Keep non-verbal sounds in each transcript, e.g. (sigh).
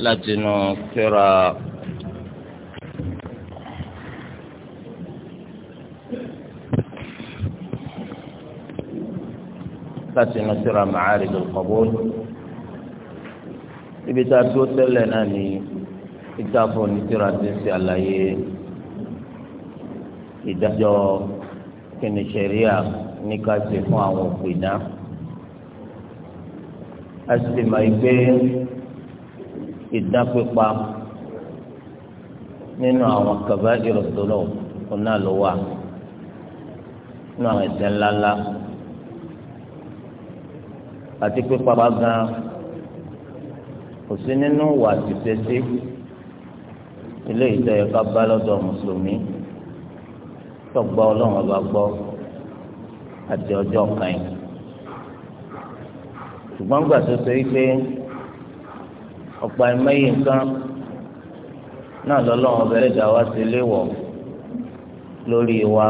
látinú kíra látinú kíra Ma'arij al-Qabul ibi tá a tó tẹ́lẹ̀ náà ni ìtàfọ̀ ní kíra ti ń ṣe àlàyé ìdájọ́ kíni ṣẹ̀ríà ní ká ṣe fún àwọn òpìdá a sì máa gbé ìdápépa nínú àwọn kaba ìrọ̀dọ́lọ́ ọ̀nà ló wà nínú àwọn ẹ̀ṣẹ̀ ńláńlá àti pípa bá gan kò sí nínú wà tìṣesí ilé ìtọ́yẹ ká bá lọ́dọ̀ mùsùlùmí tọ́gbà ọlọ́run ọba gbọ́ àti ọjọ́ kan yìí ṣùgbọ́n gbà tó ṣe é pé ọ̀pọ̀ ẹ̀mẹ́yì nǹkan náà lọ́lọ́run ọbẹ̀rẹ̀ dà wá sí léwọ̀ lórí wa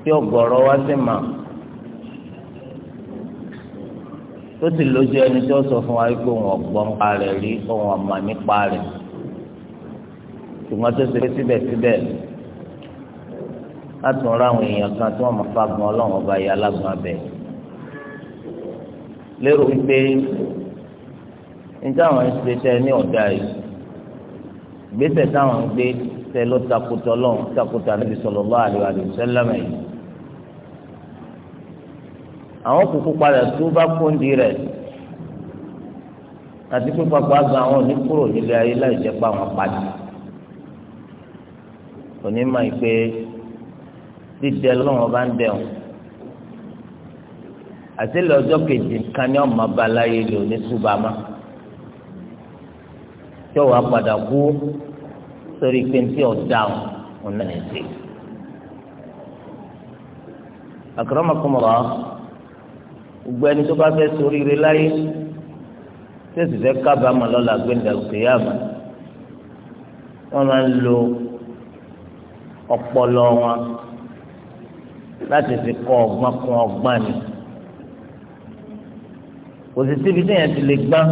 tí ọ̀gọ̀rọ̀ wá sí mà tó sì lójú ẹni tó sọ fún wa pé òun ọ̀gbọ́n pa rẹ̀ rí òun ọ̀mà nípa rẹ̀ ṣùgbọ́n tó ṣe pé síbẹ̀síbẹ̀ látún ra àwọn èèyàn kan tí wọ́n máa fagbọn ọlọ́run ọba yìí alágbọ̀n abẹ lérò wípé níta àwọn ń ṣe tẹ ní ọ̀dà yìí gbèsè táwọn ń gbé tẹ ló takùtọ̀ lọ́wọ́ takùtọ̀ ànábì sallallahu alaihi wasallam yìí àwọn kúkú padà tó bá kóńdì rẹ̀ àti pé papọ̀ àgbà àwọn òní kúrò nílé ayé láì jẹ́ pé àwọn padì òní mọ̀ pé dídẹ lọ́wọ́ bá ń dẹ̀wọ̀n àti lọ́jọ́ kejì kan ní ọmọ abaláyé lò ní túbàmá tí ọwọ́ apàdà kú sórí pé ní tí ọ̀ dáhùn ọ̀nà ẹ̀ ṣe. akramakumullah gbogbo ẹni tó bá fẹ́ sórí rẹ láyé tí èsì fẹ́ kábàámọ̀ lọ́la gbẹ̀ndà òkèèyàmà wọ́n máa ń lo ọpọlọ wọn láti fi kọ́ ọgbọ́n kún ọgbọ́n ni kò sì síbi tí yẹn ti lè gbọ́n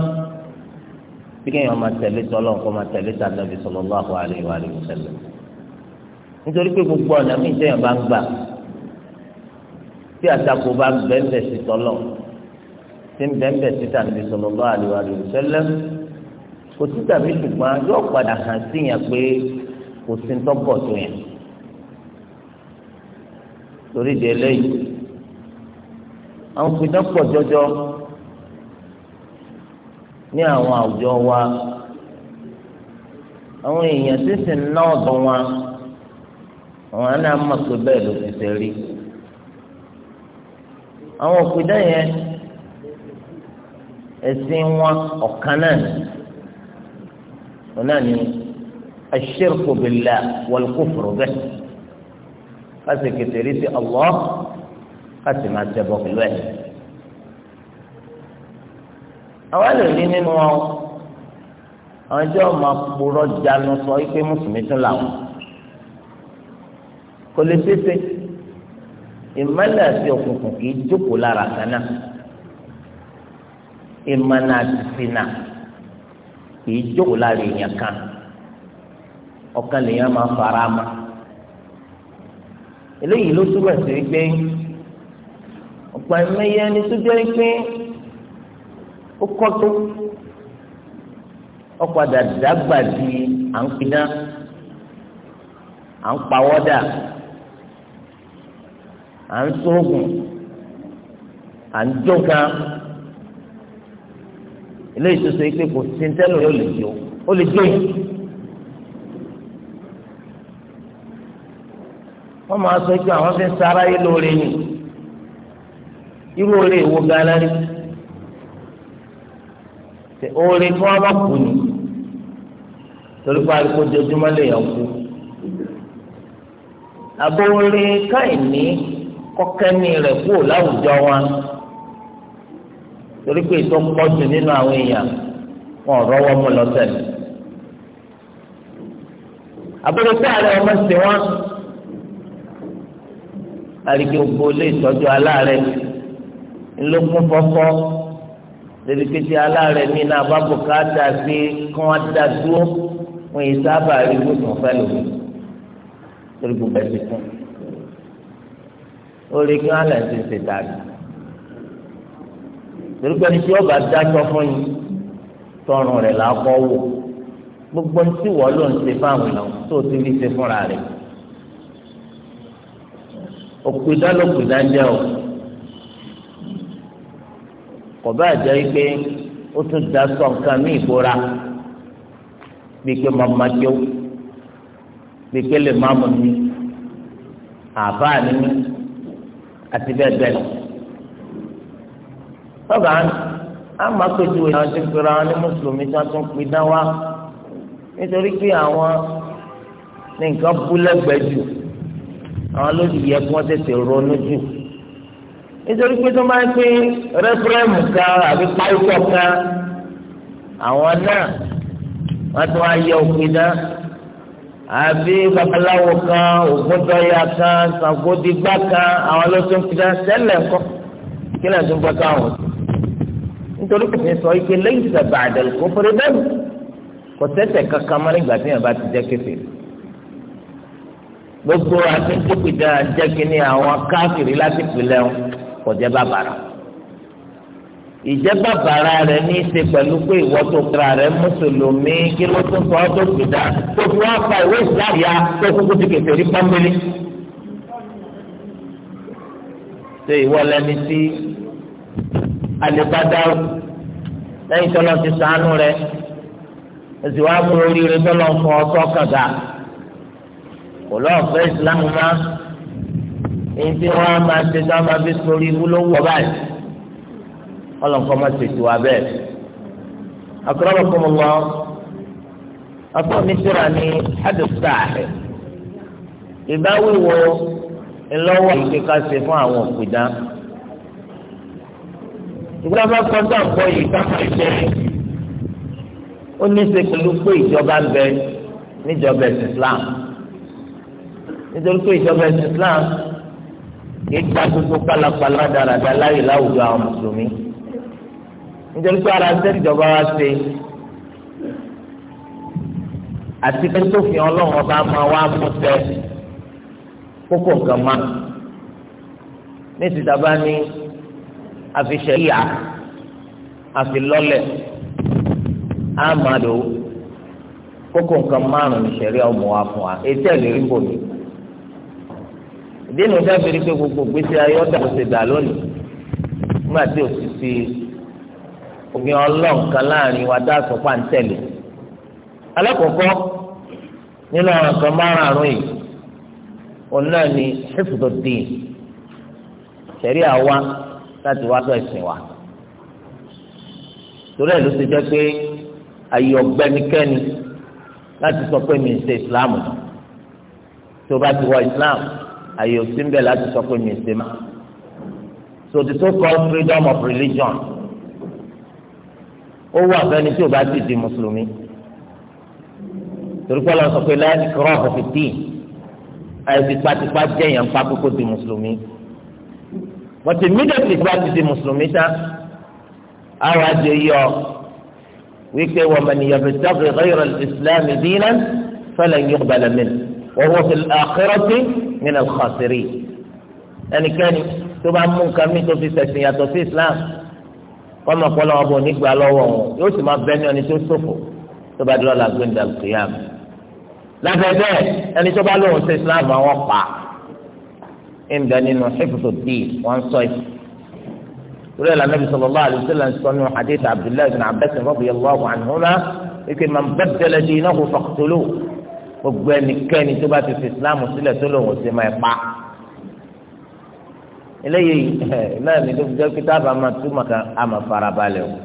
bí kéèyàn máa tẹ̀lé tọ́lọ́ kó máa tẹ̀lé tànàbí sallallahu alaihi wa alihi wasallam nítorí pé gbogbo ọ̀nà míì téèyàn bá ń gbà tí àtakò bá ń bẹ́ẹ̀ sí tọ́lọ̀ tí ń bẹ́ẹ̀ sí tànàbí sallallahu alaihi wa alihi wasallam kò sí tàbí ṣùgbọ́n yóò padà hàn síyàn pé kò sí tọ́pọ̀ tó yàn torí di eléyìí àwọn òfin náà pọ̀ jọjọ ní àwọn àwùjọ wa àwọn èèyàn sísè náà dùn wa àwọn àna mọ̀ pé bẹ́ẹ̀ ló ti ṣe rí àwọn òpìdá yẹn ẹ̀sìn wọn ọ̀kan náà wọn náà ni aṣ-ṣirku billahi wal-kufru bihi kásìkìtì rí sí Allah kásìmáṣẹ́ bọ̀ pẹ̀lú ẹ̀. àwa lè rí nínú ọ àwọn tí wọn máa kpọrọ sọ ike mùsùlùmí tún làwọn kò lè ṣeéṣe ìmọ̀lẹ̀ àti òkùnkùn kì í jókòó lára àti fara ama eléyìí ló túbọ̀ sí pé ọ̀pọ̀ ẹ̀mẹ́yẹ ni tó ó kọ́ tó ọ̀padà dàgbà di à ń piná à ń pawọ́dà à ń sóògùn à ń jókà eléyìí tó ṣe pé kò sí ntẹ́lẹ̀ yóò lè jó ó lè jó yìí. wọ́n máa sọ pé àwọn fi ń sara yìí lóore ni irú oore ìwo gan rí oore tí wọn bá kú ni torí pé àlùkò ojoojúmọ́ lè yàn kú àbóore káìní kọkẹ́ni rẹ̀ kú láwùjọ wọn torí pé ètò pọ̀jù nínú àwọn èèyàn wọn rọwọ́ mú lọ́sẹ̀lẹ̀ àbóore káàrẹ̀ ọmọ sí wọn àlùkò gbogbo lè tọ́jú aláàrẹ̀ ńlọkùn fọ́fọ́ débi kété aláàrẹ mi náà bá bùkátà sí kán á dá dúró wọn yìí sábà rí gbòòsàn fẹ́ lòmí torí gbogbo ẹsẹ̀ fún orí kí wọn lè ṣe ṣe dàbí torí pé tí ọba dájọ́ fún yín tọrùn rẹ̀ là á wò gbogbo tí wọ́n ló ń ṣe fáwọn èèyàn tó ti rí ṣe fúnra rẹ̀ òkúta ló kúta jẹ́ o kò bá jẹ́ pé ó tún da sọ nǹkan ní ìbora bíi pé màmá jó bíi pé lè má mú mi àbá nínú àti bẹ́ẹ̀ bẹ́ẹ̀ lọ. Bàbá a máa péjú ìyá wọn ń pera wọn ní mùsùlùmí tí wọ́n tún pin dá wá nítorí pé àwọn ní nǹkan bú lẹ́gbẹ̀ẹ́ jù àwọn ló yẹ kí wọ́n tètè ronú jù nítorí pé tó máa ń pín rẹ́fúrẹ́mù kan àbí páìpọ̀ kan àwọn náà wọ́n tún á yẹ òpin náà àbí babaláwo kan ògbódọ̀yà kan sàgódìgbà kan àwọn ló tún fi dá sẹ́lẹ̀ kọ́ kí lè tún bọ́ káwọn nítorí kò ní sọ ike lẹ́yìn ìsẹ̀bà àdàlù kó fèrè dẹ́nu kò tẹ́tẹ̀ kankan mọ́ nígbà tí yẹn bá ti jẹ́ kéfèrè gbogbo àti tókìtà jẹ́ kí ni àwọn káfìrí láti pìlẹ̀ wọn kọjá bàbàrà ìjẹ́ bàbàrà rẹ̀ ní í ṣe pẹ̀lú pé ìwọ tó kura rẹ̀ mùsùlùmí kí ló tún sọ ọ́ tó gbìdá tó fi wá pa ìwé ìsáàyà tó kúkú ti kẹsẹ̀ rí pọ́nbélé. ṣé ìwọ lẹni tí alẹ́bàdá lẹ́yìn tó lọ ti sànú rẹ̀ èsì wàá mú oríire tó lọ fọ ọ́ sọ́kàgà kò lọ́ọ̀ fẹ́ ìsìlámù máa èyí wọn á máa ṣe tó a máa fi sori wúlówó báyìí ọlọ́nkọ́ máa ṣètò wa bẹ́ẹ̀. akramakumullah afọ mi síra ní adùsáàhẹ ìbáwíwo ńlọ́wọ́ ìkéka ṣe fún àwọn òpìdá ìgbà bá kọjá ọ̀pọ̀ yìí káfà ṣe ó ní í ṣe pẹ̀lú pé ìjọba ń bẹ níjọba ẹ̀sìn Islam nítorí pé ìjọba ẹ̀sìn Islam ìgbà gbogbo pálapàla dáradá láyè láwùjọ àwọn mùsùlùmí nítorí pé ara ṣẹ́ ìjọba wa ṣe àti pé sófin ọlọ́run ọba máa wá mú tẹ kókó nǹkan máa ní ìsìta bá ní àfiṣẹ́yà àfilọ́lẹ̀ àmàlò kókó nǹkan márùn-ún ìṣẹ̀rí ọmọ wa fún wa etí ẹ̀ lè rí bòmí ìdí nu dábìrì pé gbogbo gbèsè ayé ọ̀dà kò ṣe dà lónìí nígbà tí ò sì fi òfin ọlọ́run kan láàrin wa dá sọ pàǹtẹ̀lẹ̀ alákọ̀ọ́kọ́ nínú àwọn nǹkan márààrún yìí òun náà ni ṣífùtò dín ṣẹ̀rí àwa láti wá sọ ẹ̀sìn wa torí ẹ̀ ló ṣe jẹ́ pé ayé ọ̀gbẹ́nikẹ́ni láti sọ pé mi ń ṣe ìsìláàmù tó bá ti wọ ìsìláàmù àyè òsì ń bẹ̀ láti sọ pé mi ì sèmá so the so called freedom of religion ó wà fẹ́ni tí o bá ti di mùsùlùmí torí pé ọlọ́run sọ pé láti kọ́ ọ̀hún fi tì àìsí pátípá jẹ́yàn pa kókó di mùsùlùmí but immediately tí wàá ti di mùsùlùmí tán àwọn àjẹ yọ wípé wa man yabtaghi ghayra al-islam dinan falan yuqbala minhu wa huwa fil akhirati min al-khasirin ẹnikẹ́ni tó bá mú nǹkan mi tó fi ṣẹ̀sìn yàtọ̀ sí islam kọ́mọ kọ́ lọ́wọ́ bò nígbà lọ́wọ́ wọn yóò sì máa bẹ́ẹ̀ ní ọni tó ṣòfò tó bá dúró la gbé ndàlù kìyàm lábẹ́bẹ́ ẹni tó bá lóun ṣe islam àwọn pa ń bẹ nínú ṣífùtò bíi wọ́n sọ yìí torí ẹ̀ lànà bisalòlá sallallahu alaihi wasallam sọ nínú hadith bin abbas gbogbo ẹnikẹ́ni tó bá ti fi islam sílẹ̀ tó lòun ò sí máa pa eléyìí (laughs) náà ní tó fi jẹ́ pété àbá máa túmọ̀ kan á máa fara balẹ̀ o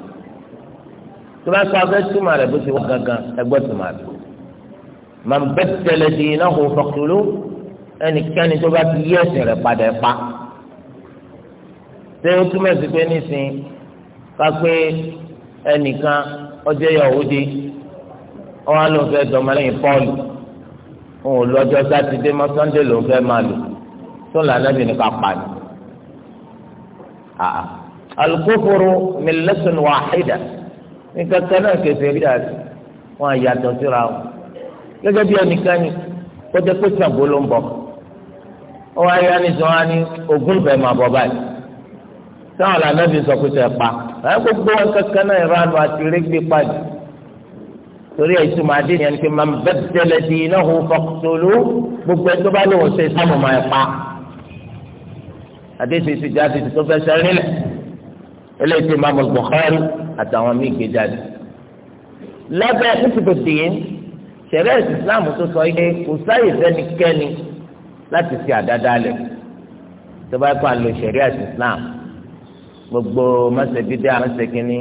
tó bá sọ abẹ́ túmọ̀ rẹ̀ bó ti wá gangan ẹgbẹ́ túmọ̀ rẹ̀ màá bẹ́ tẹ̀lé di iná kò fọkùlù ẹnikẹ́ni tó bá ti yí ẹ̀sìn rẹ̀ padà ẹ̀ pa ṣé o túmọ̀ sí pé nísìn ká pé ẹnìkan ọjọ́ Yahudi ọwọ́ àlọ́ fẹ́ dọ̀mọ́lẹ́yìn Pọ́ọ̀lù òun lọ́jọ́ sátidé mọ́ sọ́ndé lòún fẹ́ máa lò tó lànà bí nípa pàdé. alukóforo millatun wàhídà ní kankan náà kẹsẹ̀ rí àti wọn àyàtọ̀ síra wọn. gẹ́gẹ́ bí ẹnìkan ni kọjá pé sàgbó ló ń bọ̀ ó wá yá ní sọ́wọ́n á ní ogún ìfẹ́ máa bọ̀ báyìí sáwọn lànà bí sọ pé sẹ́ pa àwọn gbogbo wọn kankan náà ìranu àti rẹ́gbẹ́ pàdé torí ẹ̀ tó máa dé ní ẹni pé máa bẹ́tẹ̀lẹ̀ di iná hó fọ́kùtòló gbogbo ẹ̀ tó bá lóun ṣe sáàmù máa ẹ̀ pa. àdéhùn ìsìn jáde tó fẹ́ sẹ́rin lẹ̀ eléyìí tó máa mọ̀ Bukhari àtàwọn míì gbé jáde. lábẹ́ kùtùkùtù yìí ṣẹ̀rẹ́ Islam tó sọ yìí kò sáyè fẹ́nikẹ́ni láti fi àdáda lẹ̀ tó bá kọ́ àlò ṣẹ̀rẹ́ Islam gbogbo mọ̀sẹ̀ bídẹ́ àmọ́sẹ̀ kínní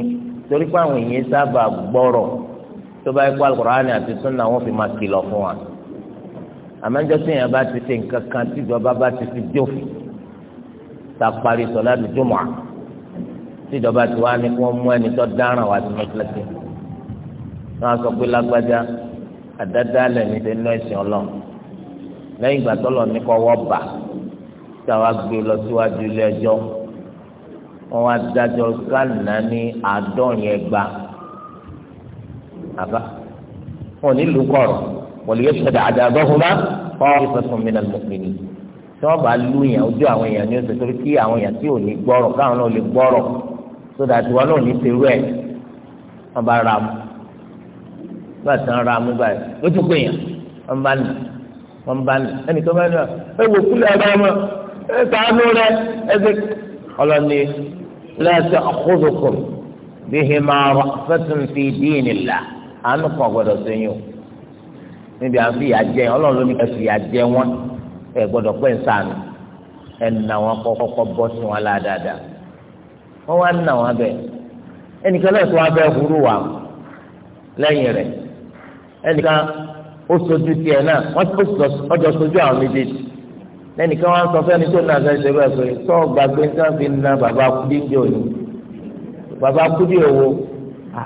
torí pé àwọn èèyàn sábà gbọ́rọ̀ tó bá ikú alukur'ani àti sunna wọn fi máa kìlọ̀ fún wa àmọ́jọ́ tí yẹn bá ti ṣe nǹkan kan tí ìjọba bá ti fi jófin ta parí sọlá ti jùmọ̀ à tí ìjọba ti wá ní kí wọ́n mú ẹni tó dáràn wá sí mẹ́tílẹ́tì wọn sọ pé lágbájá àdáda lẹ́ni tẹ́ ní ẹ̀sìn ọlọ́run lẹ́yìn ìgbà tó lọ ní kọ́ wọ́ bà tí àwa gbé lọ síwájú ilé ẹjọ́ wọn wá dájọ́ gánà ní àádọ́rin ẹgbàá àbá wọn ní lu kọ̀rọ̀ wọlé yóò ṣẹ̀dá àdàbọ̀ fún bá kọ́ ìfẹsùn mi nàlùmọ̀ mi ni tí wọ́n bá lu yàn ojú àwọn èèyàn ní oṣù torí kí àwọn èèyàn tí ò ní gbọ́rọ̀ káwọn náà lè gbọ́rọ̀ sódà tí wọn náà ní serú ẹ̀ wọ́n bá ra mu nígbà tí ra mu báyìí ó tún pè yàn bá nù wọ́n bá nù ẹnì kan bá nù ẹ wò kúlẹ̀ ẹ̀ bá wọn ẹ sàánú rẹ ẹ ṣe ọlọ́ni lẹ́sẹ̀ ọkọ̀ àánú kan gbọ́dọ̀ sẹ́yìn o níbi fi jẹ Ọlọ́run ló ní ká fi jẹ wọn ẹ gbọ́dọ̀ pẹ ẹ nà wọn kọkọkọ bọ sí wọn ládàáda wọn wá nà wọn bẹ ẹnìkan lọ wọn bẹ wa ẹnìkan ó sojú náà wọn ọjọ́ sojú àwọn méjèèjì wọn sọ tó nàá gbàgbé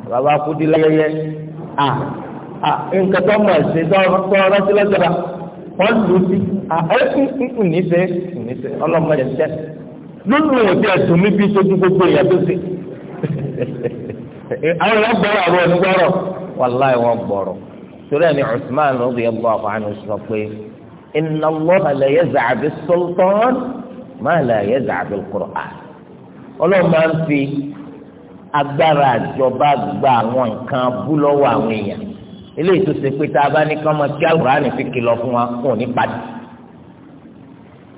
bàbá kúdí à à nǹkan tó mọ̀ ṣe tó ọ̀rọ̀ sí lọ́sọ̀rọ̀ wọ́n lù sí à ẹ̀kún nífẹ̀ẹ́ nífẹ̀ẹ́ ọlọ́mọdé tẹ́ lónìí ò tí a tún mí bí sojú gbogbo ìyá tó ṣe (laughs) àwọn ìyá gbọ́rọ̀ àwọn onígbọ́rọ̀ wàláì wọn gbọ́rọ̀ torí ẹni Usman radiyallahu anhu sọ pé inna Allaha la yaz'a sultan ma la yaz'a bil-Qur'an ọlọ́run máa ń fi agbára àjọba gba àwọn nǹkan bú lọ́wọ́ àwọn èèyàn eléyìí tó ṣe pé tá a bá ní kán mọ kí àwòrán fi kìlọ̀ fún wa kún ní padì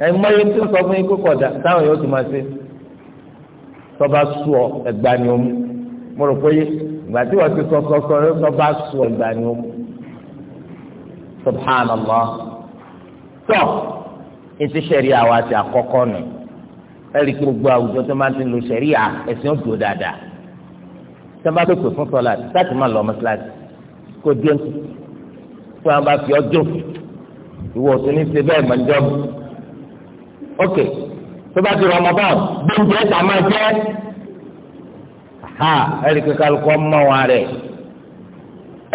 ẹ mọyé tó sọ fún yín kókò ọ̀dà táwọn yóò ti máa ṣe tọba sù ọ ẹgbà ni ó mú mo rò pé ìgbà tí wọ́n ti sọ sọ sọ tọba sù ọ ẹgbà ni ó mú subhanallah tọ ètò sẹ̀ríà wa ti àkọ́kọ́ nù ẹ rí i pé gbogbo àwùjọ tó máa ti lo sẹ̀ríà ẹ̀sìn ó dúró dáadáa tí wọ́n bá pèpè fún sọ́lá láti má lọ mọ́sálásí kó dé ń fún wọn bá fi ọjọ́ ìwọ òsùn ní ṣe bẹ́ẹ̀ mọ́ níjọ́ ok tó bá ti Ramadan gbẹ̀ǹdẹ̀ ẹ̀ta máa jẹ́ ha ẹ̀rí kíkálukọ́ mọ́ wọn rẹ̀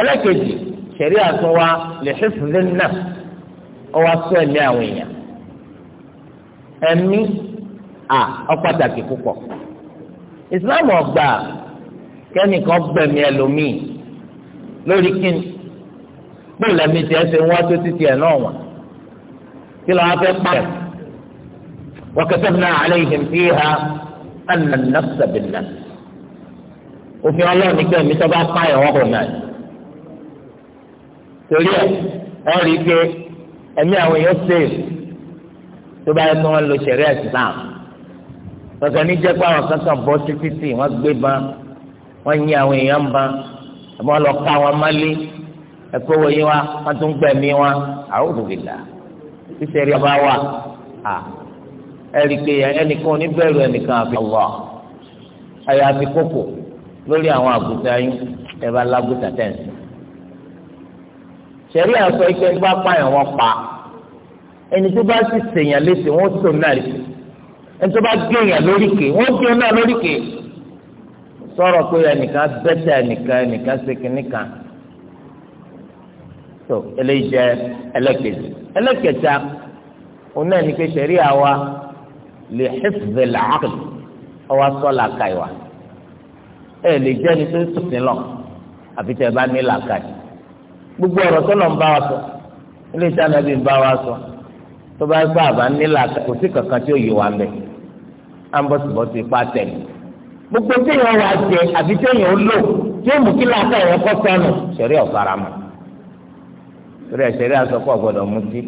ẹlẹ́kejì sẹ̀rí àtúnwá lè ṣèṣìlẹ̀ náà ọ wá sọ ẹ̀mí àwọn èèyàn ẹ̀mí à ọ pàtàkì púpọ̀ ìsìláàmù ọgbà kẹ́nìkan bẹ̀mí ẹlòmíì lórí kíni bóyá lẹ́mí tiẹ̀ ṣe ń wá tó títí ẹ̀ náà wọ̀n kí lọ́wọ́ fẹ́ pààyàn wa katabna alayhim fiha anna an-nafsa bin-nafs òfin ọlọ́run ní kẹ́mi tó bá pààyàn wọ́n kò náà torí ẹ̀ ọ́ rí i pé ẹ̀mí àwọn èèyàn sèèrè tó bá yẹ kí wọ́n lo ṣẹ̀ríà Islam tọ̀tọ̀ ní jẹ́ pé àwọn kankan bọ́ sí títì wọ́n gbé ban wọ́n ń yí àwọn èèyàn ń ba àbọ̀ lọ ká wọn mọ́lé ẹ̀kọ́ wo yín wa wọ́n tún gbẹ̀mí wa àwòrán ìlà ṣíṣe rí ọba wa à ẹ̀rí pé ẹnìkan oníbẹ̀rù ẹnìkan àfi ọ̀wọ́ ẹ̀yà àfi kókò lórí àwọn àgùntàn yín ẹ̀ bá lágùntàn tẹ̀sí. sẹ̀rí àṣọ ike tó bá pààyàn wọn pa ẹni tó bá sì sèèyàn léṣe wọn tó náà léṣe ẹni tó bá gé èèyàn lóríkè wọn gé náà lóríkè sọ̀rọ̀ pé ẹnìkan bẹ́tẹ̀ ẹnìkan ẹnìkan ṣèkínní kan tó eléyìí jẹ́ ẹlẹ́kẹ̀jì ẹlẹ́kẹ̀ta òun náà ní pé sẹ̀rí àwa lè hifdhi al-aql ọwọ́ sọ́la kàìwá ẹ lè jẹ́ ẹni tó sùn lọ àfi tẹ́ ẹ bá ní làkàì gbogbo ọ̀rọ̀ tó lọ ń bá wa sọ ilé iṣẹ́ ń bá wa sọ tó bá gbà bá ní làkàì kò sí kankan tí ó yẹ wa mẹ́ à ń gbogbo téèyàn wá jẹ àbí téèyàn ó lò tí ó mú kí láàkà yẹn kọ́ sánù sẹ̀rí ọ̀fara mọ́ torí ẹ̀ sẹ̀rí àsọpọ̀ gbọ́dọ̀ mutí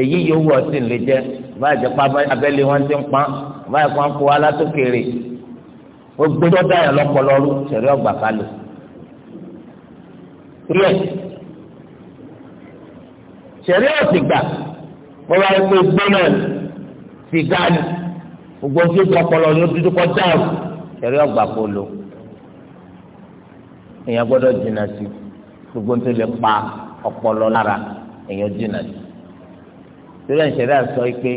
èyí yòówù ọtí lè jẹ báyìí jẹ pa abẹ́lé wọn ti ń pa báyìí kan kó alátòkèrè ó gbẹdọ̀ dáyà lọ́pọ̀lọ́rú sẹ̀rí ọgbà kalẹ̀ torí ẹ̀ sẹ̀rí ọ̀sìgbà wọ́n wá pé gbẹ́nà sìgá ni gbogbo tí ó sọ ọpọlọ ni ó dúdú kọ dáàbò kẹrẹ ọgbà polo èèyàn gbọ́dọ̀ jìnnà sí gbogbo tó lè pa ọpọlọ lára èèyàn jìnnà sí torí ẹ̀ṣẹ̀rẹ́ àsọ pé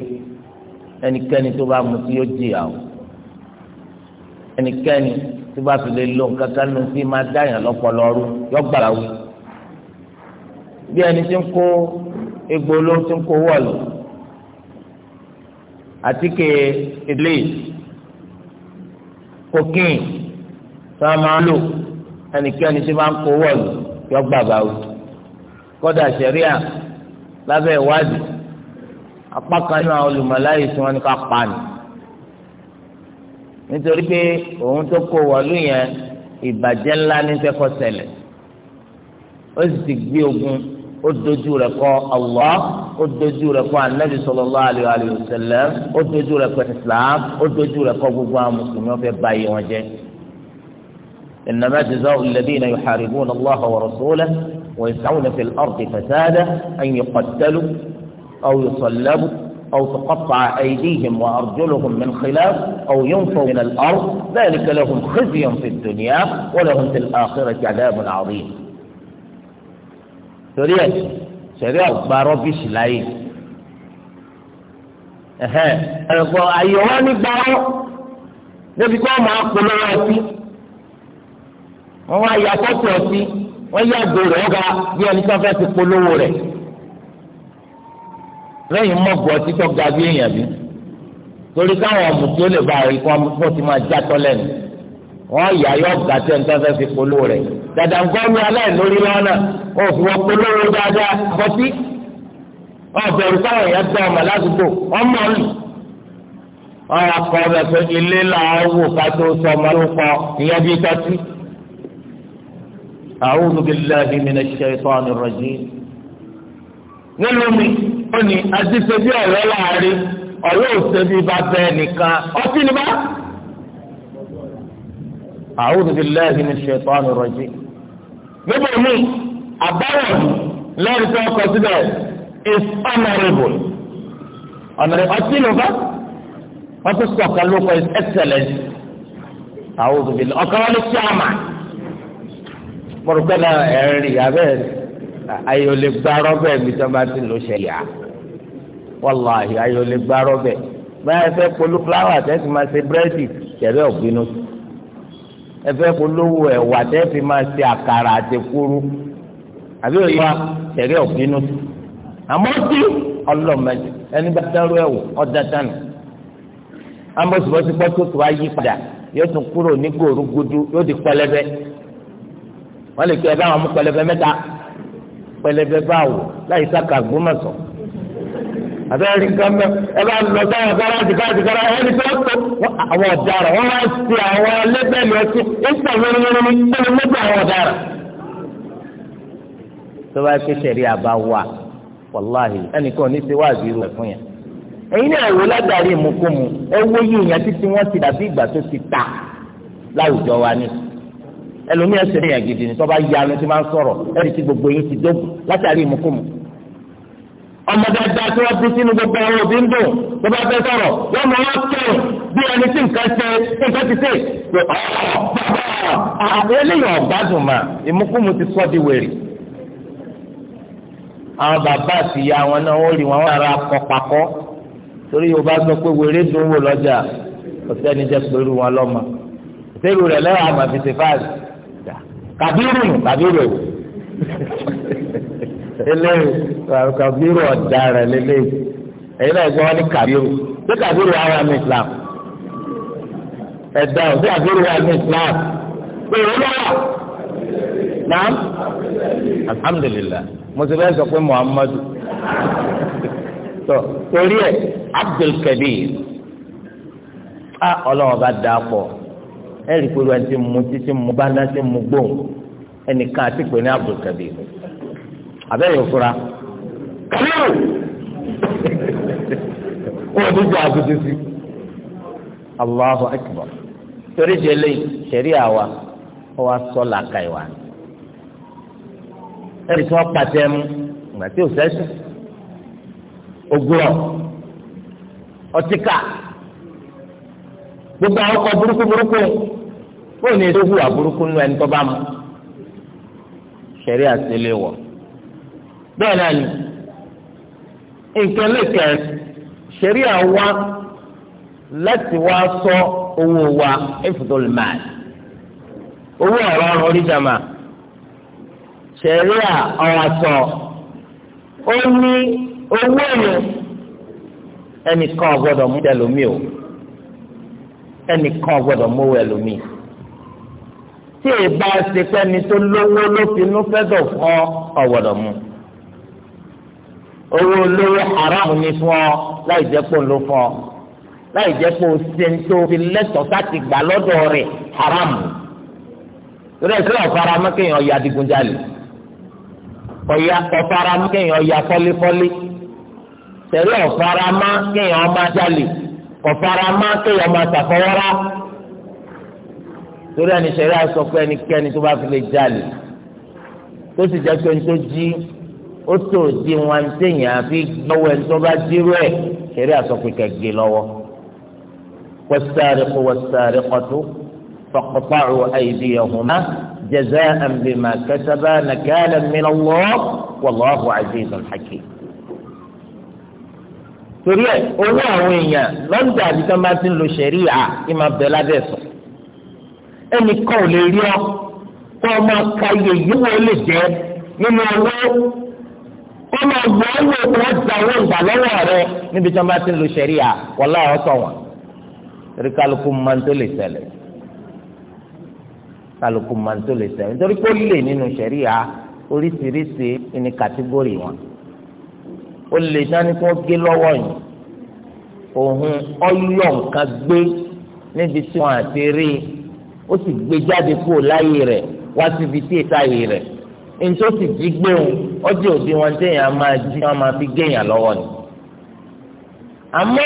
ẹnikẹ́ni tó bá mutí yóò jìyà o ẹnikẹ́ni tó bá fi lè lo nǹkan kan nù sí máa dáyàn lọ́pọlọ ọrú yọ gbàrà wí bí ẹni tí ń kó egbò ló ti ń kó wọ́ọ̀lù àtíkè Iblis kokéè tí wọn máa ń lò ẹnikẹ́ni tí wọn kó wọ̀lú yọ gbàgbà o kódà sẹ̀ríà lábẹ́ ìwádìí apá kan náà olùmọ̀láyè tí wọ́n ní ká pa ni nítorí pé òun tó kó wọ̀lú yẹn ìbàjẹ́ ńlá ní tẹ́kọ̀ ṣẹlẹ̀ ó sì ti gbé ogun ó dojú rẹ̀ kọ Allah. ó dojú rẹ̀ kọ anabi sallallahu alayhi wa sallam ó dojú rẹ̀ kọ islam ó dojú rẹ̀ kọ gbogbo àwọn mùsùlùmí wọ́n fẹ́ báyìí wọn jẹ́. إنما جزاء الذين يحاربون الله ورسوله ويسعون في الأرض فسادا أن يقتلوا أو يصلبوا أو تقطع أيديهم وأرجلهم من خلاف أو ينفوا من الأرض ذلك لهم خزي في الدنيا ولهم في الآخرة عذاب عظيم. sẹ̀rí ọ̀gbà rọ́bìṣì láyè ẹ̀gbọ́n ayé wọn ní gbàrọ́ máa lọ́wọ́ ọtí wọ́n wá ya fọ́tò ọtí wọ́n yá àgbo rẹ̀ ọ̀gá bí ẹni tó fẹ́ ti polówó rẹ̀ lẹ́yìn mọ́gbọ́ ọtí tó ga bí torí káwọn ọ̀mùtí ó lè máa já wọ́n yà yọ ọ̀gá tẹ̀ ní tọ́sẹ̀ fi polówó rẹ̀ dàdàǹgọ́nù aláìlórí lọ́nà ó fi wọ́n polówó dáadáa bọ́tí ọ̀bẹ̀rù táwọn èèyàn gbọ́ ọmọ ládùúgbò ọmọ lù ọ̀rọ̀ kọ́ ọ̀rọ̀ pé ilé làwọn wò ká tó sọ ọmọ ló kọ ìyẹn bí tọ́tí. A'udhu billahi minash shaitanir rajim. nínú mi ó ní àti bí ọ̀rọ̀ láàrin ọ̀rọ̀ òṣèlú a'udhu billahi minash shaitanir rajim. níbo mi àbáwọ̀ lẹ́rìí tó kọ síbẹ̀ is honourable ọ̀nàrẹ̀ ọtí ló bá wọ́n tún sọ̀kà ló kọ is excellent a'udhu billahi ọ̀kan wọn ló ṣe àmà mọ̀rùkẹ́ náà ẹ̀rí abẹ́ ayò lè gba rọ́bẹ̀ mi tó bá ti lò ṣẹlẹ̀ à wàláhì ayò lè gba rọ́bẹ̀ báyọ̀ fẹ́ polú fúláwà tẹ́sí máa ṣe búrẹ́dì tẹ̀lé ọ̀gbinú sí. ẹfẹ polówó ẹwà tẹfì máa ṣe àkàrà àti kúrú àbí òye wa àmọ́ tí ẹni bá dárú tó tó wá yí padà yóò tún kúrò ní yóò di pẹlẹbẹ lè kí ẹ bá wọn mú pẹlẹbẹ pẹlẹbẹ láyé sáka gbọmọsọ. àtẹ́rẹ́ nǹkan mẹ́ ẹ bá lọ sáyà gáràjì gáràjì gáràjì ẹni tó tó àwọn ọ̀daràn wọn máa ń ṣe àwọn lẹ́bẹ̀lì ọtí ìṣà mẹ́rin mẹ́rin mẹ́rin àwọn ọ̀daràn. tó bá ké sẹ̀rí àbá wà wàláhì ẹnìkan ní ti wá àbírú ẹ̀ fún yẹn. ẹ̀yin náà ẹ̀rọ ládàrí ìmúkúmu ẹ wó yí ìyẹn títí wọ́n ti dàbí ìgbà tó ti ta láwùjọ wa ni ẹlòmíyàn ṣẹlẹ̀ gidi ni tó bá yanu ti máa ń sọ̀rọ̀ ẹ̀rí ọmọ dáadáa tí wọ́n bí sínú gbogbo àwọn òbí ń dùn tó bá fẹ́ sọ̀rọ̀ wọ́n mọ̀ wọ́n kẹrù bí ẹni tí nǹkan ṣe nǹkan ti ṣe pé ọ̀ọ́ eléyìí ọ̀gbádùn mà ìmúkúmu ti sọ di wèrè. àwọn bàbá àti ìyá wọn náà wọ́n rí wọn wọ́n ara kọ torí Yorùbá sọ pé wèrè dùn wò lọ́jà ọ̀sẹ́ni jẹ́ pẹ̀lú wọn lọ́mọ ìṣèlú rẹ̀ lẹ́wọ̀n àmọ̀ fi ṣe fáàlì kàbírù kàbírù eléyìí kàbírù ọ̀daràn lélẹ́yìí ẹ̀yin náà gbọ́ wọn ní kàbírù ṣé kàbírù wà wà ní Islam ẹ̀dá ṣé kàbírù wà ní Islam pé òun náà wà náà alhamdulilah mùsùlùmí sọ pé Muhammadu tó torí ẹ Abdulkadir a ọlọ́wọ́n bá dáa pọ̀ ẹ̀rí pé wọ́n ti mú títí mú bá náà ti mú gbóhùn ẹnìkan àti pé ní Abdulkadir. abẹ́rẹ́ òfura wọ́n ti jẹ́ àgùdù sí Allahu akbar torí ṣe ṣẹ̀rí àwa wọ́n wá sọ làákà ìwà ẹ̀rí tí wọ́n pàṣẹ mu ìgbà tí ọtíkà gbogbo àwọn ọkọ̀ burúkú burúkú nínú ẹni tó bá mu ṣẹ̀rí àti ilé wọ̀. bẹ́ẹ̀ náà ni nǹkan lè kẹ́ ṣẹ̀rí àwa láti wá sọ owó wa ifdul mal owó ọ̀rọ̀ ọ̀rọ̀ oríjàmà ṣẹ̀rí ọ̀rọ̀ sọ ó ní owó ẹ̀yìn ẹnìkan ọ̀gbọ́dọ̀ mú ẹlòmíì o ẹnìkan ọ̀gbọ́dọ̀ mú ẹlòmíì tí èèbá ṣe pẹ́ni tó lówó ló fẹ́ dọ̀ fún ọ̀gbọ́dọ̀ mú owó olówó haram ni fún ọ láì jẹ́ pò ń lò fún ọ láì jẹ́ pò sento fi lẹ́tọ̀ọ́ sáti gbà lọ́dọ̀ rẹ̀ haram rẹ̀ sí ọ̀fara mọ́ kéèyàn ya adigunjalè ọ̀fara mọ́ kéèyàn ya fọ́lífọ́lí tẹ̀lé ọ̀fara mọ́ kéèyàn máa jalè ọ̀fara mọ́ kéèyàn máa ṣàfọwọ́rá torí ẹni sẹ́rí àsọ pé ẹnikẹ́ni tó bá fi lè jalè tó sì jẹ́ pé ní tó jí ó tó di wọn téèyàn àfi gbọ́wọ́ ẹni tó bá dírú ẹ̀ kẹrí àsọpìkà gé lọ́wọ́. والسارق والسارقة فاقطعوا أيديهما جزاء بما كسبا نكالا من الله والله عزيز حكيم torí ẹ olú àwọn èèyàn lọ́ńdà àti tó máa ti ń lo ṣẹ̀ríà kí máa bẹ̀ sọ ẹnì kan ò lè rí ọ kó o máa ka iye yìí wọ́n lè jẹ nínú ọwọ́ wọ́n máa gbọ́ ọ́nà tí wọ́n ti àwọn ìgbà lọ́wọ́ rẹ níbi tí wọ́n bá ti ń lo sẹ̀ríà wọ́n láwọn sọ wọn. torí kálukú máa ń tó lè ṣẹlẹ̀ kálukú máa ń tó lè ṣẹlẹ̀ nítorí pé ó lè nínú sẹ̀ríà oríṣiríṣi ní kàtígórì wọn. ó lè dání kí gé lọ́wọ́ yìí òun ọyọ nǹkan gbé níbi tí wọn àti rí ó sì gbé jáde kúrò láyé rẹ̀ wá síbi tí èta ntí sì jí gbé wọn ọjọ́ òbí wọn máa jí wọn máa fi lọ́wọ́ ni. àmọ́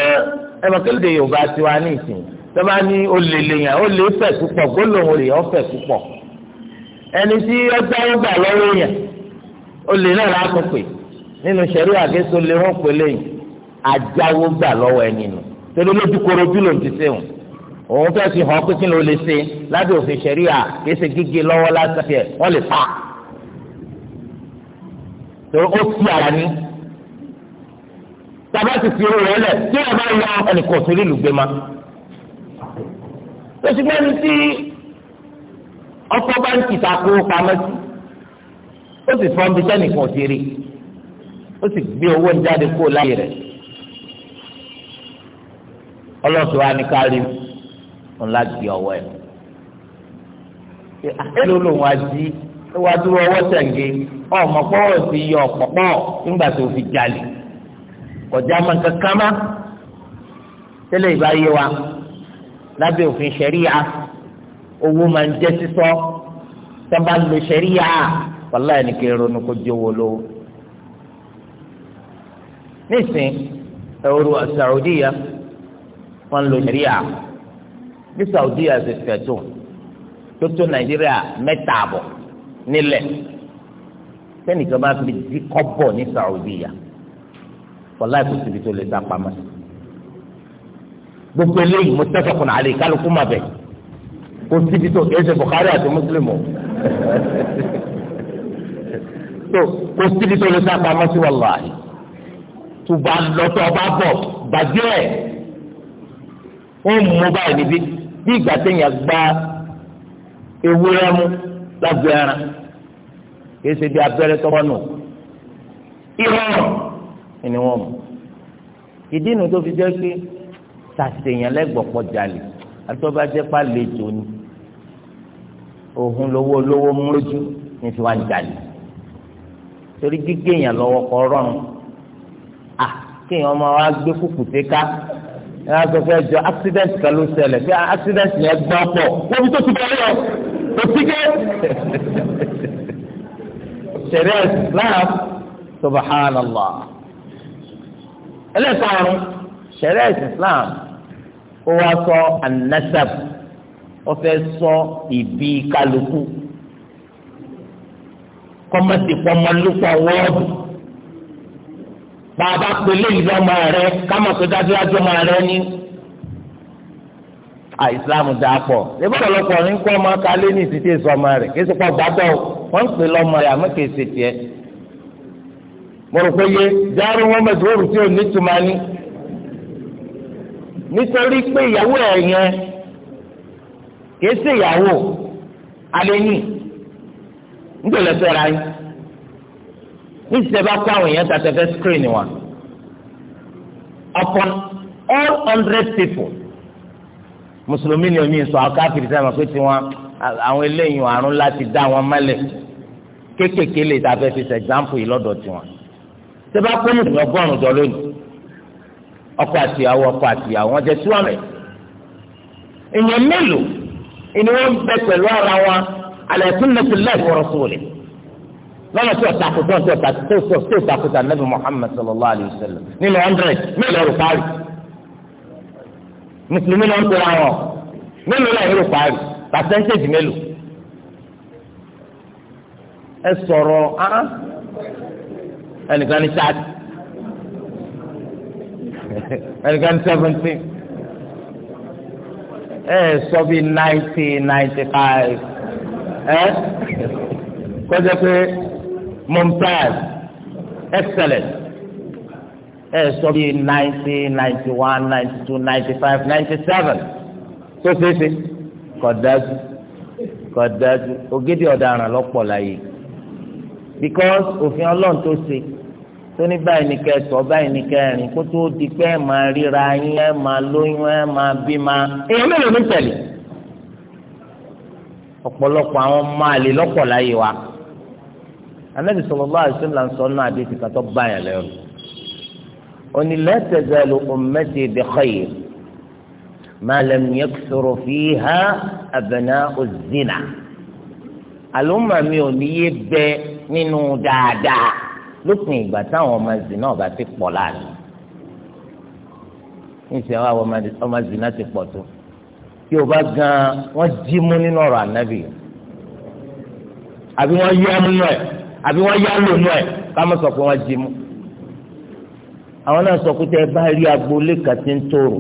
ẹ̀mọ̀kélédè yorùbá ti wá ní ìsìn tọ́ba ní olè lèyàn ó lè fẹ̀ púpọ̀ gbólóhùn púpọ̀ ẹni tí gbà lọ́wọ́ náà pè nínú àgẹ́sọ lè wọ́n pè lẹ́yìn ajáwó gbà lọ́wọ́ ẹni nù torí lójú ti sẹ́wọ̀n òun fẹ́ fi hàn pé kí ló lè ṣe lábẹ́ òfin à gígé lọ́wọ́ wọ́n lè tó ó ti àrà ní tàbá ti fi owó rẹ̀ lẹ̀ tí wọ́n bá yọ ẹnìkan tó lílu gbé ma oṣù mẹ́rin tí ọkọ̀ báńkì ta kó pamọ́ sí ó sì fọ́n bí sẹ́nìkan ti rí ó sì gbé owó ń jáde kó láyé rẹ̀ ọlọ́sọ̀ wa ní kárí ńlá di ọwọ́ ẹ̀ ẹ̀ ló lòun á di iwájú ọwọ́ sẹ̀ǹgé ọmọ pọ́wọ́ ti yọ ọ̀pọ̀pọ̀ nígbà tó fi jalè kọjá máa ń kankan má tẹ́lẹ̀ ìbá yé wa lábẹ́ òfin ṣẹ̀ríya owó máa ń jẹ́ sísọ tó bá ń lo ṣẹ̀ríya wàhálà ẹni kì í ronú kó jẹ́ owó lówó. nísìn ẹ̀rọ Saudiya wọ́n lo ṣẹ̀ríya bí Saudiya ṣe fẹ̀ tó tó tó Nàìjíríà mẹ́ta àbọ̀ nílẹ̀ sẹ́nìkan bá fi di kọ́bọ̀ ní Saudi yà wàláì kò síbi tó lè sá pamọ́ gbogbo eléyìí mo tẹ́sọ̀ kùnà àlè kálukú mà bẹ̀ kò síbi tó kìí ṣe Bukhari àti Muslim o tó kò síbi tó lè sá pamọ́ sí (laughs) wàláì tó bá lọ́tọ̀ ọba bọ̀ bàjẹ́ ẹ̀ ó mú báyìí níbí bí ìgbà téèyàn gba ewúrẹ́ mú lágbo ẹran kì í ṣe bí abẹ́rẹ́ tọ́wọ́ nù ìrọ̀rùn ni wọ́n mú ìdí inú tó fi jẹ́ pé sàṣèyàn lẹ́gbọ̀pọ̀ jalè àtọ́ba jẹ́ pàlejò ni òhun lówó lówó múlójú ní fi wá ń jalè torí gígé èèyàn lọ́wọ́ kọ́ rọrùn à kéèyàn ọmọ wa gbé kùkùté ká ẹ á sọ pé ẹ jọ accident kan ló ṣẹlẹ̀ pé accident yẹn gbọ́ pọ̀ wọ́n fi tó ti bọ́ lọ́wọ́ kò sí ké ṣẹ̀rẹ́ islam subhanallah ẹlẹ́kọ̀ọ́rùn ṣẹ̀rẹ́ islam ó wá sọ anasab ó fẹ́ sọ ìbí kálukú kọ́mọ̀tì pọ́nmọ́lúpọ̀ wọ́ọ̀dù bàbá pèlè ìlú ọmọ rẹ kámọ̀ pé dájúdájú ọmọ rẹ ní. àìsílámù dáa pọ̀ ẹgbẹ́ ọ̀pọ̀lọpọ̀ ní kọ́ ọmọ kálé ní ìsìtì èso ọmọ rẹ̀ kí sọpọ̀ gbàgbọ́ wọn ń pè lọ́mọ rẹ̀ àmọ́ kìí ṣe tiẹ̀. mo rò pé yé dáárù wọn bẹ̀ dúró tí ò ní tuma ní. nítorí pé ìyàwó ẹ̀ yẹn kìí ṣe ìyàwó alẹ́ yìí ń yín. ní ìṣẹ́ bá kó àwọn èèyàn tàtẹ́fẹ́ screen wa upon all hundred people mùsùlùmí ni omi sọ àwọn káfíìrì sábà pé tiwọn àwọn eléyìí àrùn láti dá wọn mọ́lẹ̀ kéékèèké lè ta fẹ́ fi ṣe ẹ̀gbáǹpù yìí lọ́dọ̀ tiwọn. sẹ́bà pé mùsùlùmí ọgọ́rùn-ún jọ lónìí ọkọ àtìyàwó ọkọ àtìyàwó wọn jẹ tú àmì. èèyàn mélòó ni wọ́n bẹ pẹ̀lú ara wọn alẹ́ tún lè fi lẹ́ẹ̀kọ́ rọ́sọ̀lẹ̀ lọ́nà tí ọ̀tá kò tó ọ̀tá tó tó tó mùsùlùmí náà ń pera wọn mélòó náà yóò parí pàṣẹ́ntéèjì mélòó ẹ sọ̀rọ̀ ahán ẹnìkan ní sáàtì ẹnìkan ní sẹ́fẹ̀ntì ẹ sọ bíi náìtì náìtì five ẹ kọjá pé mumtaz excellent ẹ sọ bíi ninety ninety one ninety two ninety five ninety seven tó ṣeéṣe kò dájú kò dájú ògidì ọ̀daràn lọ́pọ̀ láyé because òfin ọlọ́run tó ṣe tó ní báyìí ní kẹsàn-án báyìí ní kẹrin kó tó di pé ẹ máa ríra yín ẹ máa lóyún ẹ máa bímọ èèyàn mélòó ló ń tẹ̀lé ọ̀pọ̀lọpọ̀ àwọn máa lè lọ́pọ̀ láyé wa anabi sallallahu alaihi wasallam sọ náà àdéhùn kàtọ́ báyà lẹ́rù أن لا تزال أمتي بخير ما لم يكثر فيها أبناء الزنا الأمة ميونية بنينو دادا lópin ìgbà táwọn ọmọ zina ọba ti pọ̀ láàrin níṣẹ́ wa ọmọ zina ti pọ̀ tó tí o bá gan wọ́n jí mú nínú ọ̀rọ̀ ànábì àbí wọ́n yá mú nù ẹ̀ àbí wọ́n yá lò nù ẹ̀ ká má sọ pé wọ́n jí mú àwọn náà sọ pé tẹ bá rí agboolé kan tí ń tòrò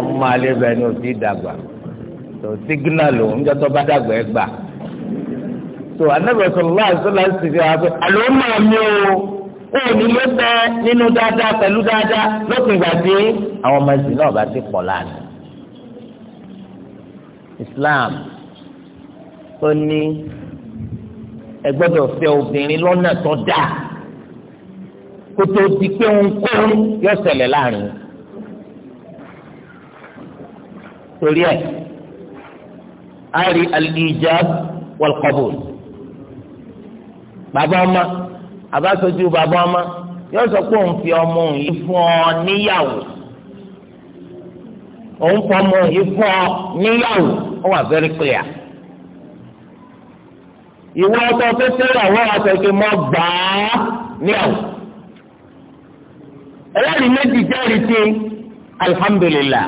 ọmọ alẹ́ bẹ́ẹ̀ ni ò ti dàgbà tó sígínàlù ńjọ́ tó bá dàgbà ẹ gbà tó anábì sọlá àṣọlá sì fi wá pé àlọ́ máa mi o ó ní ló bẹ nínú dáadáa pẹ̀lú dáadáa lópin ìgbà tí àwọn ọmọ ẹ̀sìn náà bá ti pọ̀ lánàá Islam ó ní ẹ gbọ́dọ̀ fẹ́ obìnrin lọ́nà tó dáa kó tó di pé ń kó yọ ṣẹlẹ̀ láàrin torí ẹ a rí al-ijab wal-qabul bàbá ọmọ àbáṣojú bàbá ọmọ yọ sọ pé òun fi ọmọ yìí fún ọ níyàwó òun fọmọ yìí fún ọ níyàwó ó wà very clear ìwọ ọtọ tó tẹ́lẹ̀ àwọn àtẹkẹ mọ gbàá níyàwó ẹlẹ́rìí méjì jẹ́rìí sí alhamdulillah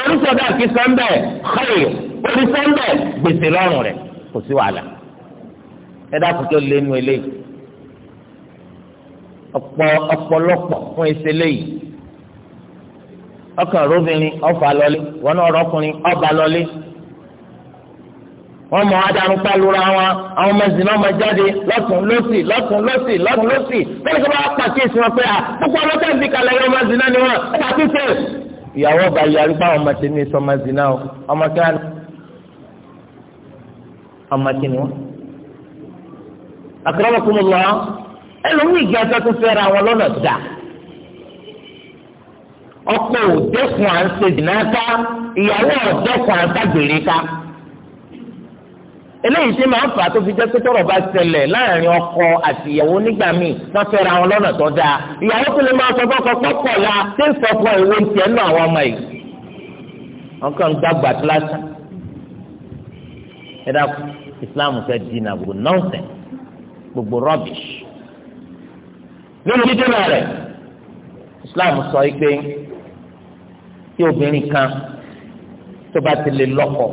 onísọ̀dá kí sọ́ńbẹ̀ xeyè onísọ̀ńbẹ̀ gbèsè lọ́rùn rẹ̀ kò sí wàhálà ẹ dákun tó lé nu eléyìí ọ̀pọ̀ ọ̀pọ̀lọpọ̀ fún ẹsẹ̀ léyìí ọkàn róbìnrin ọ̀fà lọ́lé wọn náà rọ́kùnrin ọba lọ́lé wọn mọ adarun pálura wọn àwọn ọmọ ìsìn náà máa jáde lọ́tùn lósì lọ́tùn lósì lọ́tùn lósì bẹ́ẹ̀ tó bá pàkíyèsí wọn pé à púpọ̀ ọlọ́tẹ̀ ń bí kalẹ̀ yọ ọmọ ìsìn náà ni wọn ẹ bá tún tẹ̀. ìyàwó ọba yarí pa ọmọ tèmi sọ ọmọ ìsìn náà ọmọ kí wọn. ọmọ kí ni wọn. àkàràwọ̀ kúmù lọ ẹlòmíì ìgbà tó tún fẹ́ ra wọn lọ́nà dà ọkọ òdẹ́kùn à ń ṣe dìnnà ká ìyàwó ọ̀dẹ́kùn à ń eléyìí ṣe máa ń fà á tó fi jẹ́ pé tọ́rọ̀ bá ṣẹlẹ̀ láàrin ọkọ àti ìyàwó nígbà míì wọ́n fẹ́ra wọn lọ́nà tó dáa ìyàwó tó lè máa sọ fọ́kọ pọ́pọ̀ la ṣé ń sọ fún ìwé tiẹ̀ nù àwọn ọmọ yìí wọ́n kàn ń gbàgbà kíláàsì ẹ dákú Islam fẹ́ dínà gbogbo nọ́ọ̀sẹ̀ gbogbo rubbish nínú dídínà rẹ̀ Islam sọ pé tí obìnrin kan tó bá ti lè lọ́kọ̀ọ́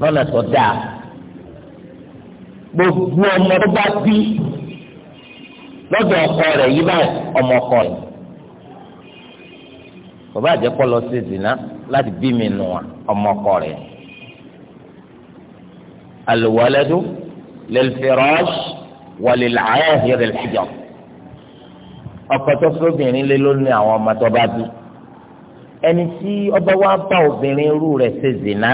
lọ́nà tó dáa gbogbo ọmọ tó bá bí lọ́dọ̀ ọkọ rẹ̀ yí báyìí ọmọ ọkọ rẹ̀ bàbá àjẹpọ̀ lọ sí ìdìnnà láti bí mi nù ọmọ ọkọ rẹ̀ alwaladu lilfirash walil'ahir alhijar ọkọ tó fẹ́ obìnrin lé lónìí àwọn ọmọ tó bá bí ẹni tí ọba wa bá obìnrin rú rẹ̀ ṣe zìnnà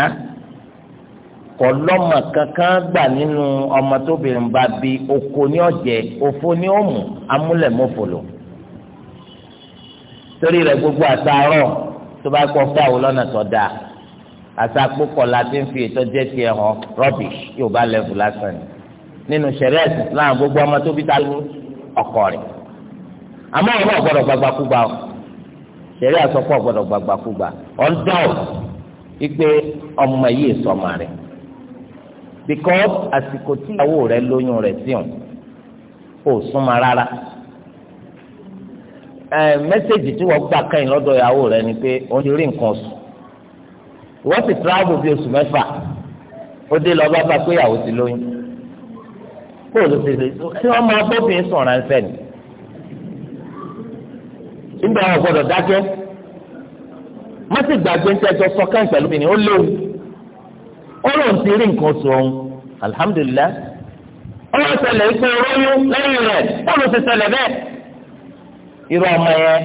kọlọ́mọ kankan gbà nínú ọmọ tóbìnrin bá bí oko ní ọ̀jẹ̀ òfo ní òmù amúlẹ̀mọ́fòlò torí rẹ̀ gbogbo àtàárọ̀ tó bá kọ́ fún àwọn lọ́nà tó dáa la ti ń fi ètò jẹ́ tiẹ̀ hàn rubbish yóò bá lẹ́bù lásán ni nínú sẹ̀rẹ́ Islam gbogbo ọmọ tóbi ta ló ọkọ rẹ̀ àmọ́ ọ̀rọ̀ ọ̀gbọ́dọ̀ gbagbakúgba o sẹ̀rẹ́ àsọpọ̀ ọ̀gbọ́dọ̀ gbagbakúgba ọ̀dọ́ ìgbé ọmọ yìí sọ̀mọ́ rẹ̀ because àsìkò tí ìyàwó rẹ lóyún rẹ sí òun ò súnmọ́ rárá ẹ mẹ́sẹ̀gì tí wọ́n gbà kẹ́yìn lọ́dọ̀ ìyàwó rẹ ni pé ó ti rí nǹkan oṣù wọ́n sì travel bí oṣù mẹ́fà ó dé lọ bá bá pé ìyàwó ti lóyún kó o lọ sí ilé tí wọ́n máa bófin sùn ránṣẹ́ ni nígbà wọn gbọ́dọ̀ dákẹ́ má gbàgbé ń tẹ́jọ sọ kẹ́ǹtẹ̀ lómi ni ó léwu ọlọ́run ti rí nǹkan sọ ọ́n alihamudulilayi ọlọ́run ṣẹlẹ̀ ikú rọ́yún lẹ́yìn rẹ̀ bọ́ọ̀lù ti ṣẹlẹ̀ bẹ́ẹ̀ irú ọmọ yẹn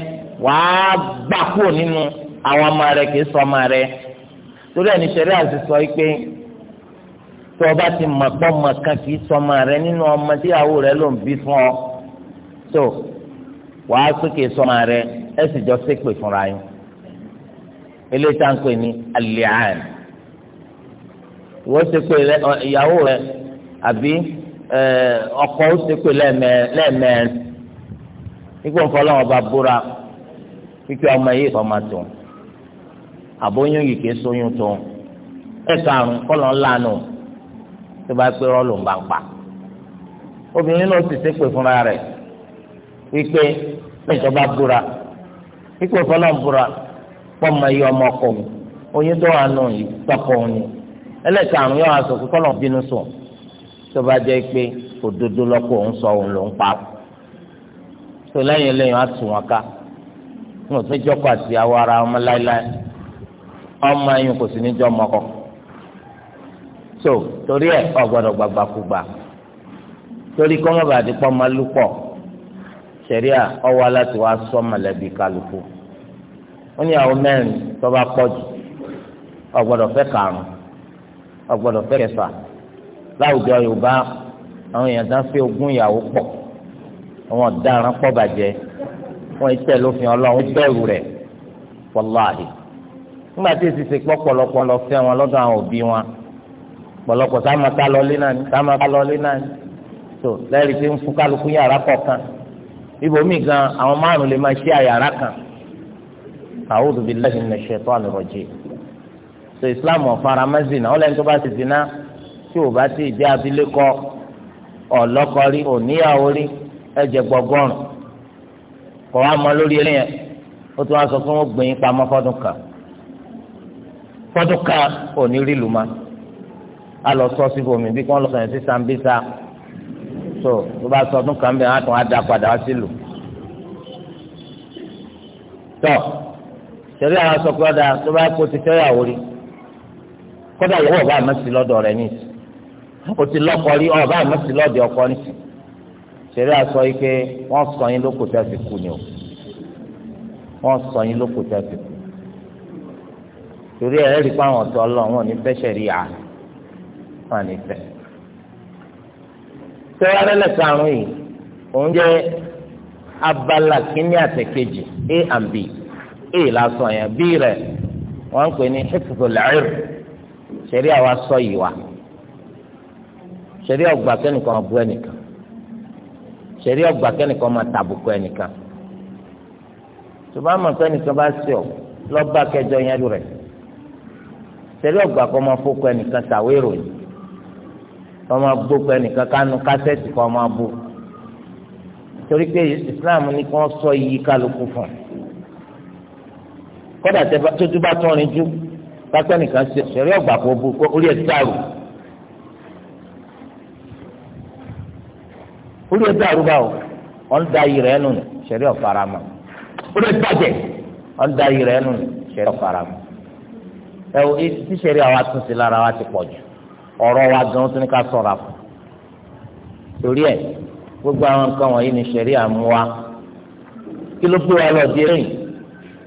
wàá gbà kúrò nínú àwọn ọmọ rẹ kì í sọ ọmọ rẹ torí ẹni ṣẹlẹ̀ àti sọ pé tó o ti mọ̀ pọ́ mọ̀ kan kì sọ ọmọ rẹ nínú ọmọ tíyàwó rẹ ló ń bí fún ọ tó wàá sókè sọ ọmọ rẹ ẹ sì jọ ṣépè fúnra yín eléyìí tá à ń pè ní alẹ́ ìwọ ṣe pé ìyàwó rẹ àbí ọkọ ó ṣe pé lẹ́ẹ̀mẹ́rin nígbà fọlọ́wọ́n bá búra pípẹ́ ọmọ yìí kọ́ máa tún àbóyún yìí kìí sóyún tún ẹ karùn kọ́lọ̀ ńlànà tó bá pé rọ́ọ̀lù ń bá ń pa obìnrin náà sì ṣépè fúnra rẹ̀ wípé ìjọba búra pípẹ́ fọlọ́wọ́n búra pọ́nmọ yìí ọmọ ọkọ oyún tó wà nù yìí tọkọ òun ni ẹlẹ́karùn-ún yóò wá sọ pé kọ́lọ̀ bínú sùn tó bá jẹ́ pé òdodo lọ́kọ̀ òun sọ òun ló ń pa ó tó lẹ́yìn lẹ́yìn á tù wọn ká wọn ò tún jọ́kọ̀ àti awọ ara ọmọ láéláé ọmọ ẹ̀yìn kò sì ní jọ́ ọmọ kọ so torí ẹ̀ ọ gbọ́dọ̀ gbàgbàkúgbà torí kọ́mọ́bàdì pọ́ máa lú pọ̀ sẹ̀ríà ọwọ́ aláti wá sọ mọ̀lẹ́bí kálukú ó ní àwọn mẹ́rin tó bá pọ̀ jù ọ fẹ́ karùn-ún ọgbọ́dọ̀ fẹ́ kẹfà láwùjọ yorùbá àwọn èèyàn tán fi ogún ìyàwó pọ̀ àwọn ọ̀daràn pọ̀ bàjẹ́ wọn ìtẹ́ lófin ọlọ́run bẹ̀rù rẹ̀ wàláhì nígbà tí èsì ti pọ̀ pọ̀lọpọ̀ lọ fẹ́ wọn lọ́dọ̀ àwọn òbí wọn pọ̀lọpọ̀ sáàmàká lọlé náà ni sáàmàká lọlé náà ni tó lẹ́rìí tí ń fún kálukú yàrá kọ̀ọ̀kan ibòmí gan àwọn márùn lè máa ṣe àyàrá kan a'udhu billahi minash shaitani rajim so islam ọ̀fara mẹ́sìnà ọlẹ́ni tó bá ti dìná tí ò bá ti ìdí abilékọ ọ̀lọ́kọ rí òníyàwó rí ẹ̀jẹ̀ gbọ̀gọ́rùn kọ̀ wá mọ lórí ẹlẹ́yìn ó tún wá sọ fún wọn gbìn pamọ́ fọ́dún kan fọ́dún kan òní rí lùmá a lọ sọ síbi omi bí wọ́n lọ sọ̀rọ̀ sí sambisa so tó bá sọ ọdún kan bẹ́ẹ̀ wọ́n á tún wá da padà wá sí lù tọ́ sẹ́rí àwọn sọ tó bá kó ti fẹ́ yàwó kódà ìyàwó ọba àmọ́sí lọ́dọ̀ rẹ̀ níìsì o ti lọ́kọ rí ọba àmọ́sí lọ́dọ̀ ọkọ níìsì ṣeré aṣọ yìí pé wọ́n sọ yín lóko tẹ́ fi kú ni o wọ́n sọ yín lóko tẹ́ fi kú torí ẹ̀ rí i pé àwọn ọ̀tọ̀ ọlọ́run wọn ní fẹ́ṣẹ̀ rí àá wọn ní fẹ́ tẹ́wárẹ́lẹ̀ karùn-ún yìí òun jẹ́ abala kínní àtẹ̀kejì a and b a lásán yẹn b rẹ̀ wọ́n ń pè ní hifdhul 'irb ṣẹ̀rí àwa sọ yìí wa ṣẹ̀rí ọgbà kẹ́nìkan máa bú ẹnìkan ṣẹ̀rí ọgbà kẹ́nìkan máa tàbùkù ẹnìkan tó bá mọ̀ kẹ́nìkan bá ṣe ọ lọ́gbà kẹjọ yẹn rẹ̀ ṣẹ̀rí ọgbà kọ́ máa fọ́kọ ẹnìkan tàwé ìròyìn kọ́ máa ẹnìkan kánú kásẹ̀tì kọ́ máa bó torí pé Islam ní kí wọ́n sọ iyì kálukú fún un kódà tó bá tọrin jù pápẹ́ nìkan ṣe ṣẹ̀rí ọ̀gbà kó bu kó orí ẹ̀ dàrú orí ẹ̀ dàrú báwo wọ́n da iyì rẹ̀ nù ṣẹ̀rí ọ̀farama orí ẹ̀ bàjẹ́ wọ́n da iyì rẹ̀ nù ṣẹ̀rí ọ̀farama ẹ o ti ṣẹ̀rí àwa tún sí lára wa ti pọ̀ jù ọ̀rọ̀ wa gan tún ní ká sọ̀rọ̀ àpò torí ẹ̀ gbogbo àwọn nǹkan wọ̀nyí ni ṣẹ̀rí àmúwa kí ló gbé wa lọ di eléyìí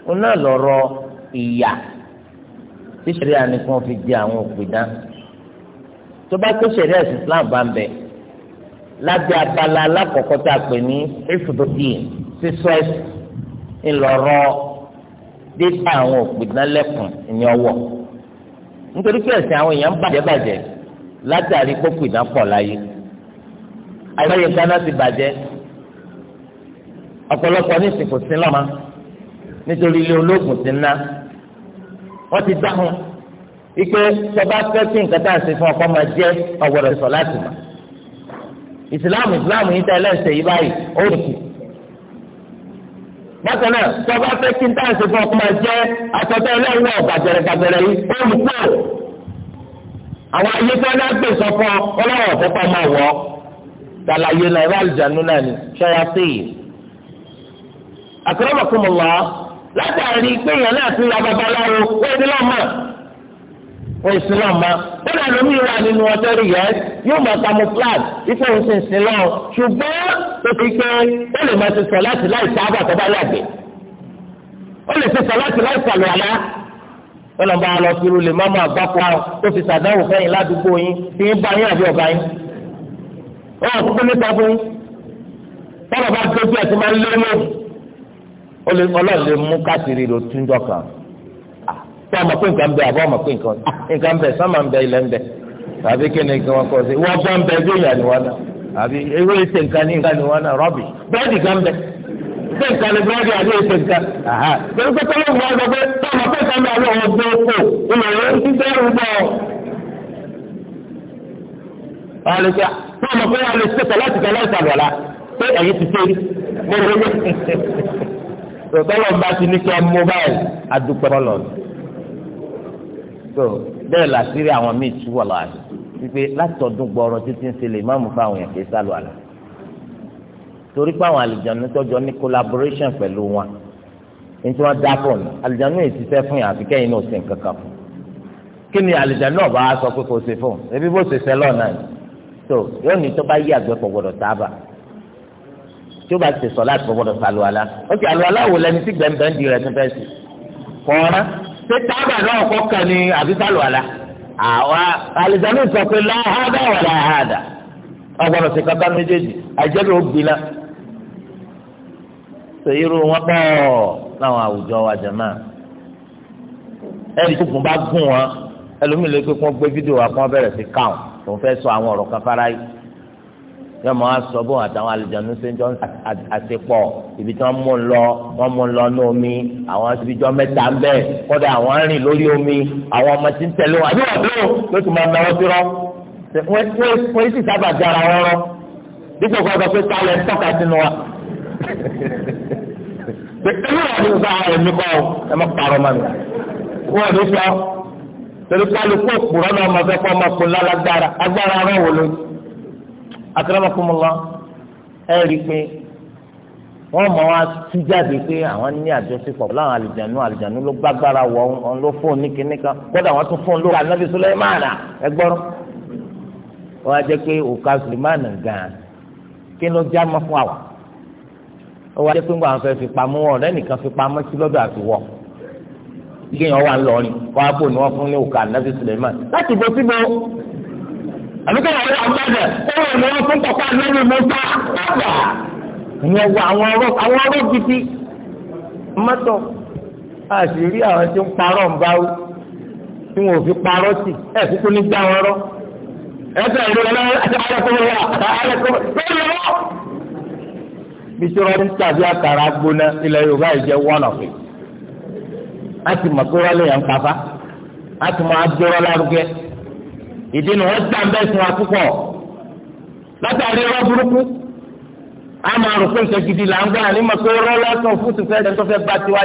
òun náà lọ̀rọ̀ ìyà tí sẹ̀ríà ni kí wọ́n fi di àwọn òpìdán tó bá tó sẹ̀ríà Islam bá ń bẹ lábẹ́ abala alákọ̀ọ́kọ́ tá a pè ní ìfòdòdì sísọ ẹ̀sìn ńlọrọ̀ dídá àwọn òpìdán lẹ́kùn ní ọwọ́ nítorí pé ẹ̀sìn àwọn èèyàn ń bàjẹ́ bàjẹ́ látàrí pópò ìdápọ̀ láyé àìmọye gánà ti bàjẹ́ ọ̀pọ̀lọpọ̀ ní ìsìnkú sí lọ́mọ nítorí ilé ológun ti ná wọ́n ti dáhùn ipe tọba fẹ́ nǹkan tá a ṣe fún ọkọ máa jẹ́ ọ̀gbọ̀dọ̀ sọ láti mọ̀ ìsìláàmù ìsìláàmù yìí tẹ́ ẹlẹ́sẹ̀ yìí báyìí ó nìkú bákan náà tọba fẹ́ kí n tá a ṣe fún ọkọ máa jẹ́ àtọ́tẹ́ ẹlẹ́wọ̀n gbàgbẹ̀rẹ̀gbàgbẹ̀rẹ̀ yìí ó nìkú àwọn ayé tó náà gbé sọ fún ọ ọlọ́wọ́ ọ̀fọ́fọ́ máa wọ̀ ọ́ dàlàyé náà ìwà àlùjánu náà ni ṣọ́ya sí i àkàrà látàrí pé èèyàn náà ti ya babaláwo ó ti lọ́ọ́ mọ̀ ó sì lọ́ọ́ mọ̀ kódà lómi wà nínú ọjọ́ rí yẹn yóò mọ̀ camouflage ipò òsì sí lọ ṣùgbọ́n ó ti pé ó lè máa ti sọ láti láì sábà tó bá yàgbẹ́ ó lè ti sọ láti láì sàlùwàlá ó lọ́ọ́ bá a lọ sí irú lè má máa bá pa ó fi sàdáwò fẹ́yìn ládùúgbò yín tí ń bá yín àbí ọ̀gá yín ó wà kúkú nípa fún yín tọ́lọ̀ bá tó bí ẹ̀ ọlọ́run lè mú káàkiri ló tún jọ kan ah, tí a mọ̀ pé nǹkan bẹ àbọ̀ mọ̀ pé nǹkan ah, nǹkan bẹ sọ́mà ń bẹ ilẹ̀ ń bẹ tàbí kí ni nǹkan wọn kọ sí wọ́n bá ń bẹ bí ìyá ni wọ́n náà àbí ewé ìṣe nǹkan ní nǹkan ni wọ́n náà rọ́bì bẹ́ẹ̀dì kan bẹ ṣé nǹkan ni bẹ́ẹ̀dì àbí ìṣe nǹkan pẹ̀lú pé tọ́lá ìwọ ọ̀dọ́ pé tọ́lá pé kan bẹ àbí ọ̀wọ́ gbé kó ìlọ̀wọ́ (laughs) tọ́lọ̀ bá ti ní kí ẹ adúpẹ́ tọ́lọ̀ ni so bẹ́ẹ̀ làṣírí àwọn míì tú wà láàyè wípé látọ̀dún gbọ́ọ̀rọ̀ títí ń ṣẹlẹ̀ ìmáàmù fáwọn èèyàn kìí sálọ àlà torí pé àwọn àlìjánu tọ́jọ́ ní collaboration pẹ̀lú wọn ní tí wọ́n dá pọ̀ ní àlìjánu yìí ti fẹ́ fún yàn àfi kẹ́yìn náà ṣe nǹkan kan fún kí ni àlìjánu náà bá a sọ pé kò ṣe fún un ebi bó ṣe ṣẹlọ̀ náà so yóò ní tó bá yí àgbẹ̀pọ̀ gbọ́dọ̀ sábà tí ó bá ti sọ láti gbọ́dọ̀ sàlùwàlá ó ti àlùwàlá wò lẹni tí gbẹ̀ngbẹ̀ng di rẹ̀ ti fẹ́ sí kọ́ra ṣé tábà náà kọ́kàn ni àbí sàlùwàlá àwa alìsàmì sọ pé láhàdà wà láhàdà ọgbọ́dọ̀ sí kankan méjèèjì àjẹbí ó gbiná ṣe irú wọn pọ̀ láwọn àwùjọ wa jẹ̀mọ́ ẹni tó kún bá gùn wọn ẹlòmíì lè pé kí wọ́n gbé fídíò wa kí wọ́n bẹ̀rẹ̀ sí káwọn tó ń fẹ́ sọ àwọn ọ̀rọ̀ kan fáráyé yóò máa sọ bó àtàwọn àlùjànnú sẹjọ àṣepọ ibi tí wọn mú lọ wọn mú lọ ní omi àwọn ibijọ mẹ́ta ń bẹ kódà àwọn rìn lórí omi àwọn ọmọ tí ń tẹ̀lé wọn àbí wọn lò ló ti máa náwó sí rọ wọn sì sábà dára wọn rọ dípò kó sọ pé sálẹ tọ́ka sínú wa pẹ̀lú àwọn ọdún sáà rẹ̀ nìkọ́ ẹ má parọ́ mọ́ mi wọn ò ní sọ torí kálukú òkúrọ́ náà máa fẹ́ kọ́ ọmọkùnrin lálágbára agbára rẹ̀ wò lóyún akramakumullah ẹ rí i pé wọ́n mọ̀ wá tú jáde pé àwọn ní àjọṣepọ̀ láwọn àlìjànú àlìjànú ló gbàgbára wọ ọ́n ló fóun ní kinní kan kódà wọ́n tún fóun lóra Ànábì Sulaimana ẹ gbọ́rọ́ wọ́n á jẹ́ pé òkà Sulaimana gan-an kí ló já mọ́ fún àwà ó wá jẹ́ pé ńgbà wọn fẹ́ fi pamọ́ ọ̀rẹ́ nìkan fi pamọ́ sí lọ́dọ̀ àfiwọ́ kí èèyàn wà ńlọrin kó abò ni wọ́n fún ní òkà Ànábì Sulaimana láti bọ́ síbò àbíkẹ́ àwọn àgbàdẹ ó wà ní wọn fún kọ̀ọ̀kan lẹ́nu mọ́tà àgbà ìyẹn wọ àwọn ọ̀rọ̀ àwọn ọ̀rọ̀ gidi mọ́tò àṣírí àwọn tí ń parọ́ ń báwí tí wọn ò fi parọ́ sí ẹ̀ kúkú ní gbá wọn rọ́ ẹ̀ sọ ìlú ọlọ́run àti alẹ́kọ̀ọ́ alẹ́kọ̀ọ́ lórí ọwọ́. bí sọ́ra ń tàbí àkàrà gbóná ilẹ̀ Yorùbá yìí jẹ́ one of it. a ti mọ̀ kó wọ́n lè yàn káfa a ti mọ̀ adúrọ̀ lárugẹ ìdí ni wọ́n dá ń bẹ́ wa púpọ̀ látàrí burúkú a máa rò pé nǹkan gidi là ń gbà ní mọ̀ pé ọ̀rọ̀ lọ́sàn fúùtù fẹ́ẹ́ dẹ́n tó fẹ́ ba tiwa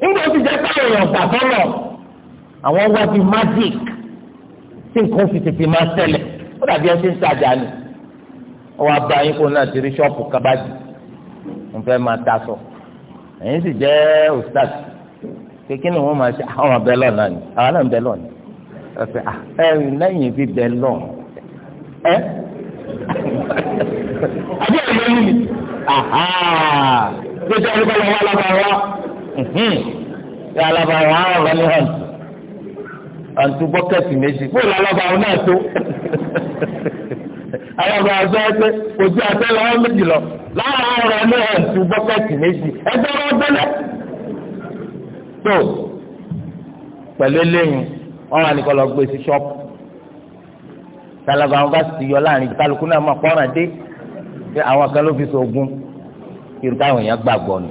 nígbà tí jẹ́ káwọn èèyàn gbà fọ́lọ̀ àwọn wá di magic tí nǹkan fi tètè máa ṣẹlẹ̀ ó dàbí ẹni tí ń tajà ni ọwọ́ abá yín kó náà ti rí ṣọ́ọ̀pù kábàdì ń fẹ́ ọ̀sẹ̀ ẹ ah, lẹ́yìn fi bẹ̀ lọ ẹ. àbí ẹ̀rọ yìí aha ṣé ṣe ẹni kọ́lọ́ wà lábàárà ṣé alábàárà ọ̀rọ̀ ni hàn àǹtú bọ́kẹ́tì méjì fún ìlàlábàárà náà tó alábàárà sọ pé kò sí àtẹ́lẹwọ́ méjì lọ láàárọ̀ ọ̀rọ̀ ni àǹtú bọ́kẹ́tì méjì ẹgbẹ́ ọ̀rọ̀ bẹ́lẹ̀ tó pẹ̀lú eléyìí wọn wà ní kọ́ lọ gbé sí ṣọ́ọ̀pù talaba wọn bá sì yọ láàrin kálukú náà mọ̀ kọ́ràn dé pé àwọn kan ló fi sògùn irú táwọn èèyàn gbàgbọ́ ni.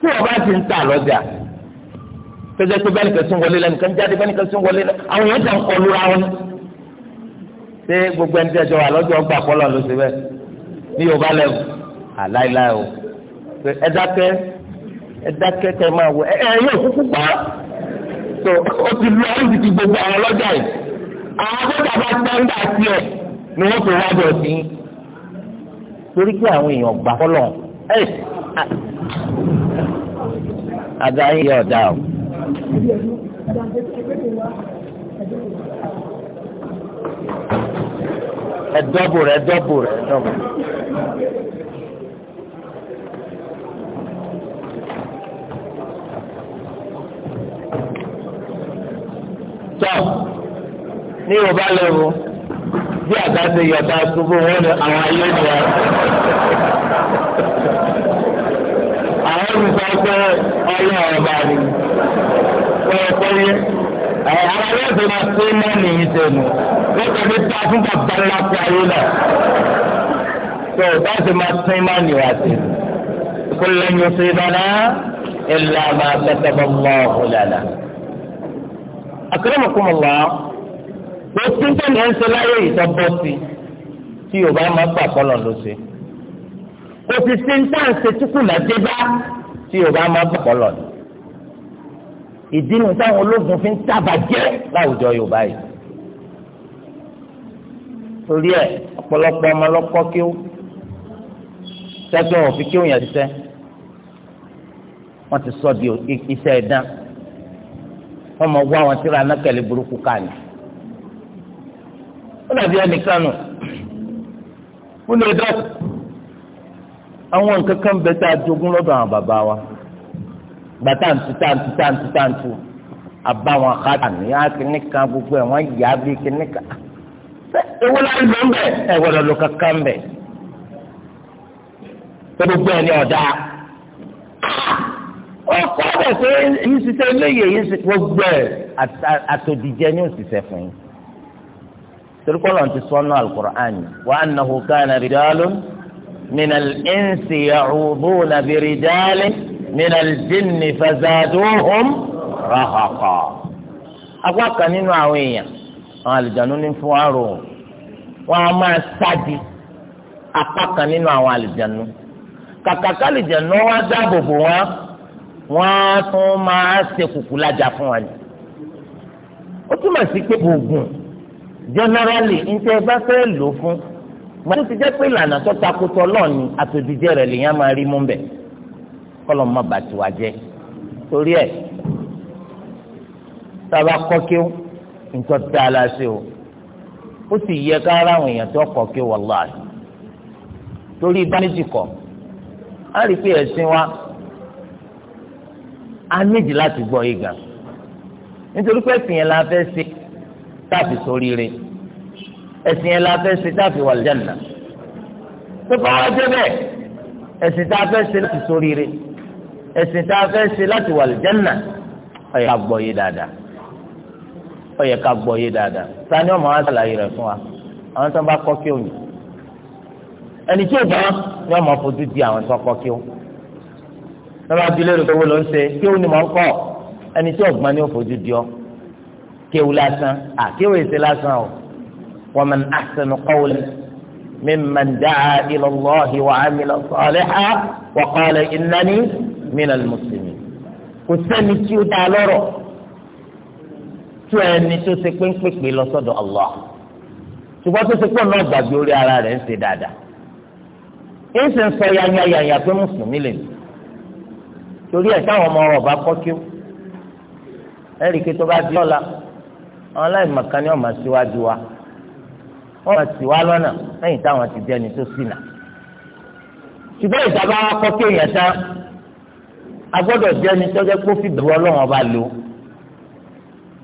tí wọn bá ti ń tà lọ́jà tọ́jà pé bẹ́ẹ̀ nìkan sún wọlé lẹ́nu kan jáde bẹ́ẹ̀ nìkan sún wọlé lẹ́nu àwọn èèyàn jẹ́ ń kọ́ lóra wọn. ṣé gbogbo ẹni tẹ́jọ wà lọ́jọ́ ọgbà kọ́lọ̀ ló ṣe bẹ́ẹ̀ ní yorùbá lẹ́wù àláìláì o ẹ dákẹ́ ẹ dákẹ́ kẹ́ tó ó ti lu ọ́rìsì ti gbogbo àwọn ọlọ́jà yìí àwọn akọ́jà bá tẹ́ńdà tiẹ̀ ni wọ́n tó wá bọ̀ sí. torí pé àwọn èèyàn gbà fọlọ́ àgbà yín yọ ọ̀dà o. ẹ̀dọ́bù rẹ̀ ẹ̀dọ́bù rẹ̀ ẹ̀dọ́bù rẹ̀. tọ́ ní yorùbá lẹ́wọ̀ bí àgbà ṣe yọ̀ta ṣubú wọn ni àwọn ayé ni wọn. àwọn olùsọ pé ọyọ ọba ni pẹ́ẹ́pẹ́ẹ́ àwọn aláìsàn máa ṣe mọ́ nìyí sẹ́nu lọ́kàn ní ta fún bàbá ńlá fún ayé náà. tó o bá ṣe máa ṣe mọ́ nìyí sẹ́nu. kó lẹ́yìn ṣe bá náà illa ma kataba Allahu lana akramakumullah ló tún sẹ́ni ẹ̀ ń ṣe láyé ìtọ́bọ́ sí tí yorùbá máa gbà kọ́lọ̀ ló ṣe kò sì sí ní táǹsì túkùnà dé bá tí yorùbá máa gbà kọ́lọ̀ ló ìdí nu táwọn ológun fi ń tàbàjẹ́ láwùjọ yorùbá yìí torí ẹ ọ̀pọ̀lọpọ̀ ọmọ lọ́kọ́ kí ó sẹ́gbẹ́ òfin kí ó yàn ṣiṣẹ́ wọ́n ti sọ di iṣẹ́ ẹ̀dán wọ́n mọ̀ wá wọn síra anákẹ́lẹ́ burúkú káàní. ó dàbí ẹnìkan nù ó lè dọ́kù àwọn nǹkan kan bẹ tá a jogún lọ́dọ̀ àwọn bàbá wa gbàtàǹtù tàǹtù tàǹtù tàǹtù àbáwọn àkàtà ní akíní kan gbogbo ẹ̀ wọ́n yà á bí kíní kan ewu la ń lò ń bẹ ẹ gbọ́dọ̀ lò kankan ń bẹ gbogbo ẹ̀ ní ọ̀dà ọkọ rẹ pé yín ṣiṣẹ́ eléyè yín ṣe gbogbo ẹ àtòdìjẹ ni ó ṣiṣẹ́ fún yín torí kọ́ lọ́n ti sọ́nà alukur'an wa annahu kana ridalun minal insi ya'uduna bi ridalin minal jinni fazaduhum rahaqa. apá kan nínú àwọn èèyàn àwọn àlùjánu ní fún wa rò wọn máa sádi apá nínú àwọn àlùjánu kàkàkà àlùjánu wa dáàbò bò wọn wọ́n tún máa ṣe kùkù lájà fún wa ni. ó túmọ̀ sí pé oògùn generally ní tẹ́ ẹ bá fẹ́ lò fún gbọ́dọ̀ ti jẹ́ pé ìlànà tó takotọ lọ́ọ̀ni àtòjíjẹ́ rẹ̀ lèèyàn máa rí mú bẹ̀ kọ́lọ́ má bàtì wá jẹ́ torí ẹ̀ sábà kọ́kí nǹkan tẹ́ aláṣẹ o ó sì yẹ ká ara àwọn èèyàn tó kọ́kí wọ́n láàyè torí bá kọ́ á rí i pé ẹ̀sìn wa a níjì láti gbọ́ yìí gan nítorí pé ẹ̀sìn yẹn la fẹ́ ṣe táàfì sóríire ẹ̀sìn yẹn la fẹ́ ṣe táàfì wà lẹ́nà tó bá wá dé bẹ́ẹ̀ ẹ̀sìn tá a fẹ́ ṣe láti sóríire ẹ̀sìn tá a fẹ́ ṣe láti wà lẹ́nà ó ká gbọ́ yìí dáadáa ó ká gbọ́ yìí dáadáa sani ọmọ wa sàlàyé rẹ̀ fún wa àwọn tó ń bá kọ́ kí òyìn ẹni tí ò bá ni ọmọ fojú di àwọn tó kọ́ kí òyìn lọ́ba bí lérò tó wọ́n lọ ń ṣe kéwù ni mò ń kọ́ ẹni tí ọ̀gbọ́n ni ó fojú di ọ́ kéwù lásán à kéwù èsè lásán o wa man ahsanu qawlan mimman da'a ila Allahi wa 'amila salihan wa qala innani minal muslimin kò sẹ́ni tí ó dá lọ́rọ̀ tó ẹni tó ṣe pínpínpín lọ sọ́dọ̀ Allah ṣùgbọ́n tó ṣe pọ̀ náà gbàgbé orí ara rẹ̀ ń ṣe dáadáa ń ṣe ń sọ yányá yányá pé mùsùlùmí lè ní torí ẹ̀ táwọn ọmọ ọ̀rọ̀ bá kọ́ kí ó ẹ̀ríkì tó bá di ọ̀la àwọn aláìmọ̀kan ni wọ́n máa ṣíwájú wa wọ́n máa ṣì wá lọ́nà lẹ́yìn táwọn ti jẹ́ni tó ṣìnà ṣùgbọ́n ìjàmbá wa kọ́ kí èèyàn tán a gbọ́dọ̀ jẹ́ni tó jẹ́ kó fi bẹ̀rù ọlọ́run ọba lò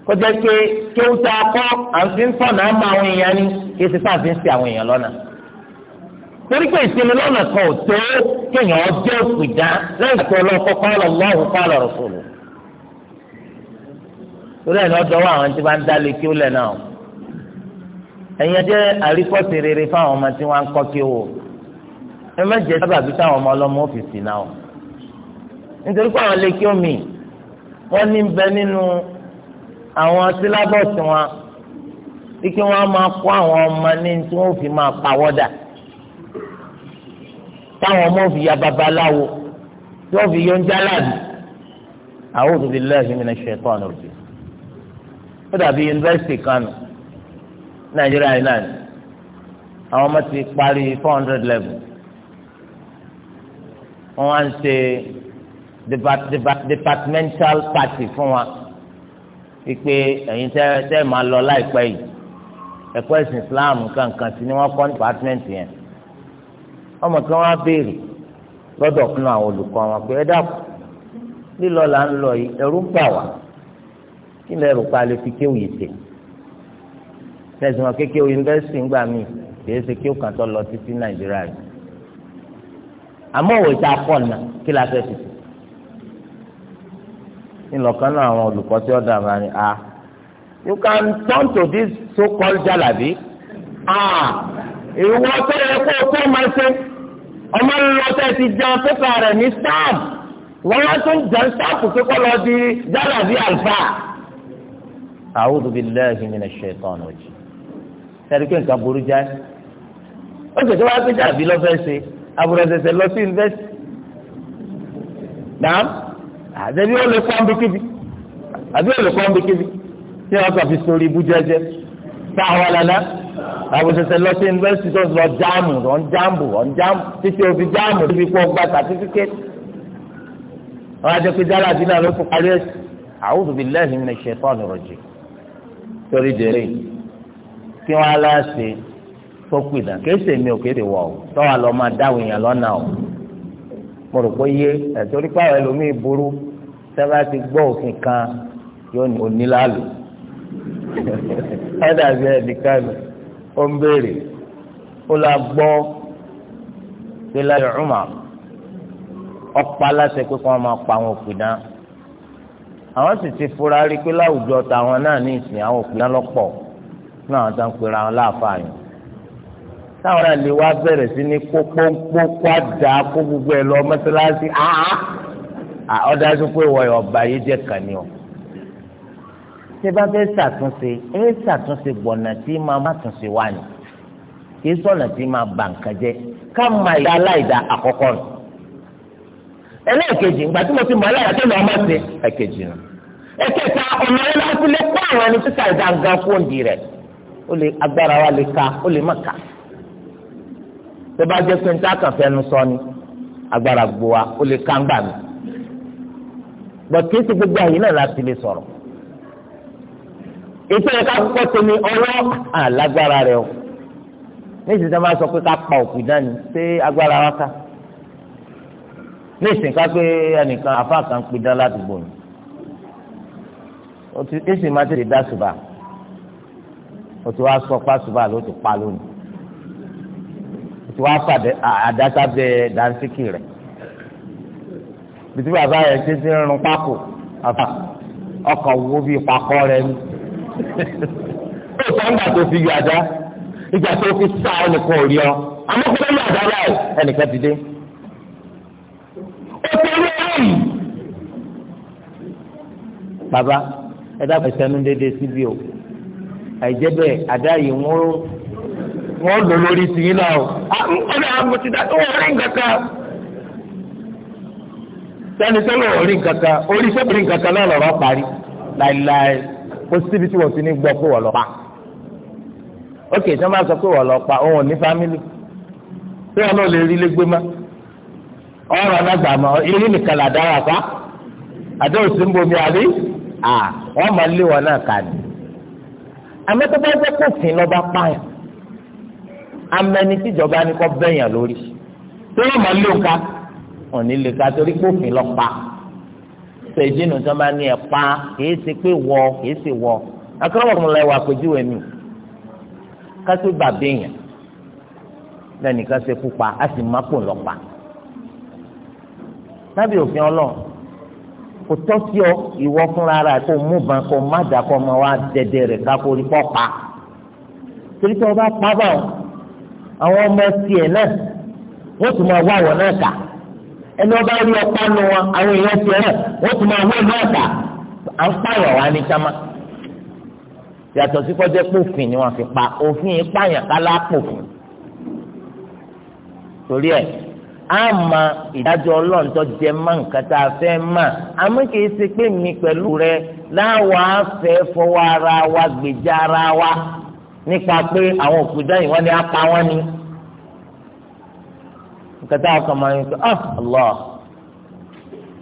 kó jẹ́ pé kí ó ta kọ́ àǹfíńsọ̀nà àmọ́ àwọn èèyàn ni kí ó ti fà fi ń ṣe àwọn èèyàn lọ́nà torí pé ìsinmi lọ́nà kan ò tó kéèyàn ọjọ́ ìpìdá lẹ́yìn tó lọ kọ́ kọ́ lọ́wọ́ kọ́ lọ́rọ̀ fòlù. torí ẹ̀ ní ọ̀dọ̀ wa àwọn tí bá ń dálé kí ó lẹ̀ náà ẹ̀yin jẹ́ àríkọ́sí rere fáwọn ọmọ tí wọ́n ń kọ́ kí ó ẹ má jẹ́ sábàbí táwọn ọmọ ọlọ́mọ òfìsì náà nítorí pé àwọn lè kí ó wọ́n ní bẹ nínú àwọn sílábọ̀sì wọn kí wọ́n máa kó àwọn ọmọ ní táwọn ọmọ fi ya babaláwo tí wọ́n fi yọ ń jálàbì a'udhu billahi minash shaitani rajim ó dàbí yunifásitì kanu nàìjíríà yìí àwọn ọmọ ti parí four hundred level wọ́n wá ń ṣe departmental party fún wa wípé ẹ̀yin tẹ́ tẹ́ máa lọ láìpẹ́ yìí ẹ̀kọ́ ẹ̀sìn islam kankan sí ni wọ́n kọ́ department yẹn ọmọ kan wá béèrè lọ́dọ̀ fún àwọn olùkọ́ wọn pé ẹ dákun lílọ là ń lọ yìí ẹ̀rù ń bà wá kí lè rò pa lè fi kéwù yìí tè tẹ̀sán wọn kékeré yunifásitì ń gbà mí kì í ṣe kí ó kàn tó lọ títí nàìjíríà rẹ̀ àmọ́ òwe tá a pọ̀ nà kí la fẹ́ tètè ńlọkàn náà àwọn olùkọ́ tí wọ́n dàgbà ni a ah, you can turn to this so called jalabi ah ìwọ tó yẹ kó o tó máa ṣe ọmọ ńlọtẹ ti jẹun pépà rẹ̀ ní staff wọn lọ tún jẹun staff kíkọ lọ di jálàbí àlùfà. a'udhu billahi minash shaitani rajim sẹ́ni pé nǹkan burú jẹ́ ó sì tó wá pé jàbí lọ fẹ́ ṣe àbúrọ̀sẹ̀sẹ̀ lọ sí invest naam àdébí ó lè kọ́ bí kíbi àbí ó lè kọ́ bí kíbi tí wọ́n kàn fi sórí ibú jẹ́jẹ́ sáà wà lánàá àbòsẹsẹ lọ sí yunifásitì tó lọ jáàmù lọ ń jáàmù lọ ń jáàmù títí o fi jáàmù níbi kó gba sàtífíkẹ́tì wọn adé pé dára àdínà ló fún parí ẹsẹ a'udhu billahi minash shaitani rajim torí dèrè kí wọn aláṣẹ tó pìdà kéésì mi ò kéde wọ ọ tọwọ lọ máa dáwọ èèyàn lọ́nà ọ mo rò pé yé ẹtọrí pààrọ ẹlòmíì burú sábà ti gbọ́ òfin kan yóò ní onílàlù ẹ (laughs) dàbí ẹnìkan nù ó ń béèrè ó la gbọ́ pé láyé Umar ọ̀pá aláṣẹ pé kí wọ́n máa pa àwọn òpìdán àwọn sì ti fura rí i pé láwùjọ tàwọn náà ní ìsìn àwọn òpìdán lọ́pọ̀ fún àwọn tó ń pera wọn láàfáà yìí táwọn náà lè wá bẹ̀rẹ̀ sí ní kó pọ́npọ́n kó àdá kó gbogbo ẹ̀ lọ mọ́sálásí ọ̀dájú pé wọ́n yọ̀ ọ̀bà yìí jẹ́ kàní ṣé bá fẹ́ ṣàtúnṣe ẹ ṣàtúnṣe gbọ̀nà tí máa má túnṣe wá ni kì í sọ̀nà tí máa bà nǹkan jẹ́ ká máa ìdá aláìdá àkọ́kọ́ nù. ẹlẹ́ẹ̀kejì ìgbà tí mo ti mọ aláìdá tó lọ́ọ́ máa ṣe ẹ̀kejì nù. ẹ̀kẹta ọ̀nà ẹ̀ láti lè kó àwọn ẹni tí sàìdá ń gan fóònù rẹ̀ ó lè agbára wa lè ka ó lè má ka. tó bá jẹ́ pé níta kàn fẹ́nu sọ ni agbára gbó wa ó lè ká ń gbà mí. bọ̀ kí ètò ẹ̀ka kọ́kọ́ tó ní àlágbára rẹ̀ o níṣì tí wọ́n bá sọ pé ká pa òkú dání ṣé agbára wa ká níṣì ká pé ẹnìkan afá kan pè dán ládùúgbò ni ó ti èsì máa tètè dá ṣùbà ó ti wá sọ pa ṣùbà ló ti pa lónìí ó ti wá fàdé àdáta bẹ dáńsíkì rẹ̀ bìtú bàbá rẹ̀ ṣe ti ń rún pákó àfà ọkọ̀ wo bíi pakọ́ rẹ̀ ni. ó sọ nígbà tó fi yọ àdá ìgbà tó fi sá ẹnìkan ò rí ọ àmọ́ kí wọ́n báyìí ẹnìkan ti dé. ó ti rí bàbá ẹ dábàá síbi o àìjẹ́ bẹ́ẹ̀ àdá yìí wọ́n wọ́n lò lórí tìyín náà o. ti dá wọ́n rí nǹkan kan. sẹ́ni sẹ́ni ò rí nǹkan kan orí kó síbi tí wọ́n ti ní gbọ́ pé wọ́n lọ pa ok tí wọ́n bá sọ pé wọ́n lọ pa òun ò ní fámìlì tí wọ́n náà lè rí légbé má ọ̀rọ̀ alágbà má eré nìkan là dára fa àdó òsì ń bomi àbí wọ́n máa lé wọn náà kà ní. amẹ́tọ́bá jẹ́ kófin lọ́ba pààyàn amẹ́ni tíjọba ni kò bẹ̀yàn lórí tí wọ́n máa lé òǹkà wọn ní lè ka torí kófin sèjìnnù tó máa ní ẹ̀pá kìí ṣe pé wọ kìí ṣe wọ akọ́rọ́mọkùnrin la wà àpèjúwe mi kásì bàbá èèyàn lẹ́nu pupa a sì má pò lọ́pa lábẹ́ òfin ọlọ́run kò tọ́ sí ọ ìwọ fúnra rà kó mú ban kó má dà kó ma wá dẹdẹ rẹ̀ kákó rí pọ́ torí tí wọ́n pa báwọn àwọn ọmọ tiẹ̀ náà wọ́n tún máa wá wọn náà kà ẹni ọba rí ọpá nu wọn àwọn èèyàn ti rẹ wọn tún máa wọ ìlú ọ̀tà à ń pààyàn wá ní sámá yàtọ̀ sí kọjá pófin ni wọn fi pa òfin yìí pààyàn kálá pófin torí ẹ a mọ ìdájọ́ ọlọ́ọ̀tọ́ jẹ mọ́ nǹkan tá a fẹ́ mọ̀ àmọ́ kìí ṣe pé mi pẹ̀lú rẹ láwọn afẹ́ fọwọ́ ara wa gbèjà ara wa nípa pé àwọn òkúta yìí wọ́n ní apá wọn ni. Apa, nǹkan tá a kàn máa ń sọ ah allah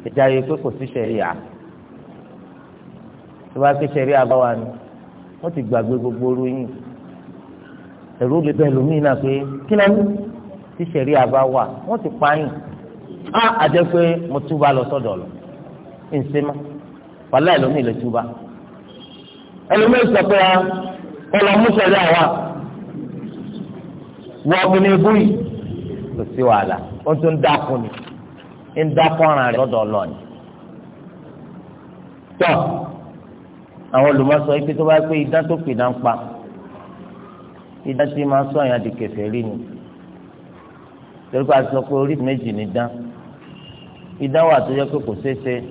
ìjà yìí pé kò sí sẹ̀ríà tó bá ké sẹ̀ríà bá wà ní wọ́n ti gbàgbé gbogbo orú yìí ẹ̀rú lè bẹ́ẹ̀ lómìn náà pé kí náà ní tí sẹ̀ríà bá wà wọ́n ti pa yìí ah àjẹ́ pé mo túbà lọ sọ́dọ̀ lọ ń ṣe má wàhálà lè túbà ẹlòmíì sọ pé ọ lọ wà wọ́n mi ní ibú yìí kò sí wàhálà ó tún dákun ni ń dákun ara rẹ̀ lọ́dọ̀ ọlọ́ọ̀ni. tọ́ àwọn olùmọ̀sọ ipe tó bá pé idán tó pè náà ń pa idán tí máa sọ yẹn di kèfèrí ni torí pé a sọ pé orí méjì ni dán idán wà tó yẹ pé kò ṣeé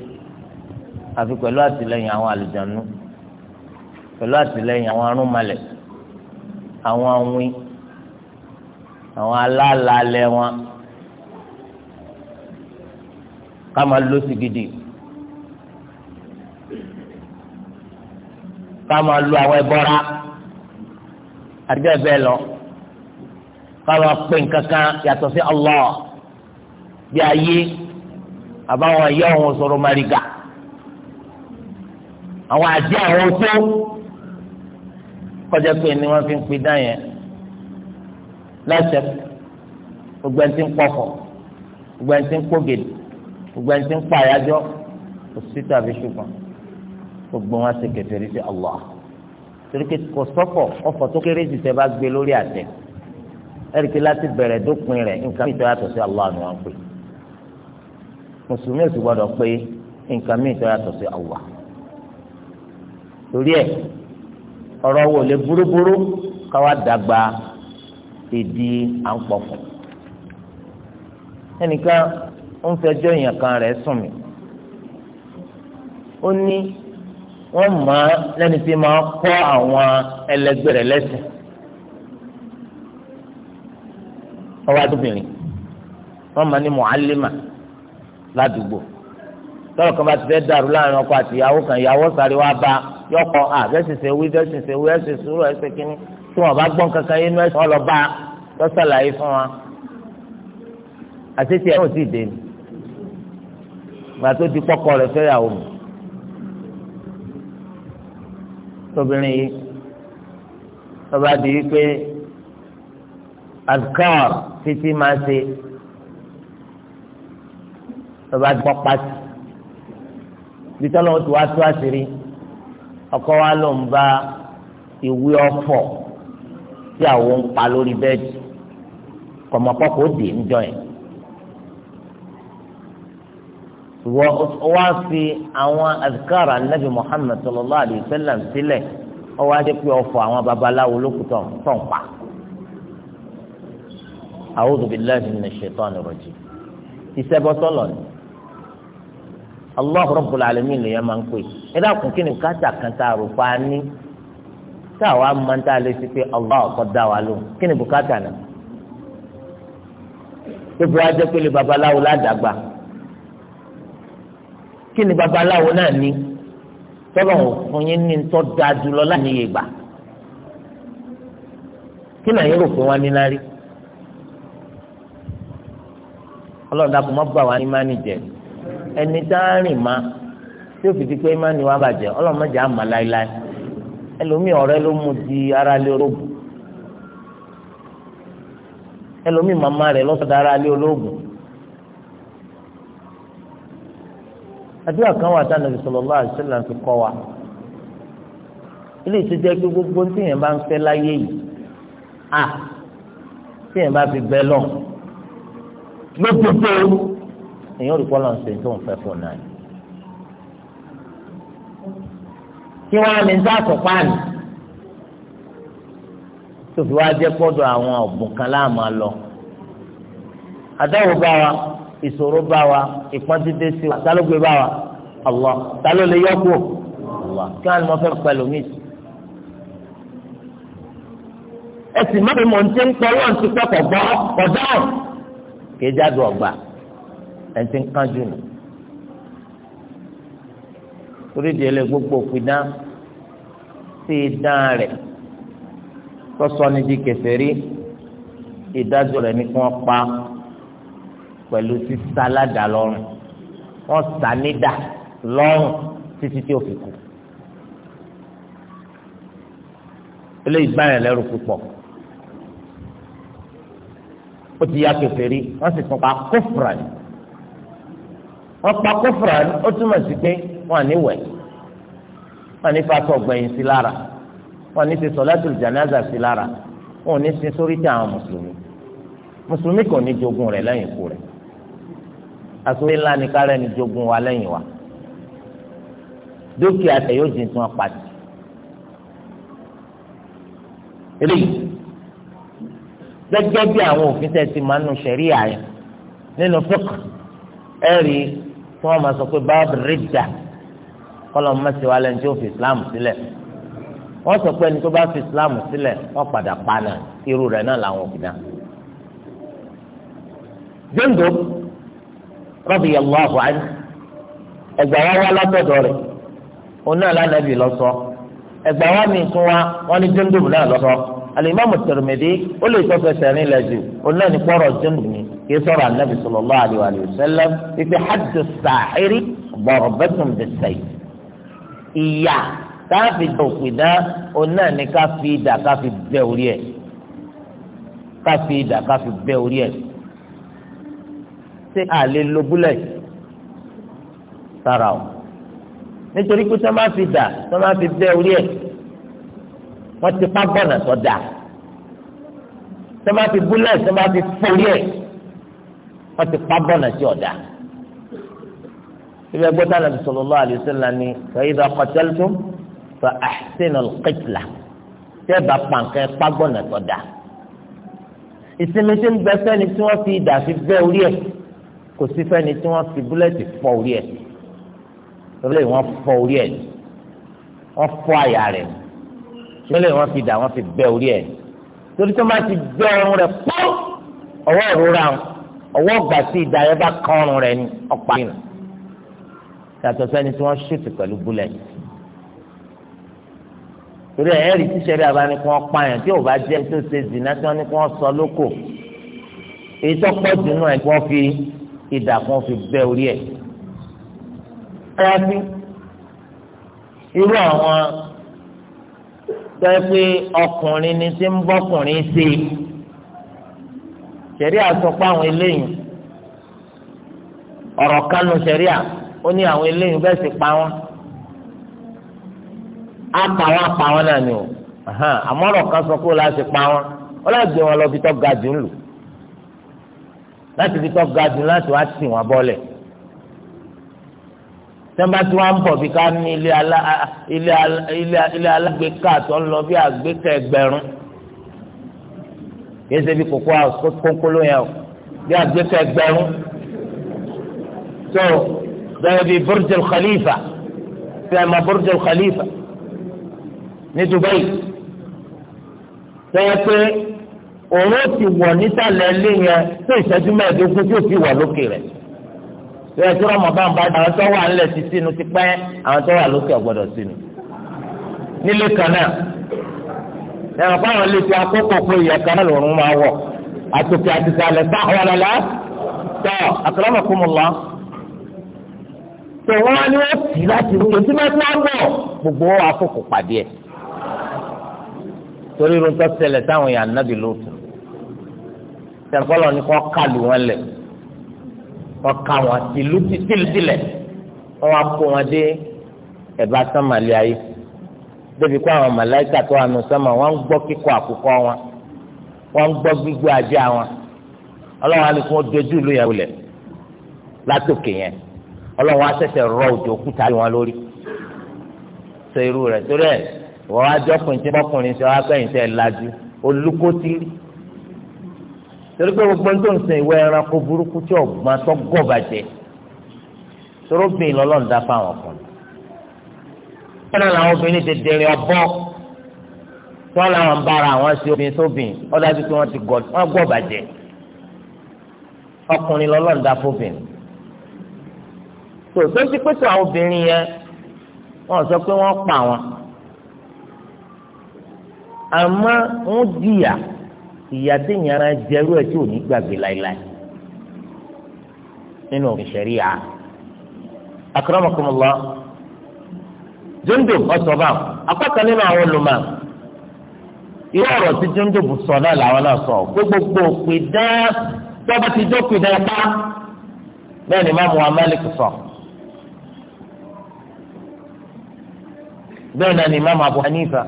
àfi pẹ̀lú àtìlẹ́yìn àwọn àlùjànnú pẹ̀lú àtìlẹ́yìn àwọn arúnmalẹ̀ àwọn awin àwọn alálàálẹ̀ wọn ká máa lọ sí gidi ká máa lu àwọn ẹbọra àti bẹ́ẹ̀ bẹ́ẹ̀ lọ ká máa pè nǹkankan yàtọ̀ sí Allah bí ayé àbáwọn ẹ̀yà òun sọ̀rọ̀ màrìgà àwọn àjẹ́ àwọn tó kọjá pé ni wọ́n fi ń pin dá yẹn lẹ́sẹ̀ gbogbo ẹni tí ń pọ̀fọ̀ gbogbo ẹni tí ń pògèdè gbogbo ẹni tí ń pàyàjọ́ kò sí tàbí ṣùgbọ́n gbogbo wọn ṣe kèfèrí sí Allah torí pé kò sọ́fọ̀ ọ̀fọ̀ tó kéré jù tẹ́ bá gbé lórí àtẹ ẹ̀ríkì láti bẹ̀rẹ̀ dópin rẹ̀ nǹkan mìíràn yàtọ̀ sí Allah ni wọ́n pè mùsùlùmí ò sì gbọ́dọ̀ pé nǹkan mìíràn yàtọ̀ sí Allah torí ẹ̀ ọ̀rọ̀ wò lè burúburú káwá dàgbà ìdí à ń pọ̀fọ̀ ẹnìkan ó ń fẹjọ́ èèyàn kan rẹ̀ sùn mí ó ní wọ́n mọ̀ ọ́ lẹ́ni tí máa kọ́ àwọn ẹlẹgbẹ́ rẹ̀ lẹ́sìn ọwọ́ adúbìnrin wọ́n mọ̀ ní mọ̀álímà ládùúgbò tọ́lọ̀ kan bá ti fẹ́ dàrú láàrin ọkọ àti ìyàwó kan ìyàwó sáré wá bá yọkọ̀ à wí bẹ́sẹ̀ wí ẹ̀sẹ̀ sùúrù ẹ̀sẹ̀ kínní tí wọn bá gbọ́n kankan yé inú ẹ̀sìn ọlọ́ba lọ́sàlàyé fún wa àtẹ̀tẹ̀ ẹ̀ náà sì dé ni gbà tó di kọ́kọ́ rẹ̀ fẹ́yàwó mi tóbìnrin yìí lọ́ba di wípé azkar títí máa ṣe lọ́ba di kọ́pá sí bí tọ́lọ́wọ́ tó wá tó àṣírí ọkọ wa ló ń bá ìwé ọ̀fọ̀ tí àwọn ń pa lórí bẹ́ẹ̀dì kọ̀mọ̀kọ́kọ́ ó dé níjọ́ yẹn. wá fi àwọn azikara nabi muhammed sallallahu alayhi wa sallam sílẹ̀ ó wá dé pé ọ̀fọ̀ àwọn babaláwo lókùtọ̀ tọ̀n pa. a'udhu billahi minash shaitani rajim ìṣẹ́bọ́sọ́lọ̀ ni allah rabbul alamin lèyàn máa ń pè é dákun kí ni káta kan tá a rò pa á ní. tá àwa máa ń tá a lè pé Allah ọkọ dá wa lóhùn kí ni gbogbo babaláwo ni babaláwo náà ní tọ́lọ̀ yín ní tọ́ da jùlọ láàrin yìí kí ọlọ́run dàpọ̀ mọ́ bá wa ní má jẹ ẹni tá a rìn má tí ó fi pé má ní bàjẹ́ ọlọ́run ẹlòmíì ọ̀rẹ́ ló mú di ara lé ológun ẹlòmíì màmá rẹ̀ lọ́sọ̀dọ̀ ara lé ológun àdúrà kan wà táwọn Ànábì sallallahu alaihi wasallam fi kọ́ wa ilé ìtújẹ́ pé gbogbo tí yẹn bá ń fẹ́ láyé yìí à tí yẹn bá fi bẹ́ lọ lókùtò èyàn ò rí kọ́ tó ń fẹ́ fún náà kí wọ́n á ní sáàtò páànì tó fi wá jẹ́ pọ́dọ̀ àwọn ọ̀bùn kan láàmú lọ. àdáwò bá wa ìṣòro bá wa ìpọ́ntídé sí wa tálógbé bá wa Allah táló lè yọkù Allah kí wọ́n á ní wọ́n fẹ́ pẹ̀lú mi. ẹ sì má fi mọ̀ ní tí ń pọ̀ wọ́n ti pọ̀ kọ̀ gbọ́ kọ̀ dáhùn kéjà dùn ọ̀gbà ẹ̀ ti ń kánjú nù torí di ẹlẹ gbogbo òpinna sí idán rẹ sọsọ ni di kèfèrí ìdájọ́ rẹ ní kí wọn pa pẹ̀lú sísá ládàá lọ́rùn wọn sá nídà lọ́rùn títí tí ó fi kú eléyìí gbá yẹn lẹ́rù púpọ̀ ó ti ya kèfèrí wọn sì tún pa kófúrán wọn pa kófúrán ó túmọ̀ sí pé wọn ní wẹ̀ wọn ní fatọ gbẹ̀yìn sí lára wọn ní ti sọlátùl jànáza sí lára wọn ní sin sórí tí àwọn mùsùlùmí mùsùlùmí kò ní jogún rẹ̀ lẹ́yìn ikú rẹ̀ àsọyé ńlá ni kárẹ́ ni jogún wa lẹ́yìn wa dúkìá tẹ yóò di tún apàtì eléyìí gẹ́gẹ́ bí àwọn òfin tẹ ti máa ń nu sẹríà nínú fúk ẹ rí tí wọn sọ pé báàbù rìjà kọ́lọ́ mọ́sí wa lẹ́nu tí ó fi islam sílẹ̀ wọ́n sọ pé ẹni tó bá fi islam sílẹ̀ wọ́n padà panà irú rẹ̀ náà làwọn òkúta. jẹ́ǹdó radiyallahu anhu ẹgbà wa wá látọ̀dọ̀ rẹ̀ òun náà lánàbì lọ́sọ ẹgbà wa mi tún wa wọ́n ní jẹ́ǹdó náà lọ́sọ alimami Tirmidhi ó lè tọ́fẹ́ sẹ́rin lẹ̀ jù òun náà ní kpọ́rọ̀ jẹ́ǹdó ni kì í sọ̀rọ̀ anabi sallallahu alayhi wa sallam ìfi hajj sàhírí bọ̀rọ̀ bẹ́tùm bẹ́sẹ̀yìí ìyà káfí dòpìdá òun náà ni káfí ìdà káfí bẹ́ orí ẹ̀ káfí ìdà káfí bẹ́ orí ẹ̀ ṣé àlè lo búlẹ̀t sára o nítorí pé sọ ma fi dà sọ ma fi bẹ́ orí ẹ̀ wọ́n ti pa gbọ́nà tó dà sọ ma fi búlẹ̀t sọ ma fi forí ẹ̀ wọ́n ti pa gbọ́nà tí ò ibi ẹgbẹ́ tí Ànábì sallallahu alaihi wasallam ni fa idha qataltum fa ahsinul qitla tẹ́ bá pàǹkẹ́ pàgbọ́nà tó dáa ìsinmi tí ń bẹ fẹ́ni tí wọ́n fi idà fi bẹ́ orí ẹ̀ kò sí fẹ́ni tí wọ́n fi búlẹ́ẹ̀tì fọ́ orí ẹ̀ lórí wọ́n fọ́ orí ẹ̀ wọ́n fọ́ àyà rẹ̀ lórí wọ́n fi idà wọ́n fi bẹ́ orí ẹ̀ torí tó máa ti bẹ́ ọrùn rẹ̀ pọ́ ọwọ́ ìrora ọwọ́ ọgbà tí idà yẹn bá kán ọrùn rẹ̀ ni ọ̀pá yìí yàtọ̀ sẹ́ni tí wọ́n ṣètò pẹ̀lú búlẹ̀tì torí ẹ̀ ẹ́rì tí sẹ́rí àbá ni kí wọ́n pààyàn tí ò bá jẹ́ tó ṣe zìnà tí wọ́n ní kí wọ́n sọ lóko èyí tó pọ̀ jù náà kí wọ́n fi ìdà kí wọ́n fi bẹ́ orí ẹ̀. ẹ̀rọ irú àwọn sọ pé ọkùnrin ni tí ń bọ́kùnrin ṣe sẹ́rí àsọpọ̀ àwọn eléyìí ọ̀rọ̀ kánú sẹ́rí àsọpọ̀ ó ní àwọn eléyìí bẹ́ẹ̀ sì pa wọ́n á pa wọ́n á pa wọ́n náà ni o àmọ́rọ̀ kan sọ pé o láti pa wọ́n ó láti gbé wọn lọ bí tọ́ ga jù ń lò láti bí tọ́ ga jù láti wá tì wọ́n bọ́lẹ̀ tẹ́nba tí wọ́n ń bọ̀ bí ká ní ilé alágbèéká tó ń lọ bí àgbéká ẹgbẹ̀rún kìí ṣe bí kókó kónkóló yẹn o bí àgbéká ẹgbẹ̀rún gẹ́gẹ́ bíi الخليفة al ما برج الخليفة burj دبي khalifa ní dubai tẹ́yẹ pé òun ti wọ̀ nísàlẹ̀ ilé yẹn tó ìṣẹ́jú mẹ́ẹ̀ẹ́dógún tí ó ti wà lókè rẹ̀ tẹ́yẹ tí wọ́n mọ̀ bá ń bá àwọn tó wà nílẹ̀ ti sínú ti pẹ́ àwọn tó wà lókè ọ̀gbọ́dọ̀ sínú nílé kan náà ẹ̀rọ fáwọn ilé ti akókò pé ìyẹn náà lòún máa wọ̀ àtòkè àtìsàlẹ̀ sáwọn ọ̀lọ́lá tọ́ àkàràmọ̀kùnmọ̀lá tó wọ́n wá ní wọ́n tì láti rú kò sí mẹ́tí wọ́n bọ̀ gbogbo wọn wá fòkò pàdé ẹ̀. torí irun tó ṣẹlẹ̀ táwọn èèyàn nábì lóòtù tẹ̀kọ́lọ̀ ni kò kálù wọn lẹ̀ kò ká wọn tìlú tìlẹ̀ wọ́n wá kó wọn dé ẹ̀bá sánmàlẹ́ ayé débi kó àwọn màláìkà tó àánú sánmà wọ́n ń gbọ́ kíkọ àkùkọ wọn wọ́n ń gbọ́ gbígbó ajá wọn ọlọ́wọ́n á ọlọ́run wa ṣẹ̀ṣẹ̀ rọ òjò òkúta lé wọn lórí sọ irú rẹ̀ torí ẹ̀ wọ́n wá jọ́kùnrin tí bọ́kùnrin sọ wá pẹ́yìn tẹ́ lajú olùkọ́tì torí pé gbogbo ń tó ń sin ìwé ẹranko burúkú tí ọ̀gbọ́n tó gọ̀ bàjẹ́ torógbìn lọ́lọ́run dá fáwọn ọkùnrin kọ́nà làwọn obìnrin ti dẹ̀rẹ̀ ọ̀bọ tí wọ́n làwọn ń bára àwọn ṣe obìnrin sóbìn ọ̀dájú pé wọ́n ti gọ̀ ọkùnrin lọ́lọ́run fóbìnrin tó sọ́sí pé tó àwọn obìnrin yẹn wọ́n sọ pé wọ́n pa wọn àmọ́ wọ́n jìyà ìyà tí ìyàrá jẹrú ẹ̀ tí ò ní gbàgbé láéláé nínú òfin ṣẹ̀ríà akramakumullah jundub ọ̀sọ̀bà apákan nínú àwọn olùmọ̀ irú ọ̀rọ̀ tí jundub sọ náà làwọn náà sọ gbogbogbò pè dá tọ́ba ti dókè dáadáa bẹ́ẹ̀ ni má mu amálẹ̀kù sọ. bẹ́ẹ̀ náà ni imam abu hanifa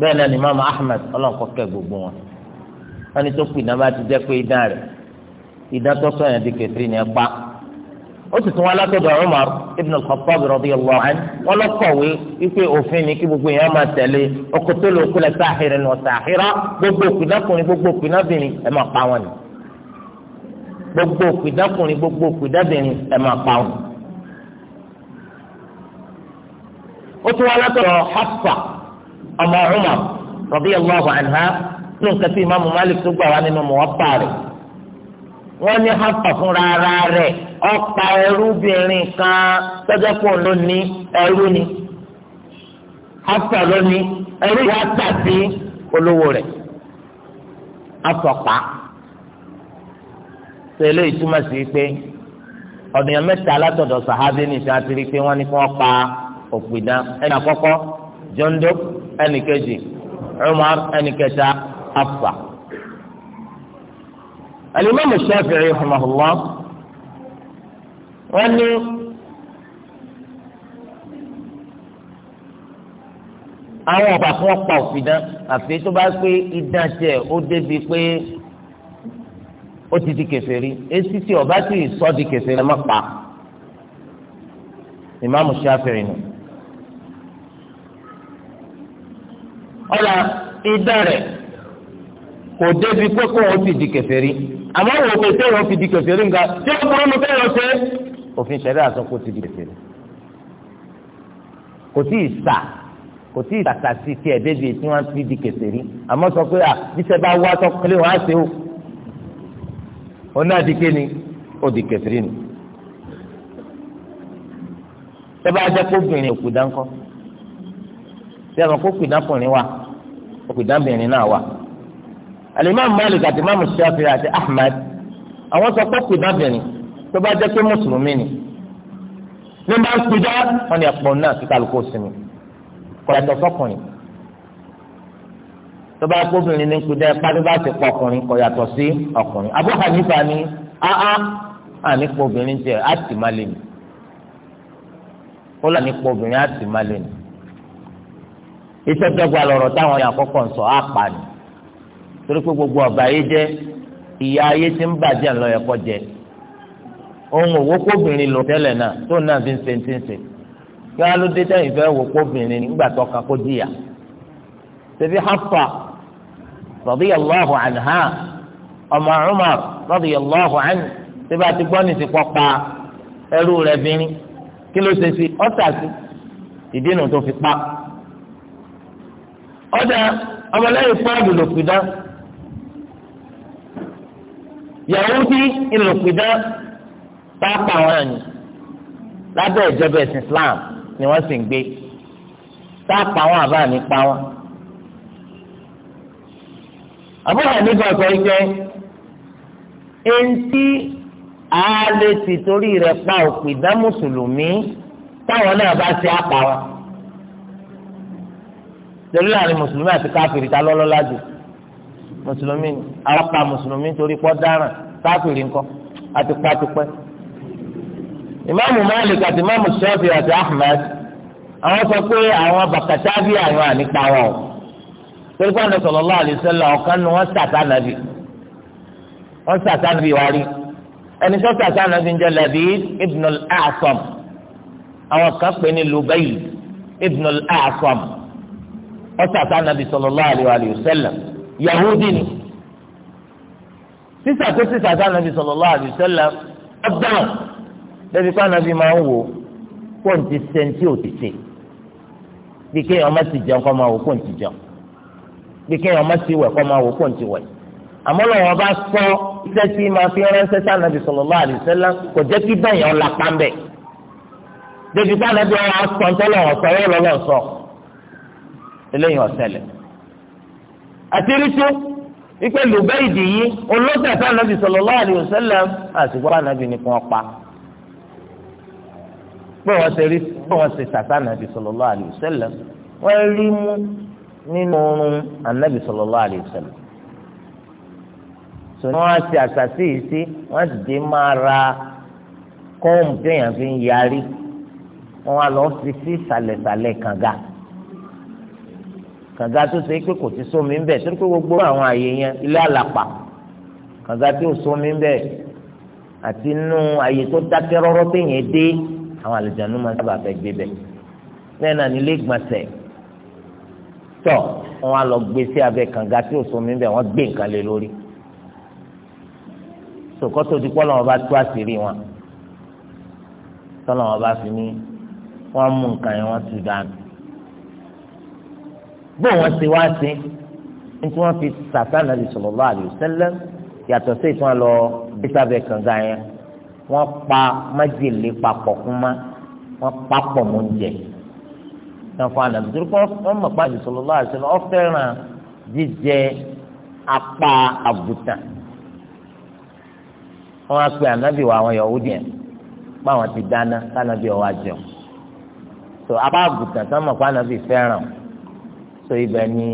bẹ́ẹ̀ náà ni imam ahmed ọlọ́nkọ́ kẹ́ gbogbo wọn wọ́n ní tó kù iná ti jẹ́ pé idán rẹ̀ idán tó sọ yẹn di kẹfìrí ni ẹ pa ó sì tún umar ibn al-khattab wọn òfin ni kí gbogbo yẹn máa tẹ̀lé gbogbo gbogbo ẹ máa pa wọn ni gbogbo gbogbo otu tún wá látọ̀rọ̀ Hafsa ọmọ Umar radiyallahu anha nínú nǹkan tí ìmáàmù Malik tó gbà wá nínú Muwatta rẹ̀ wọ́n ní Hafsa fúnra ara rẹ̀ ọ̀pá ẹrúbìnrin kan tọ́jọ́ pọ̀ ló ní ni Hafsa ló ní ẹrú yóò tà olówó rẹ̀ afọ̀pá tẹ̀lé ìtumọ̀ sí pé ọ̀nìyàn mẹ́ta látọ̀dọ̀ sàhábẹ́ nìṣẹ́ àti rí òpìdá ẹni àkọ́kọ́ jọ́ndó ẹni kejì Umar ẹni kẹta Afa. Al-Imam Shafi'i rahimahullah wọ́n ní. àwọn ọba tí wọn pa òfin dán àfi tó bá pé idán tiẹ̀ ó débi pé ó ti di kèfèrí èsì tí ọba tí sọ di kèfèrí má pa ìmáàmù Ṣáfi'í nù. ọ̀là ìdá rẹ̀ kò débi pé kó wọn fi di kèfèrí àmọ́ wò pé tí wọn fi di kèfèrí nga tí wọn kúrò ní pé wọn ṣe òfin ṣẹlẹ̀ àsọ kó ti di kèfèrí kò tí ì sà kò tí ì sàkà sí tiẹ̀ débi tí wọ́n fi di kèfèrí àmọ́ sọ pé à níṣẹ́ bá wá sọ pé wọ́n á ṣe o ọ̀nà àdìké ni ó di kèfèrí ni tẹ́ bá jẹ́ kó obìnrin òkú dáńkọ́ sẹ́nu kó pìdákùnrin wa kó pìdábìnrin náà wa. alimami malik àti imam shafi àti ahmed àwọn sọ pé pìdábìnrin tó bá jẹ́ pé mùsùlùmí ni ní bá ń pidá wọn ni ẹ̀pọ̀ náà kí kálukú sinmi kọ̀yàtọ̀ sọkùnrin tó bá kóbìnrin ní pidá ẹ̀pá tó bá ti pọ̀ ọkùnrin kọ̀yàtọ̀ sí ọkùnrin Abu ni áá ànípò obìnrin tiẹ̀ á sì ó là nípò obìnrin á ìtọ́jọ́gba lọ̀rọ̀ táwọn kọ́kọ́ sọ gbogbo ọ̀bà yìí jẹ́ ìyá ayé tí ń bàjẹ́ ńlọ jẹ ohun òwò kóbìnrin lò tẹ́lẹ̀ náà tó náà fi ti ń kí wọ́n á ló dé tẹ́yìn fẹ́ wò kóbìnrin nígbà tó kó ọmọ àti gbọ́nì ti pa ẹrú rẹ̀ bínrin kí ló ṣe ọjà ọmọlẹ́yìn pọ́ọ̀lù lòpìdá Yahudi ìlòpìdá pápá wọn ni lábẹ́ ìjọba ẹ̀sìn Islam ni wọ́n sì ń gbé pápá wọn àbá ní pa wọn. àbúrò nígbà sọ ike eŋti àálẹ́ ti torí rẹ̀ pa òpìdá mùsùlùmí táwọn náà bá ti àpá wọn torí láàrin mùsùlùmí àti káfìrí ta lọ́lọ́lá jù mùsùlùmí ni àwọn pa mùsùlùmí torí pọ́ dáràn káfìrí ńkọ́ àti pátípẹ́. ìmáàmù Malik àti ìmáàmù Shafi àti Ahmed àwọn sọ pé àwọn bàkàtà bí àwọn ànípa wọn o torí pé àwọn sallallahu alaihi wasallam ọ̀kan ni wọ́n sàtà nàbì wọ́n sàtà nàbì wá rí ẹni tó sàtà nàbì ń jẹ́ Labid ibn al àwọn kan pè ní Lubayy ibn al ọsàtà nàbì sallallahu alaihi wa sallam yahudi ni sísà tó sísà tá nàbì sallallahu alaihi wa sallam ọdàn lẹbi pa nàbì máa ń wò kó n ti ṣe n tí ò ti ṣe ti jẹun kó máa wò kó n ti jẹun bí kéèyàn má ti wẹ̀ kó máa wò kó n ti wẹ̀ àmọ́ lọ́wọ́ bá sọ iṣẹ́ tí máa fi ránṣẹ́ sànàbì sallallahu alaihi wa sallam kò jẹ́ kí bẹ́ẹ̀ yẹn ọ̀la pàmbẹ́ débi pànàbì ọ̀la sọ̀ńtọ́ eléyìí ọ̀sẹ̀lẹ̀ àti ríṣu wípé lùbẹ́ ìdì yìí olóṣèlú àti ànábì sallallahu alaihi wasallam àsìkò ànábì ni kò wọ́n pa pé wọ́n ṣe rí pé wọ́n ṣe sàtà ànábì sallallahu alaihi wasallam wọ́n rí mú nínú oorun ànábì sallallahu alaihi wasallam sọ ni wọ́n ṣe àṣàṣì yìí sí wọ́n sì dé máa ra kóòmù téèyàn fi ń yarí wọ́n wá lọ sí sí ìsàlẹ̀sàlẹ̀ kànga kànga tó ṣe pé kò ti sómi ń bẹ torí pé gbogbo àwọn àyè yẹn ilé àlàpà kànga tó sómi ń bẹ àti inú àyè tó dákẹ́ rọ́rọ́ téèyàn dé àwọn àlùjánu máa sábà fẹ́ gbé bẹ̀ bẹ́ẹ̀ náà nílé ìgbọ̀nsẹ̀ tọ̀ wọ́n á lọ gbé sí abẹ́ kànga tó sómi ń bẹ wọ́n gbé nǹkan lé lórí sòkòtò dìpọ́ làwọn bá tú àṣírí wọn tọ́lọ́wọ́n bá fi ní wọ́n mú nǹkan yẹn wọ́n tú dànù bó wọn ṣe wá sí ní tí wọn fi sàtà nàbì sallallahu alaihi wasallam yàtọ̀ sí ìtàn lọ bísàbẹ kànga yẹn wọn pa májèlé papọ̀ fún ma wọn papọ̀ mọ́ oúnjẹ náà fún ànàbì torí pé wọn mọ̀ pàdé sallallahu alaihi wasallam wọn fẹ́ràn jíjẹ apá àgùntàn wọn á pe ànábì wa àwọn Yahudi yẹn báwọn ti dáná kánábì ọwọ́ àjọ tó apá àgùntàn sọ́mọ̀ pé ànábì fẹ́ràn so ibẹ̀ ni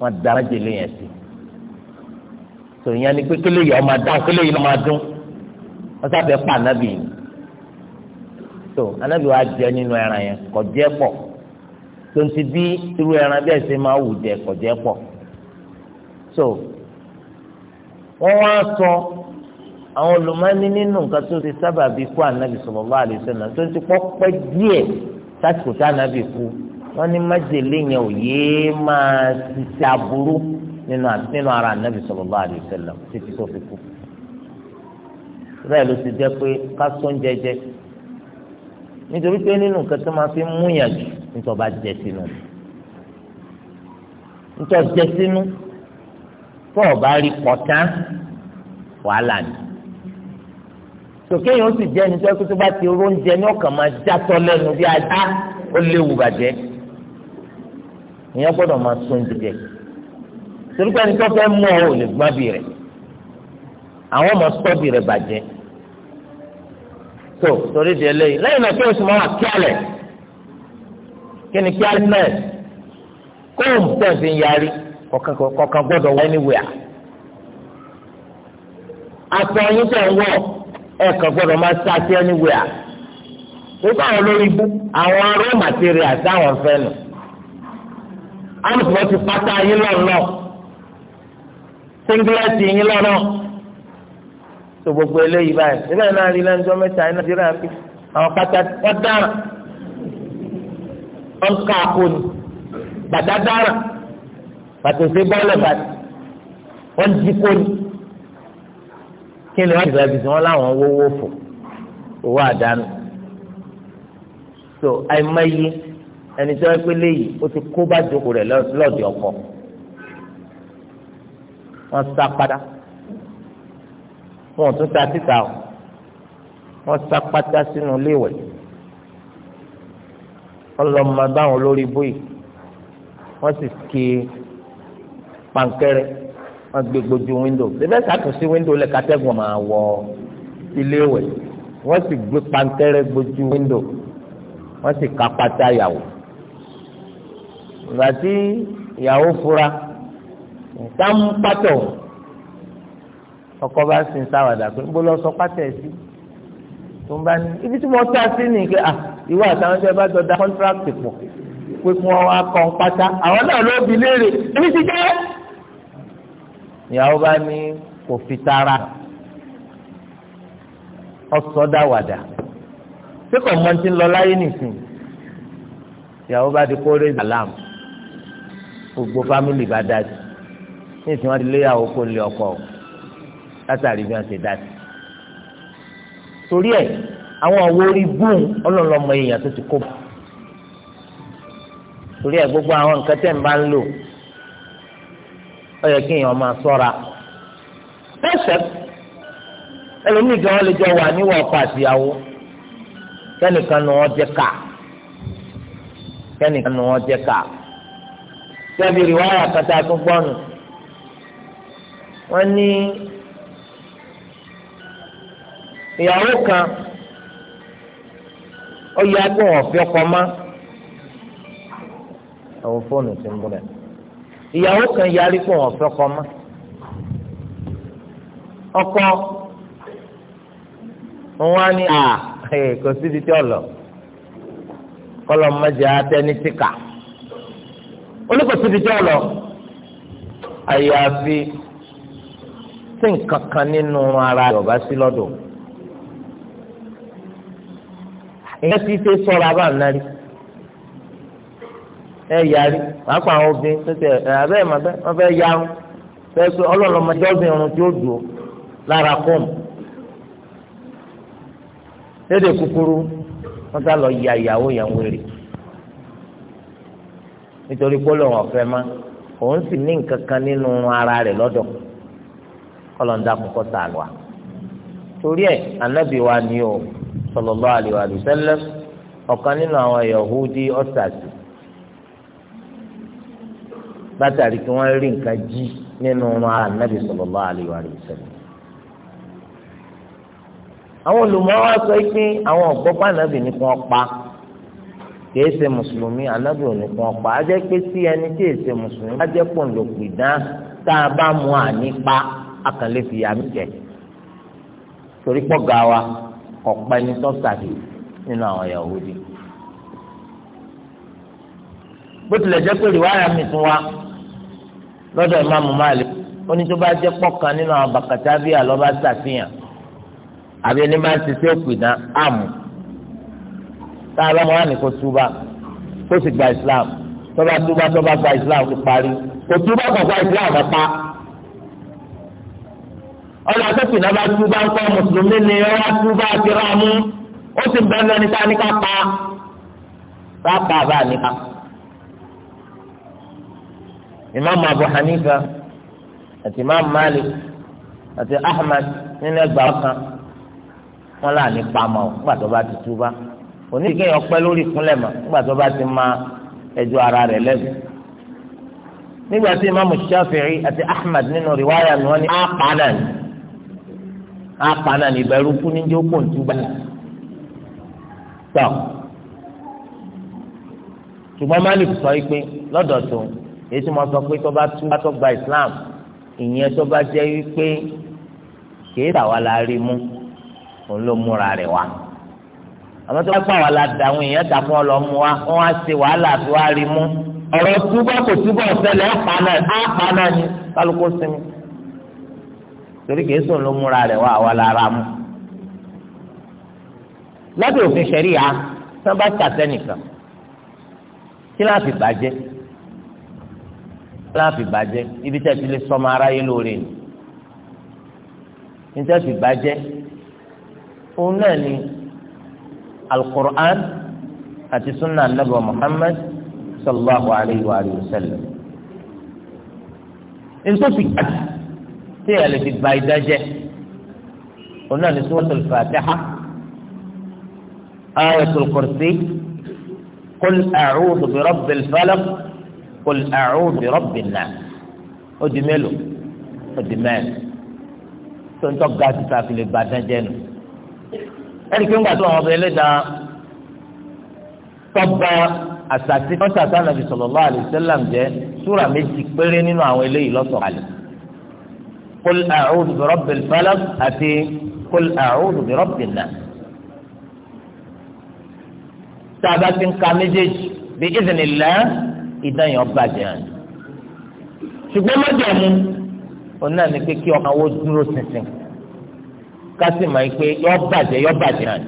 wọ́n da májèlé yẹn sí so ìyẹn ni pé kílè yìí ọmọ dán kílè yìí ọmọ dún wọ́n sábẹ́ pa ànábì yìí so ànábì wa jẹ nínú ẹran yẹn kò jẹ pọ̀ tó ń ti bí irú ẹran bẹ́ẹ̀ ṣe máa wù jẹ kò jẹ so wọ́n wá sọ àwọn olùmọ́ni nínú nǹkan tó ti sábà bí kú ànábì sallallahu alaihi wasallam tó ti pọ́ pẹ́ díẹ̀ sásìkò tá ànábì kú wọ́n ní májèlé yẹn ò yéé máa ṣiṣẹ́ aburú nínú nínú ara anabi sallallahu alaihi wasallam títí tó fi kú bẹ́ẹ̀ ló ti jẹ́ pé ká sóun jẹjẹ nítorí pé nínú nǹkan tó máa fi mú yàn jù nítorí bá jẹ sínú nítorí jẹ sínú tó o rí pọ̀tá wàhálà ni sòkè yìí ó sì jẹ́ ẹni tó tó bá ti róúnjẹ ní ọkàn máa já tọ́ lẹ́nu bí ajá ó léwu bàjẹ́ ìyẹn gbọ́dọ̀ máa sún jùjẹ torí pé ẹni tó fẹ́ mú ọ ò lè gbá bì rẹ̀ àwọn ọmọ sọ́ọ̀bì rẹ̀ bàjẹ́ tó torí di eléyìí lẹ́yìn náà kí o sì máa wà kíálẹ̀ kí ni kíálẹ̀ náà kóòmù tẹ̀sí ń yarí kọ̀ọ̀kan gbọ́dọ̀ wá níwèé à àtọ̀ yín tẹ̀ ń wọ̀ ẹ̀ẹ̀kan gbọ́dọ̀ máa sá sí ẹníwèé tó bá àwọn olórí bú àwọn raw materials táwọn fẹ́ nù àlùfọ́ ti pátá yín lọ́nà síngilẹ́tì yín lọ́nà tó gbogbo eléyìí báyìí nígbà náà rí lẹ́nu mẹ́ta ní nàìjíríà bí àwọn pátá wọ́n dára wọ́n ká àkóni bàtà dára bàtà òsè bọ́ọ̀lù bàtà wọ́n jí kóni kí ni wọ́n ti rẹ̀ bìtì wọ́n láwọn wọ́wọ́ fò owó àdánù so àìmọye ẹni tó yẹ pé léyìí ó ti kó bá jókòó rẹ̀ lọ́ọ̀dì ọkọ wọ́n sá padà wọ́n tún ta síta o wọ́n sá pátá sínú léwẹ̀ wọ́n lọ máa báwọn lórí bóyì wọ́n sì ké pankẹ́rẹ́ wọ́n gbé gbójú wíńdò bẹ́ẹ̀ sàtúnṣe wíńdò lẹ̀ kátẹ́gùn máa wọ iléèwẹ̀ wọ́n sì gbé pankẹ́rẹ́ gbójú wíńdò wọ́n sì ká pátá yàwó ìgbà tí ìyàwó fura nǹkan mú pátọ̀ ọkọ bá sì ń sáwàdà pé nbó lọ sọ pátẹ̀ sí tó ń bá ní ibi tí mo tà sí nìkẹ́ à ah, ìwọ àtàwọn tẹ bá jọ da kọ́ńtíráàtì pọ̀ pé kí wọ́n wá kọ́ pátá àwọn náà ló bi léèrè ibi ti jẹ́ ìyàwó bá ní kò fi tara ọsọdáwàdà ṣé kò mọ ti ń lọ láyé nìsín ìyàwó bá di kó alam gbogbo fámìlì bá dá sí ní ìsìn wọn ti léyàwó kó lé ọkọ látàrí bí wọn ti dá sí. torí ẹ àwọn ọ̀wọ́ orí bùn ọlọ́lọ́mọ èèyàn tó ti kó bù. torí ẹ gbogbo àwọn nǹkan tẹ̀ ń bá ń lò ó yẹ kí èèyàn máa sọ́ra. pẹ́sẹ̀ ẹlòmíì gan lè jọ wà níwọ̀ ọkọ àtìyàwó kẹ́nìkan ni wọ́n jẹ́ ká kẹ́nìkan ni wọ́n jẹ́ ká sẹ́bi rìwáyà kata tó gbọ́nù wọ́n ní ìyàwó kan ó yẹ kó wọ́n fi ọkọ mọ́ àwọn fóònù ti ń bọ̀rẹ̀ ìyàwó kan yarí kó wọ́n fi ọkọ mọ́ ọkọ wọn á ní à kò síbi tí ọ lọ kọlọ mọ jẹ tíkà oníkòsíbi jẹ́ ọ̀lọ́ àyàfi tí nǹkan kan nínú ara rẹ̀ ọ̀bá sí lọ́dọ̀ ìyẹn ti ṣe sọ̀rọ̀ abáǹdarí ẹ yarí pàápàá àwọn obìnrin tó tẹ ẹ abẹ́ ẹ̀ màbẹ́ wọ́n fẹ́ yarun fẹ́ sọ ọlọ́lọ́mọdé ọ̀bìnrin tí ó dùn lára kọ́ọ̀mù lédè kúkúrú wọ́n sá lọ ya ìyàwó yẹn wéré. nítorí gbólóhùn ọ̀fẹ́ má òun sì ní nǹkan kan nínú ara rẹ̀ lọ́dọ̀ kọ́lọ̀ ń dákun kọ́ sàánù wa torí ẹ̀ anábì wa ni o sallallahu alaihi wa sallam ọ̀kan nínú àwọn Yahudi ọ̀sàsì látàrí kí wọ́n rí nǹkan jí nínú ara anábì wa àwọn olùmọ̀ wa sọ pé àwọn ọ̀gbọ́n bá anábì ní pa kìí ṣe mùsùlùmí anábì òní kan pa á jẹ́ pé sí ẹni tí èsè mùsùlùmí á jẹ́ pọ̀ lòpì dán tá a bá mú àní pa akànlẹ́ fi yà mí jẹ torí pọ̀ ga wa ọ̀pẹ ní tọ́sàdì nínú àwọn Yahudi. bó tilẹ̀ jẹ́ pé ìwáyà mi tún wá lọ́dọ̀ ìmáàmù Malik ó ní tó bá jẹ́ pọ̀kan nínú àwọn bàkàtà bíi àlọ́ bá ṣàfihàn àbí ẹni máa ń ṣiṣẹ́ òpì dán tá a lọ́mọ wá ní kó túbà kó sì gba islam tó bá túbà tó bá gba islam ti parí kò túbà kò gba islam ọ̀pá. ọlọ́ àtọ́kùn náà bá túbà ń kọ́ mùsùlùmí ni ó wá túbà ti rà mú ó sì bẹ́ẹ̀ lọ níta níka pa rápa bá níka. imaamu abu hanifa àti imaamu malik àti ahmad nínú ẹgbàá kan wọn là ní pamọ́ gbàdọ́ bá ti túbà òní kéèyàn pẹ́ lórí ìkúnlẹ̀ mọ́ nígbà tó bá ti máa ẹjọ́ ara rẹ̀ lẹ́bi nígbà tí imaamu shafi'i àti ahmed nínú riwaya ni wọ́n ní apana ni apana ni ìbẹ̀rù kú ní jẹ́ òkú ntúgbà tọ́ ṣùgbọ́n malik sọ yìí pé lọ́dọ̀ tó èyí tí mo sọ pé tó bá tú bá tó gba islam ìyẹn tó bá jẹ́ wípé kìí tàwa la rí mú òun ló múra rẹ̀ wá àmọ́ tó bá fún àwọn aládàá àwọn èèyàn dà fún ọlọ́ mu wa wọ́n á ṣe wàhálà tó wá rí mú ọ̀rọ̀ túbọ̀ kò túbọ̀ ṣẹlẹ̀ àpá náà ni kálukú sinmi torí kìí sùn ló múra rẹ̀ wá àwa lára mu. lábẹ́ òfin ṣẹ̀ríya tí wọ́n bá ṣàtẹ́nìkan kí láti bàjẹ́ láàfin bàjẹ́ ibi tẹ́ ti lè sọmọ aráyé lóore ni níta fi bàjẹ́ òun náà ni alukur'an àti sunna anabi muhammad sallallahu alayhi wa sallam ntòsí àti tí a lè fi ba ìdájẹ ọ̀nà ní suratul fatiha ayatul kursi qul a'udhu bi rabbil falaq qul a'udhu bi rabbin nas ó di mélòó ó di mẹ́rin tó ń tọ́ ga ti ta fi lè ba ìdájẹ nù ẹni pé ńgbà tó àwọn ọbẹ̀ ẹlẹ́dàá tọ́gbà àsàtì ọ̀sàtà nàbì sallallahu alaihi wasallam jẹ́ súrà méjì péré nínú àwọn eléyìí lọ́sọ̀kalẹ̀ kul a'udhu bi rabbil falaq àti kul a'udhu bi rabbin nas tá a bá ti ń ka méjèèjì bí idhnillah ìdáyìn ọba jẹ́ àná ṣùgbọ́n mọ́jọ́ mu òun náà ní pé kí ọkàn wo dúró ṣinṣin kásì máa pé yọ bàjẹ́ yọ bàjẹ́ náà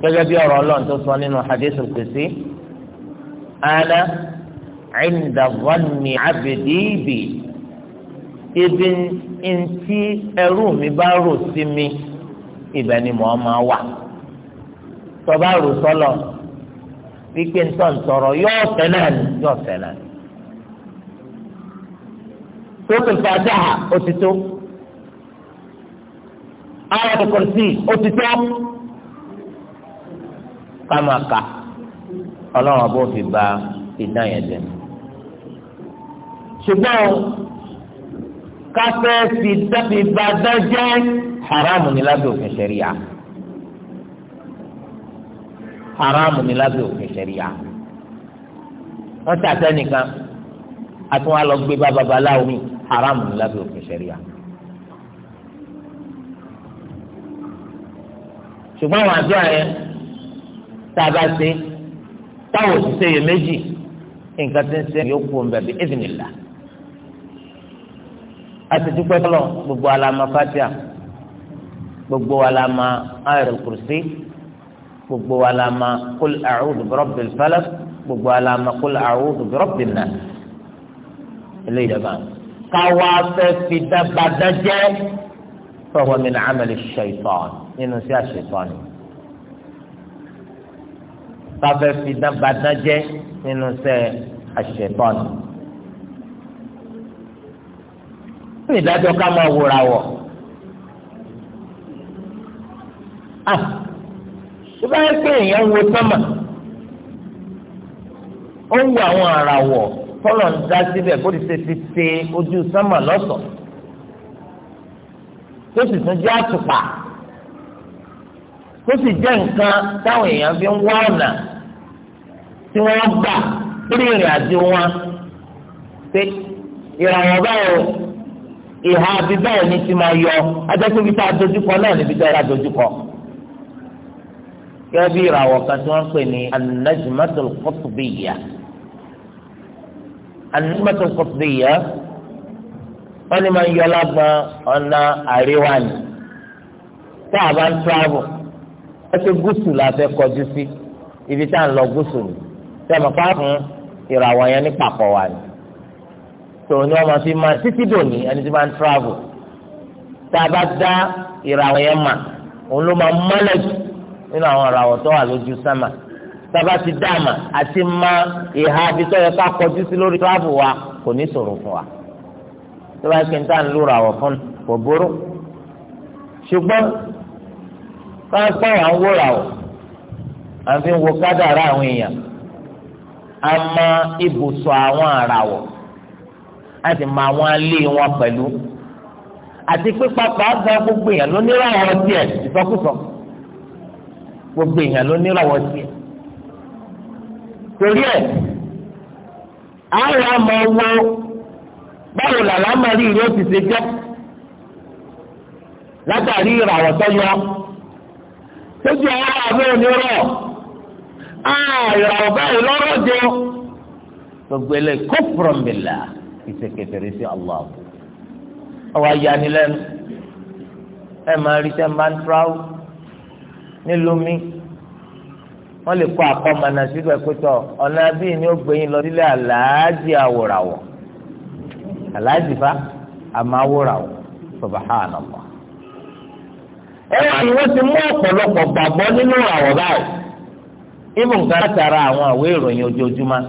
gẹ́gẹ́ bí ọ̀rọ̀ Ọlọ́run tó sọ nínú hadith kùsì ana inda dhanni abdi bi ibi ntí ẹrú mi bá rò sí mi ibẹ̀ ni mò ń máa wà tọba rò sọlọ wípé ntọ́ntọ́rọ yóò fẹ́ náà ni yóò tó ti dáhà ó ayat kursi ó ti tọ́ kàmáka ọlọ́run ọba òfin ba iná yẹn jẹ ṣùgbọ́n káfẹ́ fi dábì bá dájẹ́ haramu ni lábẹ́ òfin ṣẹ̀ríà haramu ni lábẹ́ òfin ṣẹ̀ríà wọ́n tà sẹ́nìkan àti wọn lọ gbé bá babaláwo mi haram ni lábẹ́ òfin ṣẹ̀ríà. ṣùgbọ́n àwọn àdúrà yẹn tá a bá ṣe táwọn òṣìṣẹ́ yẹn méjì nǹkan tí ń ṣe yóò kú ọ̀nbẹ bíi ìdìnnìlá àtẹ̀dúpẹ́ tọ́lọ̀ gbogbo alama fatia gbogbo alama ayọ̀rọ̀ kùrùsí gbogbo alama kul a'udhu birabbil falaq gbogbo alama kul a'udhu birabbin nas ilé ìdàgbà káwa fẹ́ fi dábàá dájẹ́ fọwọ́ mi ní amẹ́lẹ́ shaytan nínú sí àṣetọ́ni káfẹ́ fi dábàdán jẹ́ nínú sẹ́ àṣetọ́ni. ní ìdájọ́ ká máa wòrà wọ̀ ah, tó bá yẹ pé èèyàn ń wo sọ́mà ó ń wo àwọn àràwọ̀ tọ́lọ̀ ń dá síbẹ̀ bó ti ṣe ti ṣe ojú sọ́mà lọ́sọ̀ọ́ tó sì tún jẹ́ àtùpà kó sì jẹ́ nǹkan táwọn èèyàn fi ń wá ọ̀nà tí wọ́n gbà lórí ìrìn àjò wọn pé ìràwọ̀ báwo ìhà àbí báwo ni ti máa yọ adẹ́kùnrin tá a dojúkọ náà níbi tá a dojúkọ. gẹ́gẹ́ bí ìràwọ̀ kan tí wọ́n ń pè ní an-najmatul qutbiyya an wọ́n ní máa ń yọ lágbọn ọ̀nà àríwá ni tá a bá ń travel ẹsẹ gúúsù la fẹ́ kọjú sí ibi tá à ń lọ gúúsù ni sẹmọ pa fún ìràwọ̀ yẹn ní papọ̀ wa ni tó ní wọn fi máa títí dòní ẹni tí máa ń travel tá a bá dá ìràwọ̀ yẹn mà òun ló máa mọ́lẹ̀ jù nínú àwọn ìràwọ̀ tó wà lójú sámà tá a bá ti dá àmà àti má ìhà abitọ́ yẹ ká kọjú sí lórí travel wa kò ní sọ̀rọ̀ fún wa tó bá ṣe ń tà ń lù ràwọ̀ fún kò burú ṣùgbọ́n wọ́n sọ̀rọ̀ à ń wòrà o à ń fi wo kádàrá àwọn èèyàn a mọ ibùsọ̀ àwọn àràwọ̀ a sì mọ àwọn alé wọn pẹ̀lú àti pípa pàápàá gbogbo èèyàn ló níràwọ̀ tiẹ̀ ìsọkúsọ gbogbo èèyàn ló níràwọ̀ tiẹ̀ torí ẹ̀ àwọn àmọ́ wo báwo làlámà rí ìró ṣe jẹ́ látàrí ìràwọ̀ tó yọ. ojú àwọn àbúrò ní rọ̀ ọba báyìí lọ́rọ̀ gbogbo ẹlẹ́ kufrun billah sí Allah ọwọ́ ayanilẹ́nu ẹ máa rí Mba máa ń tíráwó nílùú mi wọ́n lè kó àkọ́mọ̀nà síbẹ̀ pẹ́tọ́ ọ̀nà bíi ni ó gbẹ̀yìn lọ sílé aláàjì àwòràwọ̀ aláàjì ẹ̀rọ ni wọ́n ti mú ọ̀pọ̀lọpọ̀ gbàgbọ́ nínú àwọ̀ báyìí ibùn kan tara àwọn àwé ìròyìn ojoojúmọ́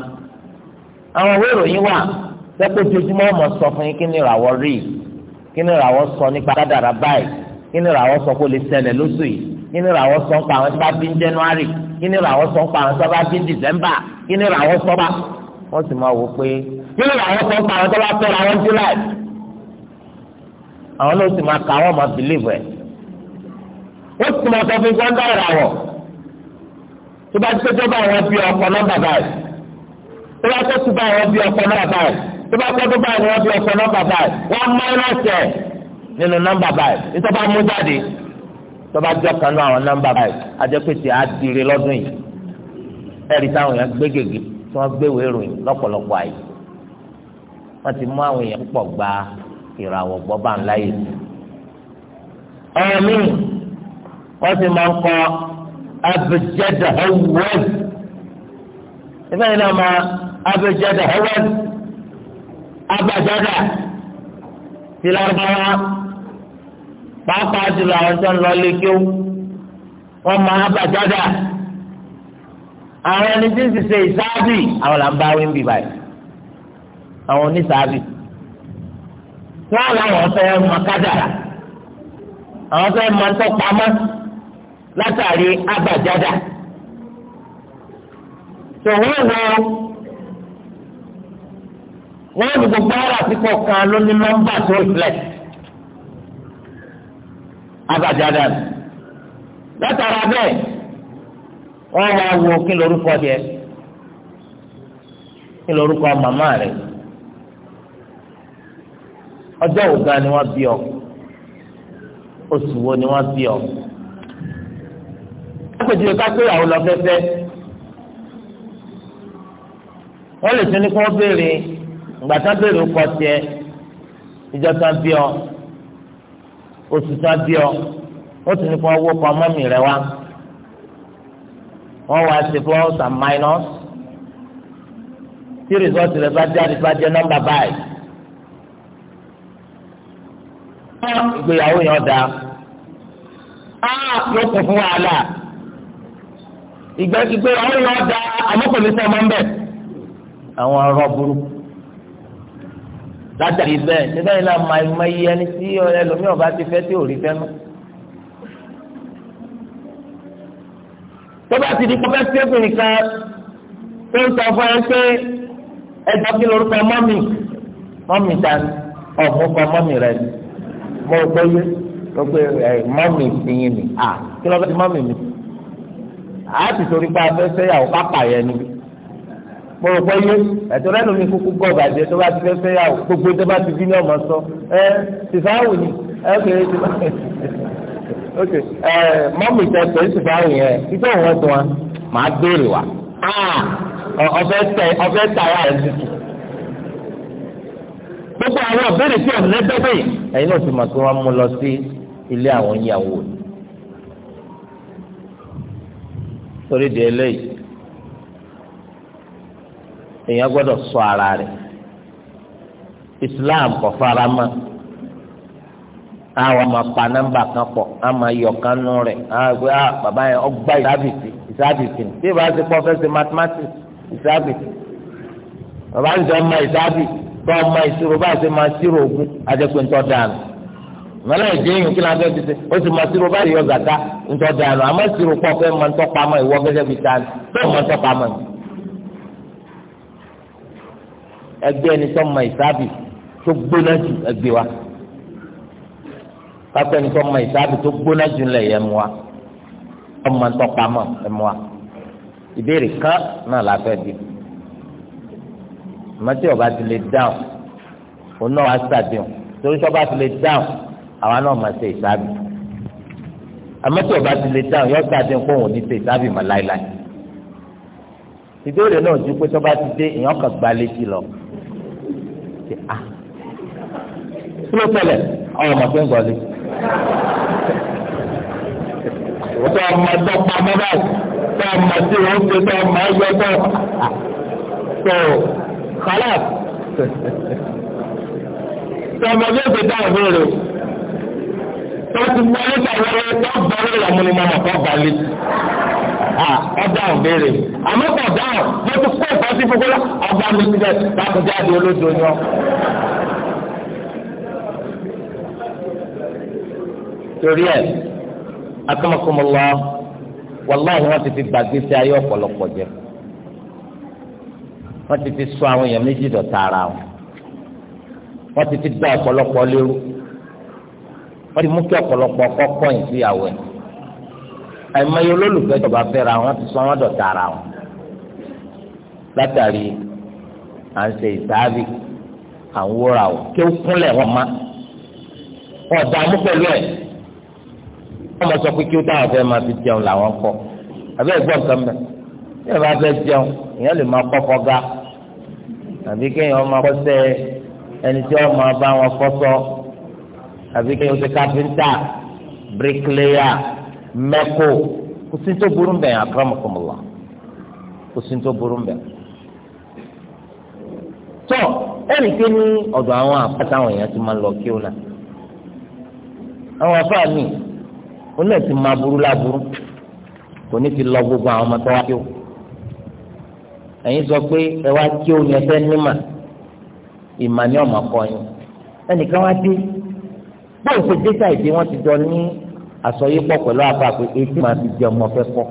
àwọn àwé ìròyìn wà sẹ́kọ̀ ojoojúmọ́ ọmọ sọ fún yín kí ni ìràwọ̀ rí kí ni ìràwọ̀ sọ nípa kádàrá báyìí kí ni ìràwọ̀ sọ kó lè ṣẹlẹ̀ lóṣù yìí kí ni ìràwọ̀ sọ nípa àwọn sábà bí ń January kí ni ìràwọ̀ sọ nípa àwọn sábà bí ń December kí ni ìràwọ̀ sọ bá wọ́n sì máa wò pé kí ni ìràwọ̀ sọ nípa àwọn sábà fẹ́ àwọn July àwọn ló sì máa kà wọ́n máa believe ẹ̀ wọ́n sì máa sọ fún ikú ọ̀dọ́ ìràwọ̀ tó bá tó tó bá wọn bí ọkọ̀ nọ́mbà báyìí tó bá tó tó bá wọn bí ọkọ̀ nọ́mbà báyìí tó bá tó tó bá wọn bí ọkọ̀ nọ́mbà báyìí wọ́n máínọ́ọ̀sì ẹ̀ nínú nọ́mbà báyìí nítorí bá mú jáde tó bá jọ kanú àwọn nọ́mbà báyìí ajẹ́pẹ̀tì á dire lọ́dún yìí ẹ̀rí táwọn èèyàn gbé gègé tí wọ́n gbé wéèrò yìí lọ́pọ̀lọpọ̀ àyè wọ́n ti mú àwọn èèyàn púpọ̀ gba ìràwọ̀ gbọ́ bá ń láyè. ọ̀rọ̀ míì wọ́n sì máa ń kọ abẹ́jẹ́dà hẹ́wẹ́d ìfẹ́ yìí náà máa abẹ́jẹ́dà hẹ́wẹ́d abẹ́jẹ́dà ti lárúbáwá pàápàá jùlọ àwọn tó ń lọ lékiw wọ́n máa abẹ́jẹ́dà àwọn ẹni tí ń ṣiṣẹ́ ìsáàbì àwọn là ń bá wíńbì báyìí àwọn onísáàbì wọ́n làwọn fẹ́ mọ kádàrà àwọn fẹ́ mọ tọ́pamọ́. látàrí abàjádà tó wọ́n wọ wọ́n ní gbogbo ara pípọ̀ kan ló ní nọ́mbà tó reflect abàjádà látara bẹ́ẹ̀ wọ́n máa wo kí lorúkọ jẹ kí lorúkọ màmá rẹ̀ ọjọ́ òga ni wọ́n bí ọ oṣù wo ni wọ́n bí ọ. lápèjì ká pé àwọn lọ fẹ́fẹ́ wọ́n lè tún ní kí wọ́n béèrè ìgbà tán béèrè ọkọ tiẹ̀ ìjọ tán bí ọ oṣù tán bí ọ ó tún ní kí wọ́n wó pa mọ́mì rẹ wá wọ́n wá ṣe plus and minus tí rìsọ́ọ̀tì rẹ bá jáde bá jẹ nọ́mbà báyìí ìgbéyàwó yẹn ọ̀dà á ah, yóò kún fún wàhálà ìgbà ìgbé àwọn yóò da àmọ́kùnrin sọ ọmọ ń bẹ̀. àwọn ọ̀rọ̀ burúkú látàrí bẹ́ẹ̀ níbẹ̀ yìí náà máa ma yí ẹni tí ẹlòmíì ọba ti fẹ́ tí ò rí fẹ́ mọ́. tó bá ti di kọ́fẹ́ sẹ́kùnrin kan tó ń sọ fún ẹ pé ẹjọ́ kí lorúkọ mọ́mì mọ́mì dání ọ̀mùkọ mọ́mì rẹ ni mo gbóyè mo gbé mọ́mì sí yín ni à kí lọ́kọ́ ti mọ́mì mi sí a ti torí pé afẹ́fẹ́ yàwó pápá yẹn ni kpọlọpọ yé ẹ̀tọ́ lẹ́nu mi kúkú gbọ bàjẹ tó bá ti fẹ́ fẹ́ yàwó gbogbo tó bá ti fi ní ọmọ sọ ẹ tìfáwù ni ẹ kò yẹ tìfá ok ẹ mọmì tẹ tìfáwù yẹn títí òun ẹ̀tọ́ wa màá béèrè wa ah, ọfẹ tẹ ọfẹ tàyà ẹ tutù gbogbo àwọn ọbẹ̀rẹ̀ tí ọ̀nà ẹgbẹ́ bẹ́ẹ̀ ẹ̀yin náà ti mọ̀ pé wọ́n mú lọ sí ilé àwọn ìyàwó ni. torí di eléyìí èèyàn gbọ́dọ̀ ara Islam kò fara mọ́ àwọn máa pa nọ́mbà kan a máa yọ kan nù àwọn àgbẹ̀ yẹn ọgbà ìsábìsì ìsábìsì tí ìbá ti pọ̀ fẹsẹ̀ mathematics ìsábìsì bàbá ń sọ ọmọ ìsábì ọmọ bá ṣe máa ṣírò mọlẹ ìdí yìí kí lásán ti ṣe ó sì máa sírò báyìí yọ gàdá ntọ́ dànù àmọ́ sírò pọ̀ fẹ́ máa ń tọ́ pamọ́ ìwọ gẹ́gẹ́ bíi ta ni fẹ́ máa ń tọ́ pamọ́ ni. ẹgbẹ́ ẹni tó mọ ìsáàbì tó gbóná jù ẹgbẹ́ wa pápẹ́ ẹni tó mọ ìsáàbì tó gbóná jù lẹ̀ yẹ mu wa tó máa ń pamọ́ ẹ mu wa. ìbéèrè kan náà la fẹ́ di mọ́tí ọba ti lè dáhùn òun náà wá sàdéhùn torí sọ́ba ti lè dáhùn àwa náà máa ṣe ìsáàbì àmọ́tí ọba ti lè dáhùn yọ gbàdé nǹkan òun ní ṣe ìsáàbì mọ́ láéláé ìbéèrè náà ju pé tọ́ba ti dé èèyàn kan gba létí lọ ṣe à ah, kí ló tẹ̀lẹ̀ ọmọ ọmọ pé ń gọlé tọ́ ọmọ tó pa mọ́ báyìí tọ́ ọmọ tí wọ́n ń gbé tọ́ ọmọ ẹgbẹ́ tọ́ tó kọ́lá tọ́ ọmọ yóò gbé dáhùn lóore láti mú ọlọ́dà wọlé tó bá lé ìyàmú ni màmá tó bá lé. ọ̀dà òbéèrè àmọ́ kò dáhùn mo ti kó ẹ̀fọ́ sí fúnfún lọ ọba mi síbẹ̀ láti jáde olódo ni ọ. torí ẹ akọ́mọkọ́mọlá wàláhùn wọn ti fi gbàgbé sí ayé ọ̀pọ̀lọpọ̀ jẹ wọn ti fi sọ àwọn èèyàn méjì dọ̀tá ara wọn wọn ti fi dá ọ̀pọ̀lọpọ̀ lérú wọ́n ti mú kí ọ̀pọ̀lọpọ̀ kọ́kọ́ yìí sí ìyàwó ẹ̀ àìmọye olólùfẹ́ tó bá fẹ́ra wọn ti sọ wọn dọ̀tá ara wọn látàrí à ń ṣe ìsáábì à ń wúra o kí ó kúnlẹ̀ wọn má ọ̀dààmú pẹ̀lú ẹ̀ wọ́n mọ̀ sọ pé kí ó táwọn fẹ́ máa fi jẹun làwọn kọ́ àbí ẹ̀gbọ́n kan mẹ́ bí ẹ bá fẹ́ jẹun èèyàn lè máa kọ́kọ́ ga àbí kéèyàn máa kọ́ sẹ́ ẹni tí wọ́n máa bá wọn kọ́ sọ́ọ́ àbí kí o ṣe káfíńtà bíríkìlẹ́yà mẹ́kò kò sí tó burú bẹ́ẹ̀ akramakumullah kò sí tó burú bẹ́ẹ̀. tọ́ ẹnì kí ní ọ̀dọ̀ àwọn àpáta àwọn èèyàn ti máa lọ kí ó náà àwọn afáà mi wọn náà ti máa burú láburú kò ní ti lọ gbogbo àwọn ọmọ tó wá kí ó ẹ̀yin sọ pé ẹ wá kí ó yẹn fẹ́ nímà ìmà ni ọmọ kọ yín ẹnìkan wá dé bóun ṣe dé sáìdì wọn ti jọ ní àsọyípọ̀ pẹ̀lú àbá pé etí máa fi jẹ ọmọ fẹ́ kọ́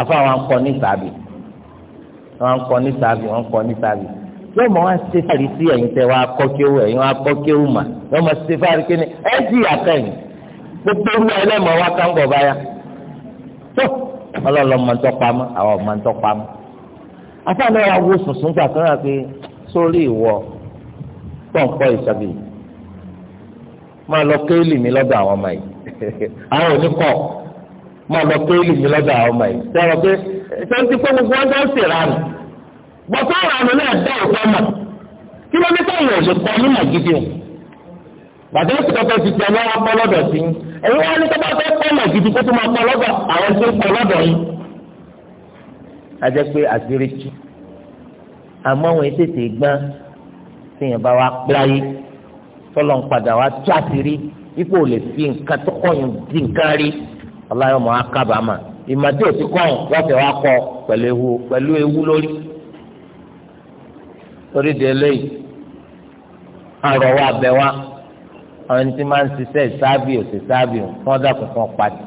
àfa wọn kọ ní sàbì wọn kọ ní sàbì wọn kọ ní sàbì yóò mọ wọn ṣe fàrí sí ẹ̀yin tẹ wọn akọ kéwù ẹ̀yin wọn akọ kéwù mà yóò mọ ṣe fàrí kí ni ẹ jì àkẹyìn gbogbo ewu ẹlẹmọ wa ká ń bọ báyà tó ọlọlọ mọ ntọ pamọ́ àwọn mọ ntọ pamọ́ afa náà wà wó sùnsùn gbà náà pé sórí ìwọ pọ̀ ń kọ́ ìsọ̀bì máa lọ kéèlì mi lọ́dọ̀ àwọn ọmọ yìí (laughs) àwọn oníkọ̀ máa lọ kéèlì mi lọ́dọ̀ àwọn ọmọ yìí sọ̀rọ̀ pé sẹ́ńtì pé gbogbo ọjọ́ sì ránù bọ́tọ́ ránù náà dá ọ̀pọ̀ mọ̀ kí ló ní káyọ̀ lè kọ́ ní màgídí o bàtà ìsìn kọ́kọ́ ti tẹ̀ lọ́wọ́ pọ́ lọ́dọ̀ sí ẹ̀yin wọn ní kọ́kọ́ tó pọ́ màgídí kó tó máa pọ́ lọ́dọ̀ àwọn tó pọ́ lọ́dọ̀ yìí. a jẹ́ pé àṣírí tú àmọ́ wọn ètètè gbọ́n tíyẹn bá wa pé ayé tọ́lọ̀ ń padà wá tú àṣírí fi nǹkan tó nkari di nǹkan rí ọláyọ̀ akábàámà ìmọ̀tí òtí wá kọ́ ewu pẹ̀lú ewu lórí. torí de eléyìí wa bẹ̀ wá àwọn tí máa ń ṣiṣẹ́ ìsáàbì òsì sáàbì wọn dàkún kan pàdé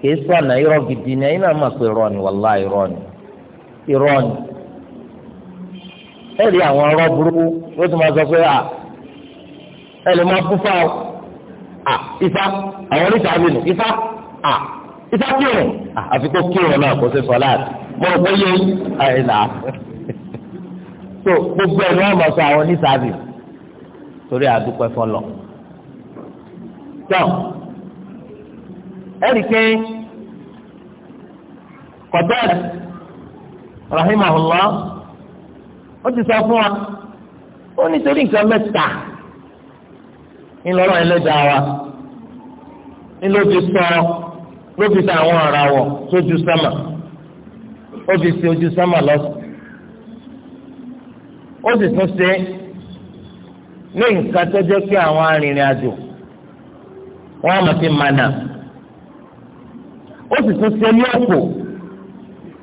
kì sọ̀nà irọ́ gidi ni ẹ̀yin náà mọ̀ pé irọ́ ni irọ́ ni ẹ lè máa fún fáwọn à ifá àwọn oníṣàánú nù ifá à ifá kírun àfikún kírun náà kò sí sọláàtì mo rò pé yé àìlà (laughs) so gbogbo ẹ̀ ni wọ́n mọ̀ sọ àwọn oníṣàánú torí àdúpẹ́ fọlọ́ tọ́ ẹ̀rí pé kọ̀dọ́ọ̀dì rahimahullah ó ti sọ fún wa ó nítorí nǹkan mẹ́ta ńlọrọ̀ ẹlẹ́dàá wa ńlọ fi sọ ló fi sọ àwọn ara wọ̀ sójú sámà ó fi ṣe ojú sámà lọ́sùn ó sì tún ṣe ní nǹkan tó jẹ́ pé àwọn arìnrìn àjò wọ́n á máa fi mànà ó sì tún ṣe ní ọ̀pọ̀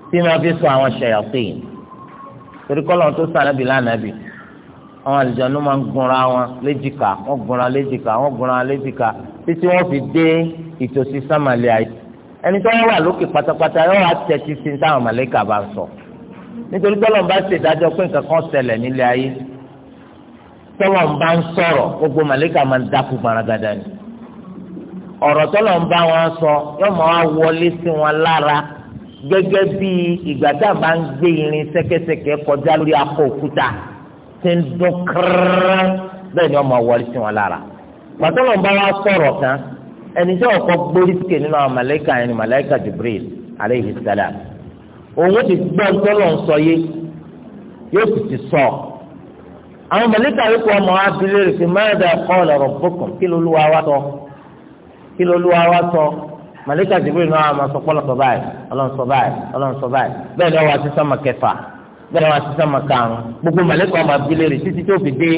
tí wọ́n fi sọ àwọn ṣẹ̀yà pé torí kọ́lọ́n tó sànábì lánàbì àwọn àlùjànnú máa ń gunra wọn léjìká wọ́n gunra léjìká wọ́n gunra léjìká títí wọ́n fi dé ìtòsí sàmàlẹ́ ayé ẹni tó wà lókè pátápátá yóò wá tẹ̀sí sí táwọn màlẹ́kà bá ń sọ nítorí pé Ọlọ́run bá ṣèdájọ́ pé nǹkan kan ṣẹlẹ̀ nílé ayé tọ́lọ̀ ń bá ń sọ̀rọ̀ gbogbo màlẹ́kà máa ń dákú gbaragada ni ọ̀rọ̀ tọ́lọ̀ ń bá wọn sọ yóò máa wọlé sí wọn lára gẹ́gẹ́ bí ìgbà tá a bá ń gbé irin ṣẹ́kẹ́ṣẹkẹ̀ kọjá lórí akọ òkúta ti ń dún kírán bẹ́ẹ̀ ni wọ́n máa wọlé sí wọn lára pàtó ló ń bá wa sọ̀rọ̀ kan ẹni tí wọ́n kọ́ gbórí sókè nínú àwọn màláíkà yẹn ni màláíkà Jibril aleyhi salam òun ti gbọ́ ń tọ́lọ̀ ń sọ yé yóò sì ti sọ àwọn màláíkà yóò kọ́ ọmọ abilé rẹ̀ sí mẹ́rẹ̀dà qala rabbukum kí ló lúwa wá sọ kí ló lúwa wá sọ màláíkà Jibril náà máa sọ pọ́lọ́ sọ báyìí ọlọ́run sọ báyìí ọlọ́run sọ báyìí bẹ́ẹ̀ ni wọ́n wá sí sọ́mọ kẹfà bẹ́ẹ̀ wá sí sánmà karùn gbogbo mọ̀lẹ́kọ̀ ọmọ abúlé rẹ̀ títí tó fi dé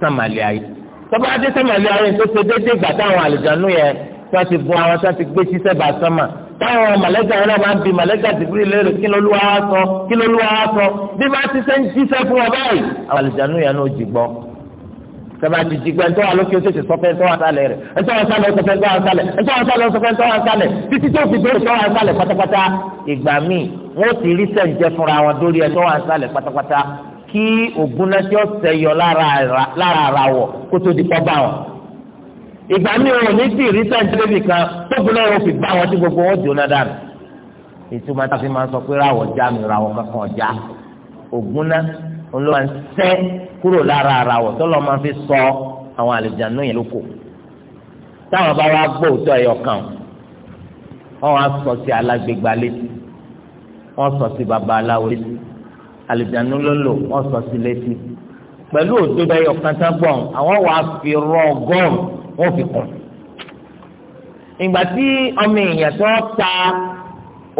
sánmàlẹ́ ayé tọ́ba adé sánmàlẹ́ ayé tó ṣe déédéé gbà táwọn àlùjánu yẹn tó ti bu àwọn tó ti gbé sísẹ́ bá sánmà táwọn mọ̀lẹ́kọ̀ yẹn náà máa ń bi mọ̀lẹ́kọ̀ tìbúrì lérò kí ló lù wá sọ kí ló lù wá sọ bí bá ti sẹ́ ń jíṣẹ́ fún ọ báyìí àwọn àlùjánu yẹn náà jí gbọ́ tọ́ba ti jí gbọ́ ẹ̀ńtọ́ wa lókè oṣooṣù sọ́fẹ́ ẹ̀ńtọ́ wa sálẹ̀ rẹ̀ ẹ̀ńtọ́ sálẹ̀ wọ́n sì rí sẹ́ǹjẹ́ fúnra wọn dórí ẹjọ́ wà ń sálẹ̀ pátápátá kí ògúnná tí ó sẹ́yọ lára ara wọ̀ kó tó di pọ́bà wọn. ìgbà mi ò ní sí rí sẹ́ǹjẹ́ débi kan tó gbóná wọn fi bá wọn tí gbogbo wọn jóná dànù. ìtumọ̀ tá a fi máa sọ pé ráwọ̀ já mi ráwọ̀ kankan ọ̀já ògúnná olóhà ń sẹ́ kúrò lára ara wọ̀ tọ́lọ́ máa fi sọ àwọn àlejànú yẹn lóko táwọn bá wá gbóòótọ́ ẹ̀yọ kan wọn wá sọ sí alágbègbè alẹ́ wọ́n sọ sí babaláwo létí àlùjánu ló lò wọ́n sọ sí létí pẹ̀lú òdodo ẹyọ kàtà gbọ̀n àwọn wàá fi rọ ọgọ́rùn wọ́n fi kùn. ìgbà tí ọmọ èèyàn tó ta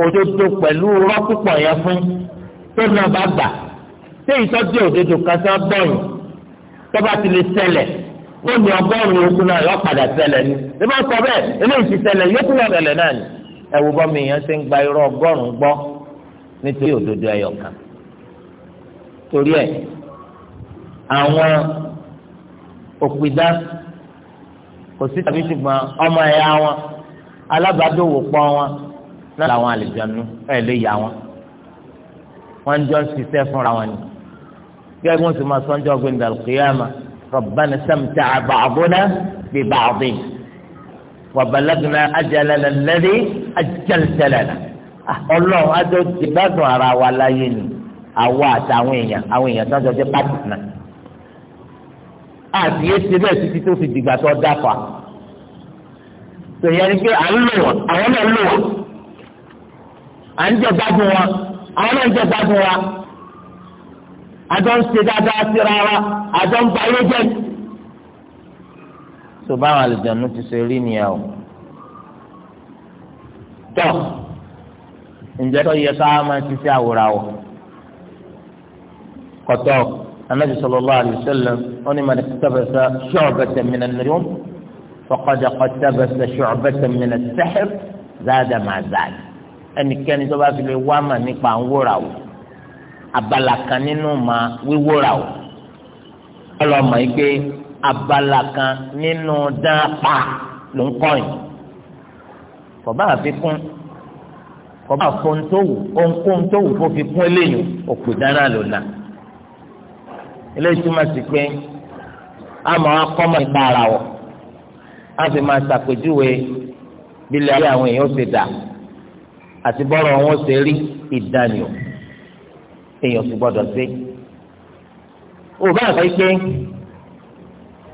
òdodo pẹ̀lú rọ́ púpọ̀ yẹn fún tó náà bá gbà ṣé ìtọ́jú òdodo kàtà gbọ̀n tó bá ti lè ṣẹlẹ̀ wọ́n ní ọgọ́rùn-ún náà yọ padà ṣẹlẹ̀ ni ẹ bá sọ bẹ́ẹ̀ eléyìí ti ṣẹlẹ̀ yókù náà ṣẹlẹ̀ náà ni ẹ̀wù bọ́mọ èèyàn ṣe ń gba irọ́ ọgọ́rùn-ún gbọ́ nítorí òdodo ẹyọ kan torí ẹ àwọn òpìdá kò sí tàbí ṣùgbọ́n ọmọ ẹ̀yà wọn alábàádòwò pọ̀ wọn náà làwọn àlejànú ẹ̀ lè yà wọn wọn jọ ń ṣiṣẹ́ fúnra wọn ni gẹ́gẹ́ wọn sì máa sọ ọjọ́ gbẹ̀ndà kìyàmà rọ̀bánà sẹ́mtà àbàbọ̀nà bíbà àbẹ̀ wàbàlẹ́gùnà ajẹ́lẹ́lẹ́lẹ́dẹ́ ajẹ́lẹ́lẹ́lẹ́ ọlọ́run adó ti gbádùn ara wa láyé ni àwa àtàwọn èèyàn àwọn èèyàn tó ń jọ jẹ́ pàtìkìnà àti yé ti bẹ́ẹ̀ títí tó fi dìgbà tó dáfà tòyẹ́ ni pé à ń lò wọ́n àwọn náà lò wọ́n à ń jẹ gbádùn wọn àwọn náà ń jẹ gbádùn wa àjọ ń ṣe dáadáa síra wa àjọ ń ba ayé jẹ́ tó báwọn àlejò àánú ti ṣe rí nìyà ǹjẹ́ tó yẹ ká máa ṣiṣẹ́ àwòràwọ̀ kọ̀tọ́ anabi sallallahu alayhi wa sallam wọn ni màdìkú tabasa shu'batan min an-nujum faqad tabasa shu'batan min as-sihr zaada ma zaada ẹnikẹ́ni tó bá fi lè wá mà nípa àwòràwọ̀ abala kan nínú ma wíwòràwọ̀ ọlọ́mọ yìí pé abala kan nínú dán pa ló ń kọ́ yìí kọ̀ àfikún kọba fún tó wù ohunkóhun tó wù fún fi kún eléyìí òkú dáná ló na eléyìí túmọ̀ sí pé àmọ́ akọ́mọ ìgbà ara wọ̀ á fi máa ṣàpèjúwe bílẹ̀ ayé àwọn èèyàn ṣe dà àti bọ́rọ̀ wọn ṣe rí ìdánìò èèyàn sì gbọ́dọ̀ sí. òbá àgbà pé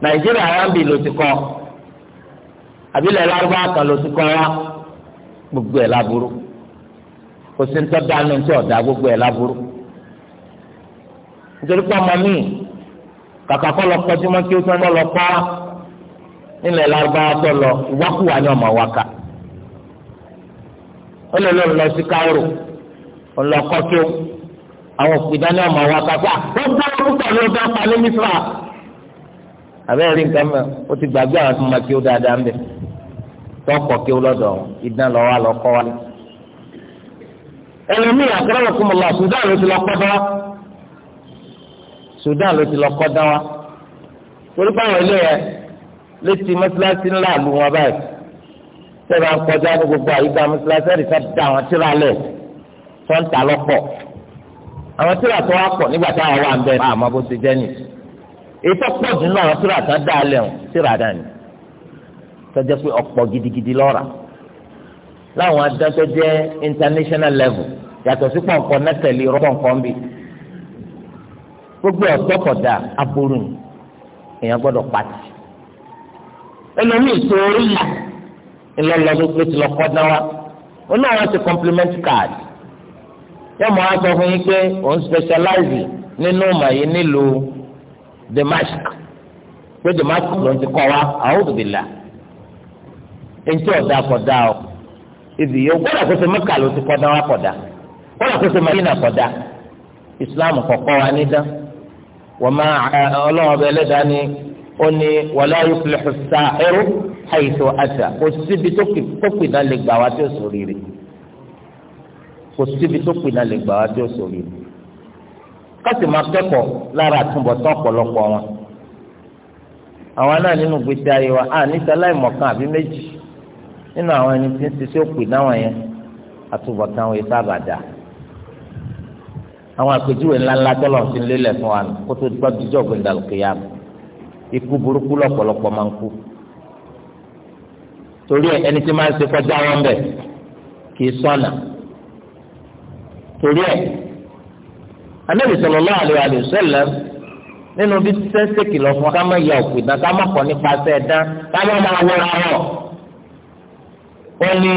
nàìjíríà rámbì ló ti kọ́ àbílẹ̀ lárúbá kan ló ti kọ́ wá gbogbo ẹ̀ láburú kò sí ntọ́ dánú tí ọ̀dà gbogbo ẹ̀ láburú nítorí pé ọmọ mi kàkà kọ́ lọ kọjú mọ́ kí ó tán lọ pa nílẹ̀ lárúbáwá tó lọ ìwákùwà ni ọmọ wa kà ó lè lọ lọ sí káwòrò ọlọ́kọ́tò àwọn òkúta ní ọmọ wa kàkà ó gbọ́ orúkọ ló dá pa ní mísírà àbẹ́rẹ́ rí nǹkan mọ́ ó ti gbàgbé àwọn tó máa kí ó dáadáa ń bẹ̀ tọ́kọ̀ kí ó lọ́dọ̀ ìdán lọ́wọ́ àlọ́kọ́ wa ni ẹlẹ́mí àkọ́rọ́ fún mi lọ Sudan ló ti lọ kọ́ dá wa Sudan ló ti lọ kọ́ dá wa torí báwọn ilé yẹn létí mọ́sálásí ńlá lu wọn báyìí sẹ́wọ́n akọjá ní gbogbo àyíká mọ́sálásí ẹ̀rí ká da àwọn tíra lẹ̀ tó ń ta lọ́pọ̀ àwọn tíra tó wá pọ̀ nígbà táwọn wà ń bẹ àmọ́ bó ti jẹ́ nì ètò pọ̀ jù náà àwọn tíra tó dá lẹ̀ tíra dání tó jẹ́ pé ọ̀pọ̀ gidigidi lọ́ra láwọn adájọ́ jẹ́ international level yàtọ̀ sí pọ̀npọ̀ nẹ́tẹ̀lé rọ́pọ̀npọ̀ ń bì gbogbo ọ̀tọ́ kọ̀dà aburú ni èèyàn gbọ́dọ̀ pàtì ẹlòmíì tó rí yà ńlọlọ́dún pé ti lọ kọ́ dá wa ó náà wọ́n ti compliment card yóò mọ aṣọ fún yín pé òun specialize nínú màyí nílùú Damascus pé Damascus ló ń ti kọ́ wa àwọn òbí là èyí tí ọ̀dà kọ̀dà ọ̀ ibi yóò kọ́dà kó ṣe mẹ́kà ló ti kọ́dá wa kọ̀dá kọ́dà kó ṣe mẹ́kà kọ̀dá islam kọ̀kọ́ wa nídá wọ́n máa ọlọ́run ọbẹ̀ ẹlẹ́dàá ni ó ní wala yuflihu as-sahiru haythu ata kò síbi tó pìdá lè gbà wá tí ó sòrí rè kò síbi tó pìdá lè gbà wá tí ó sòrí rè kọ́sì máa kẹ́kọ̀ọ́ lára àtúbọ̀tán ọ̀pọ̀lọpọ̀ wọn àwọn náà nínú gbèsè ayé wa à ní sáláì mọ̀kan àbí méjì nínú àwọn ẹni tí ń ṣiṣẹ́ òpè náwọn yẹn àtúbọ̀tán wọn yìí sábà dà àwọn àpèjúwe ńláńlá tọ́lọ̀ ti ń lélẹ̀ fún wa kó tó gbọ́ jíjọ́ gbẹ̀ndàlùkìyà ikú burúkú lọ́pọ̀lọpọ̀ máa ń kú torí ẹni tí máa ń ṣe kọjá wọn bẹ̀ kì í sọ̀nà torí ẹ Ànábì sallallahu alaihi wasallam nínú bí sẹ́ńsẹ̀ kìlọ̀ fún wa ká má ya òkú ìdán ká má kọ́ nípa sẹ́ẹ̀dán ká má máa wọ́ra rọ̀ wọ́n ní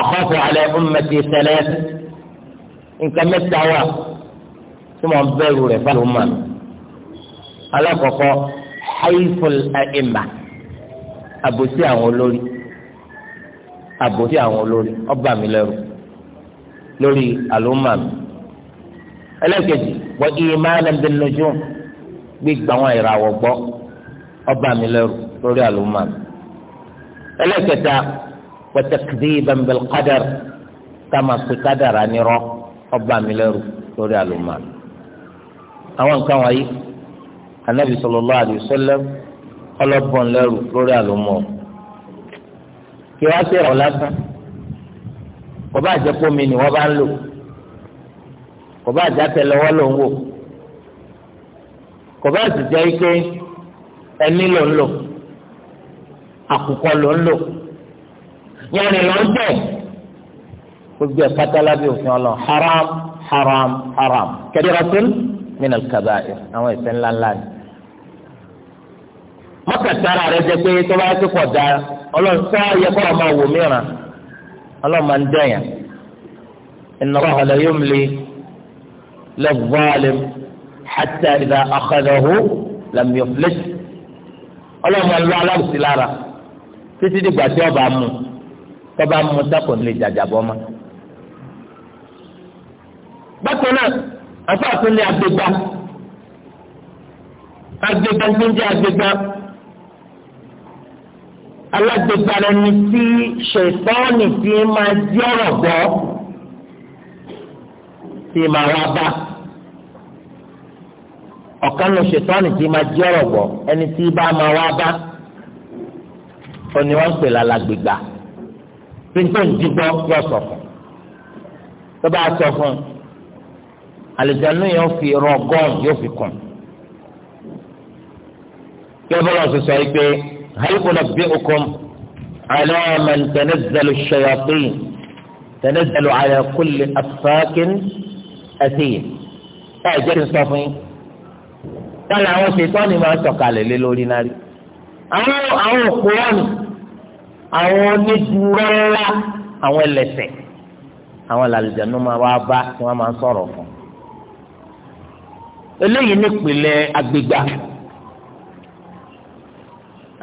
ọ̀kọ́fù alẹ́ ummati sẹlẹ̀ nǹkan mẹ́ta wà tí wọ́n bẹ̀rù rẹ̀ fáwọn ọmọ mi. alákọ̀ọ́kọ́ haiful a'imma àbòsí àwọn olórí àbòsí àwọn olórí ọba mi lẹ́rù lórí àlùmọ́ mi. ẹlẹ́kẹ̀jì wọ́n iye máa ń bẹ̀rù lójú gbígbà wọn ìràwọ̀ mi lẹ́rù lórí àlùmọ́ mi. وتكذيبا بالقدر كما قدر نرى ọba mi lẹ́rù lórí àlùmá àwọn nǹkan wọ̀nyí anabi sallallahu alaihi wasallam ọlọbọn lẹ́rù lórí àlùmọ kí wọ́n ṣe ọ lásán kò bá jẹ́ pómi ni wọ́n bá ń lò kò bá jẹ́ àtẹ́lẹwọ́ ló ń wò kò bá sì ike ẹni ló ń lò àkùkọ ló ń lò yẹn ni lọ ń bẹ̀ gbogbo ẹ̀ pátálá bí òfin ọlọ́ haram haram haram kẹ́dẹ́rọ́tún nínú kaba ẹ̀ àwọn ẹ̀ṣẹ̀ ńláńlá ni. mọ́kàtàrà rẹ jẹ́ pé tó bá yẹ kó da ọlọ́run sọ yẹ kó ọmọ wò mìíràn ọlọ́run máa ń dẹ̀yàn ìnáwó ọ̀hún yóò mú lé lẹ́gbọ́ọ̀lẹ́m hàtà ìdá àkàdàhù làmìọ̀flẹ́sì ọlọ́run máa ń lọ aláwùsí lára títí dìgbà tí ọba mú un tọ́ba mú sákò ní lè jàjàbọ́ ma. bákan náà afa àtúndì agbègbà agbègbà ń jẹ́ agbègbà alágbègbà lẹni tí ṣètọ́ọ̀nì tí máa jẹ́ ọ̀rọ̀ gbọ́ tí máa wá bá ọ̀kan ló ṣètọ́ni tí máa jẹ́ ọ̀rọ̀ gbọ́ ẹni tí bá máa wá bá ó ní wọ́n ń pè lálàgbègbà pé nítorí òun ti gbọ́ yọ sọ fún tó bá sọ fún àlùjánu yóò fi rọgọ́n yóò fi kùn kẹ́bọ́n lọ sọ yìí pé hàlùkù náà bí okòm àlọ́ man tanazzalu shayatin tanazzalu ala kulli afakin athim táyà jẹ́ kí n sọ fún yín táyà àwọn ṣètọ́ ni máa ń sọ̀kalẹ̀ lé lórí náà rí àwọn àwọn òkúrọ́ ni àwọn onídùúró ńlá àwọn ẹlẹ́ṣẹ̀ àwọn làlùjànnú máa wá bá tí wọ́n máa sọ̀rọ̀ fún eléyìí nípìnlẹ̀ agbègbà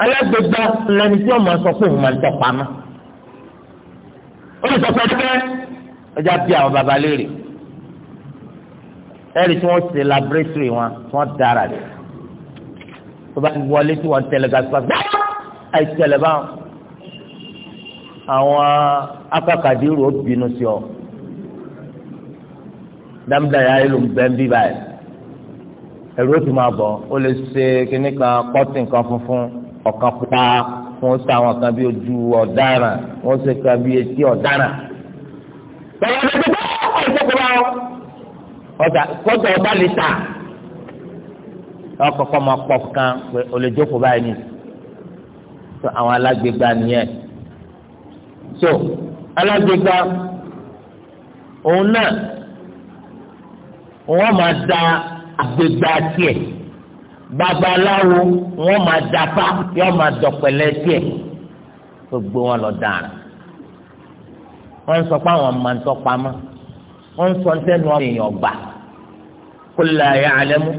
alágbègbà lẹni tí wọ́n máa sọ pé òun máa ń tọpa mọ́ ó lè sọ pé ẹgbẹ́ ọjà bí àwọn baba léèrè ẹ̀rí tí wọ́n ṣe laboratory wọn tí wọ́n dára rẹ̀ tó bá wọlé tí wọ́n tẹ̀lé gàdúgbà gbá àìsí tẹ̀lé báwọn àwọn akakadiru ó bínú sí ọ dámdá yà ayélu bẹ́ẹ̀ bí báyìí ẹ̀rú ó ti máa bọ̀ ó lè ṣe kíní kan kọ́tì kan funfun ọ̀kan pupa wọ́n ṣe àwọn kan bí ojú ọ̀daràn wọ́n ṣe kan bí etí ọ̀daràn. bẹ́ẹ̀ ni ọ̀dọ́ ọ̀dọ́ ọ̀dọ́ kọ́tà ọba lè ta ọkọ̀ kọ́ máa pọ̀ kan pé olè jókòó báyìí ni àwọn alágbègbè nìyẹn so alágbèéká òun náà wọ́n máa da àgbègbè tiẹ̀ babaláwo wọ́n máa da pa yọ máa dọ̀pẹ̀lẹ̀ tiẹ̀ gbogbo wọn lọ dára wọ́n sọ pé àwọn máa ń tọ́ pamọ́ wọ́n sọ ń tẹnu ọmọ èèyàn gbà kul la ya'lamu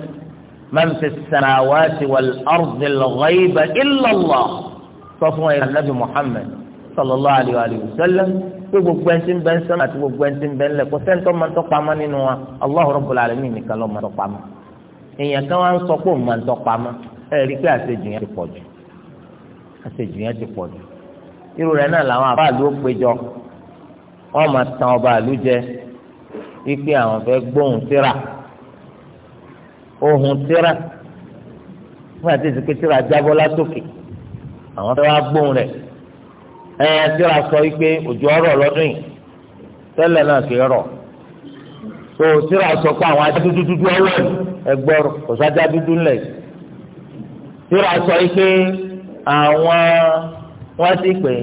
man fi as-samawati wal ardi al-ghayba illa Allah sọ fún ẹ̀yìn anabi Muhammad sallallahu alaihi wa alihi wasallam pé gbogbo ẹni tí ń bẹ ń sẹ́nu àti gbogbo ẹni tí ń bẹ ń lẹ̀ kó sẹ́ńtọ́ máa ń tọ́pamọ́ nínú wa Allahu rabbul alamin nìkan ló máa ń tọ́pamọ́ èèyàn kan wá ń sọ pé òun máa ń tọ́pamọ́ ẹ rí i pé àṣejù yẹn ti pọ̀ jù àṣejù yẹn ti pọ̀ jù irú rẹ̀ náà làwọn àbáàlú ó péjọ wọ́n máa tan ọba àlú jẹ wípé àwọn fẹ́ gbóhùn tíra ohun tíra fún àti ìsìnkú tíra jábọ́ látòkè àwọn fẹ́ wá gbóhùn rẹ̀ ẹ síra sọ wípé òjò ọ̀rọ̀ lọ́dún yìí tẹ́lẹ̀ náà kì í rọ̀ tó síra sọ pé àwọn ajá dúdú dúdú ọwọ́ ẹgbọr kò sájà dúdú ńlẹ̀ síra sọ wípé àwọn wọn ti pè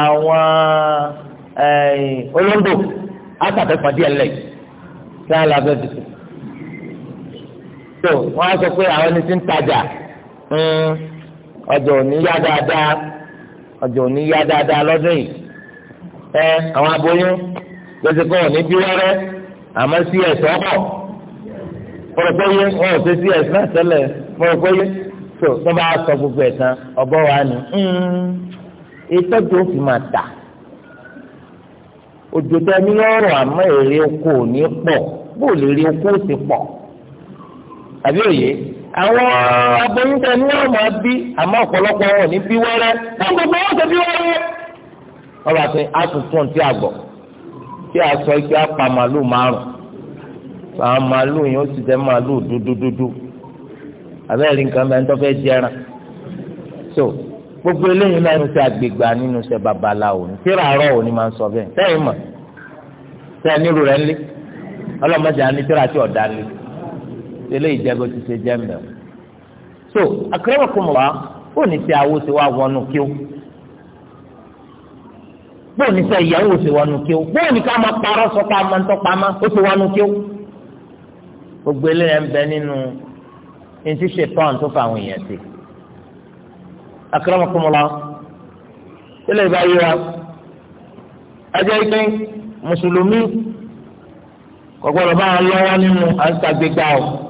àwọn olóńdò àtàtẹ̀pàdé ẹ̀lẹ̀ kí á lábẹ́ dùkú tó wọn á sọ pé àwọn ẹni tí ń tajà hmm, ọjọ́ òní yá dáadáa ọjọ́ òní yá dáadáa lọ́dún yìí ẹ àwọn aboyún gbèsè kan òní bí wẹ́rẹ́ àmọ́ sí ẹ̀sọ́ pọ̀ pọ̀lọ́pọ̀yé wọn ò ṣe sí ẹ̀sọ́ náà tẹ́lẹ̀ pọ̀lọ́pọ̀yé tó tó bá sọ gbogbo ẹ̀ tán ọ̀bọ wa ni hmm, ìtọ́jú ó fi máa tà òjòjọ ní ọ̀rọ̀ àmọ́ èrè oko ò ní pọ̀ bó lè rí oko ó ti pọ̀ àbí òye àwọn abụghị tẹ ní wọn bí àmọ́ ọ̀pọ̀lọpọ̀ wọn ní bí wọn bí wọ́n bá a a ike apá márùn àwọn ó sì dúdúdúdú abẹ́rẹ́ so gbogbo eléyìí náà àgbègbà nínú babaláwo ní tíra àárọ̀ máa ń sọ bẹ́ẹ̀ sẹ́yìn mọ̀ sẹ́yìn nílùú rẹ̀ ń lé ọlọ́mọdé tẹ́lẹ̀ ìjẹ́bù ti ṣe jẹ́ mẹ́ o. so akramakumullah wa ó ní sẹ́ awo ti wá wọnú kí o bóò ní sẹ́ ìyàwó ti wọnú kí o bóò ní ká máa parọ́ sọ pa máa ń tọ́ pa máa ó ti wọnú kí gbogbo eléyà ń bẹ nínú ntí ṣe pọ́n tó fa àwọn èèyàn sí. akramakumullah wa tẹ́lẹ̀ ìbá yíra ajá ikẹ́ mùsùlùmí kọ̀gbọ́dọ̀ bá wọn lọ́wọ́ nínú àtàgbégbá o.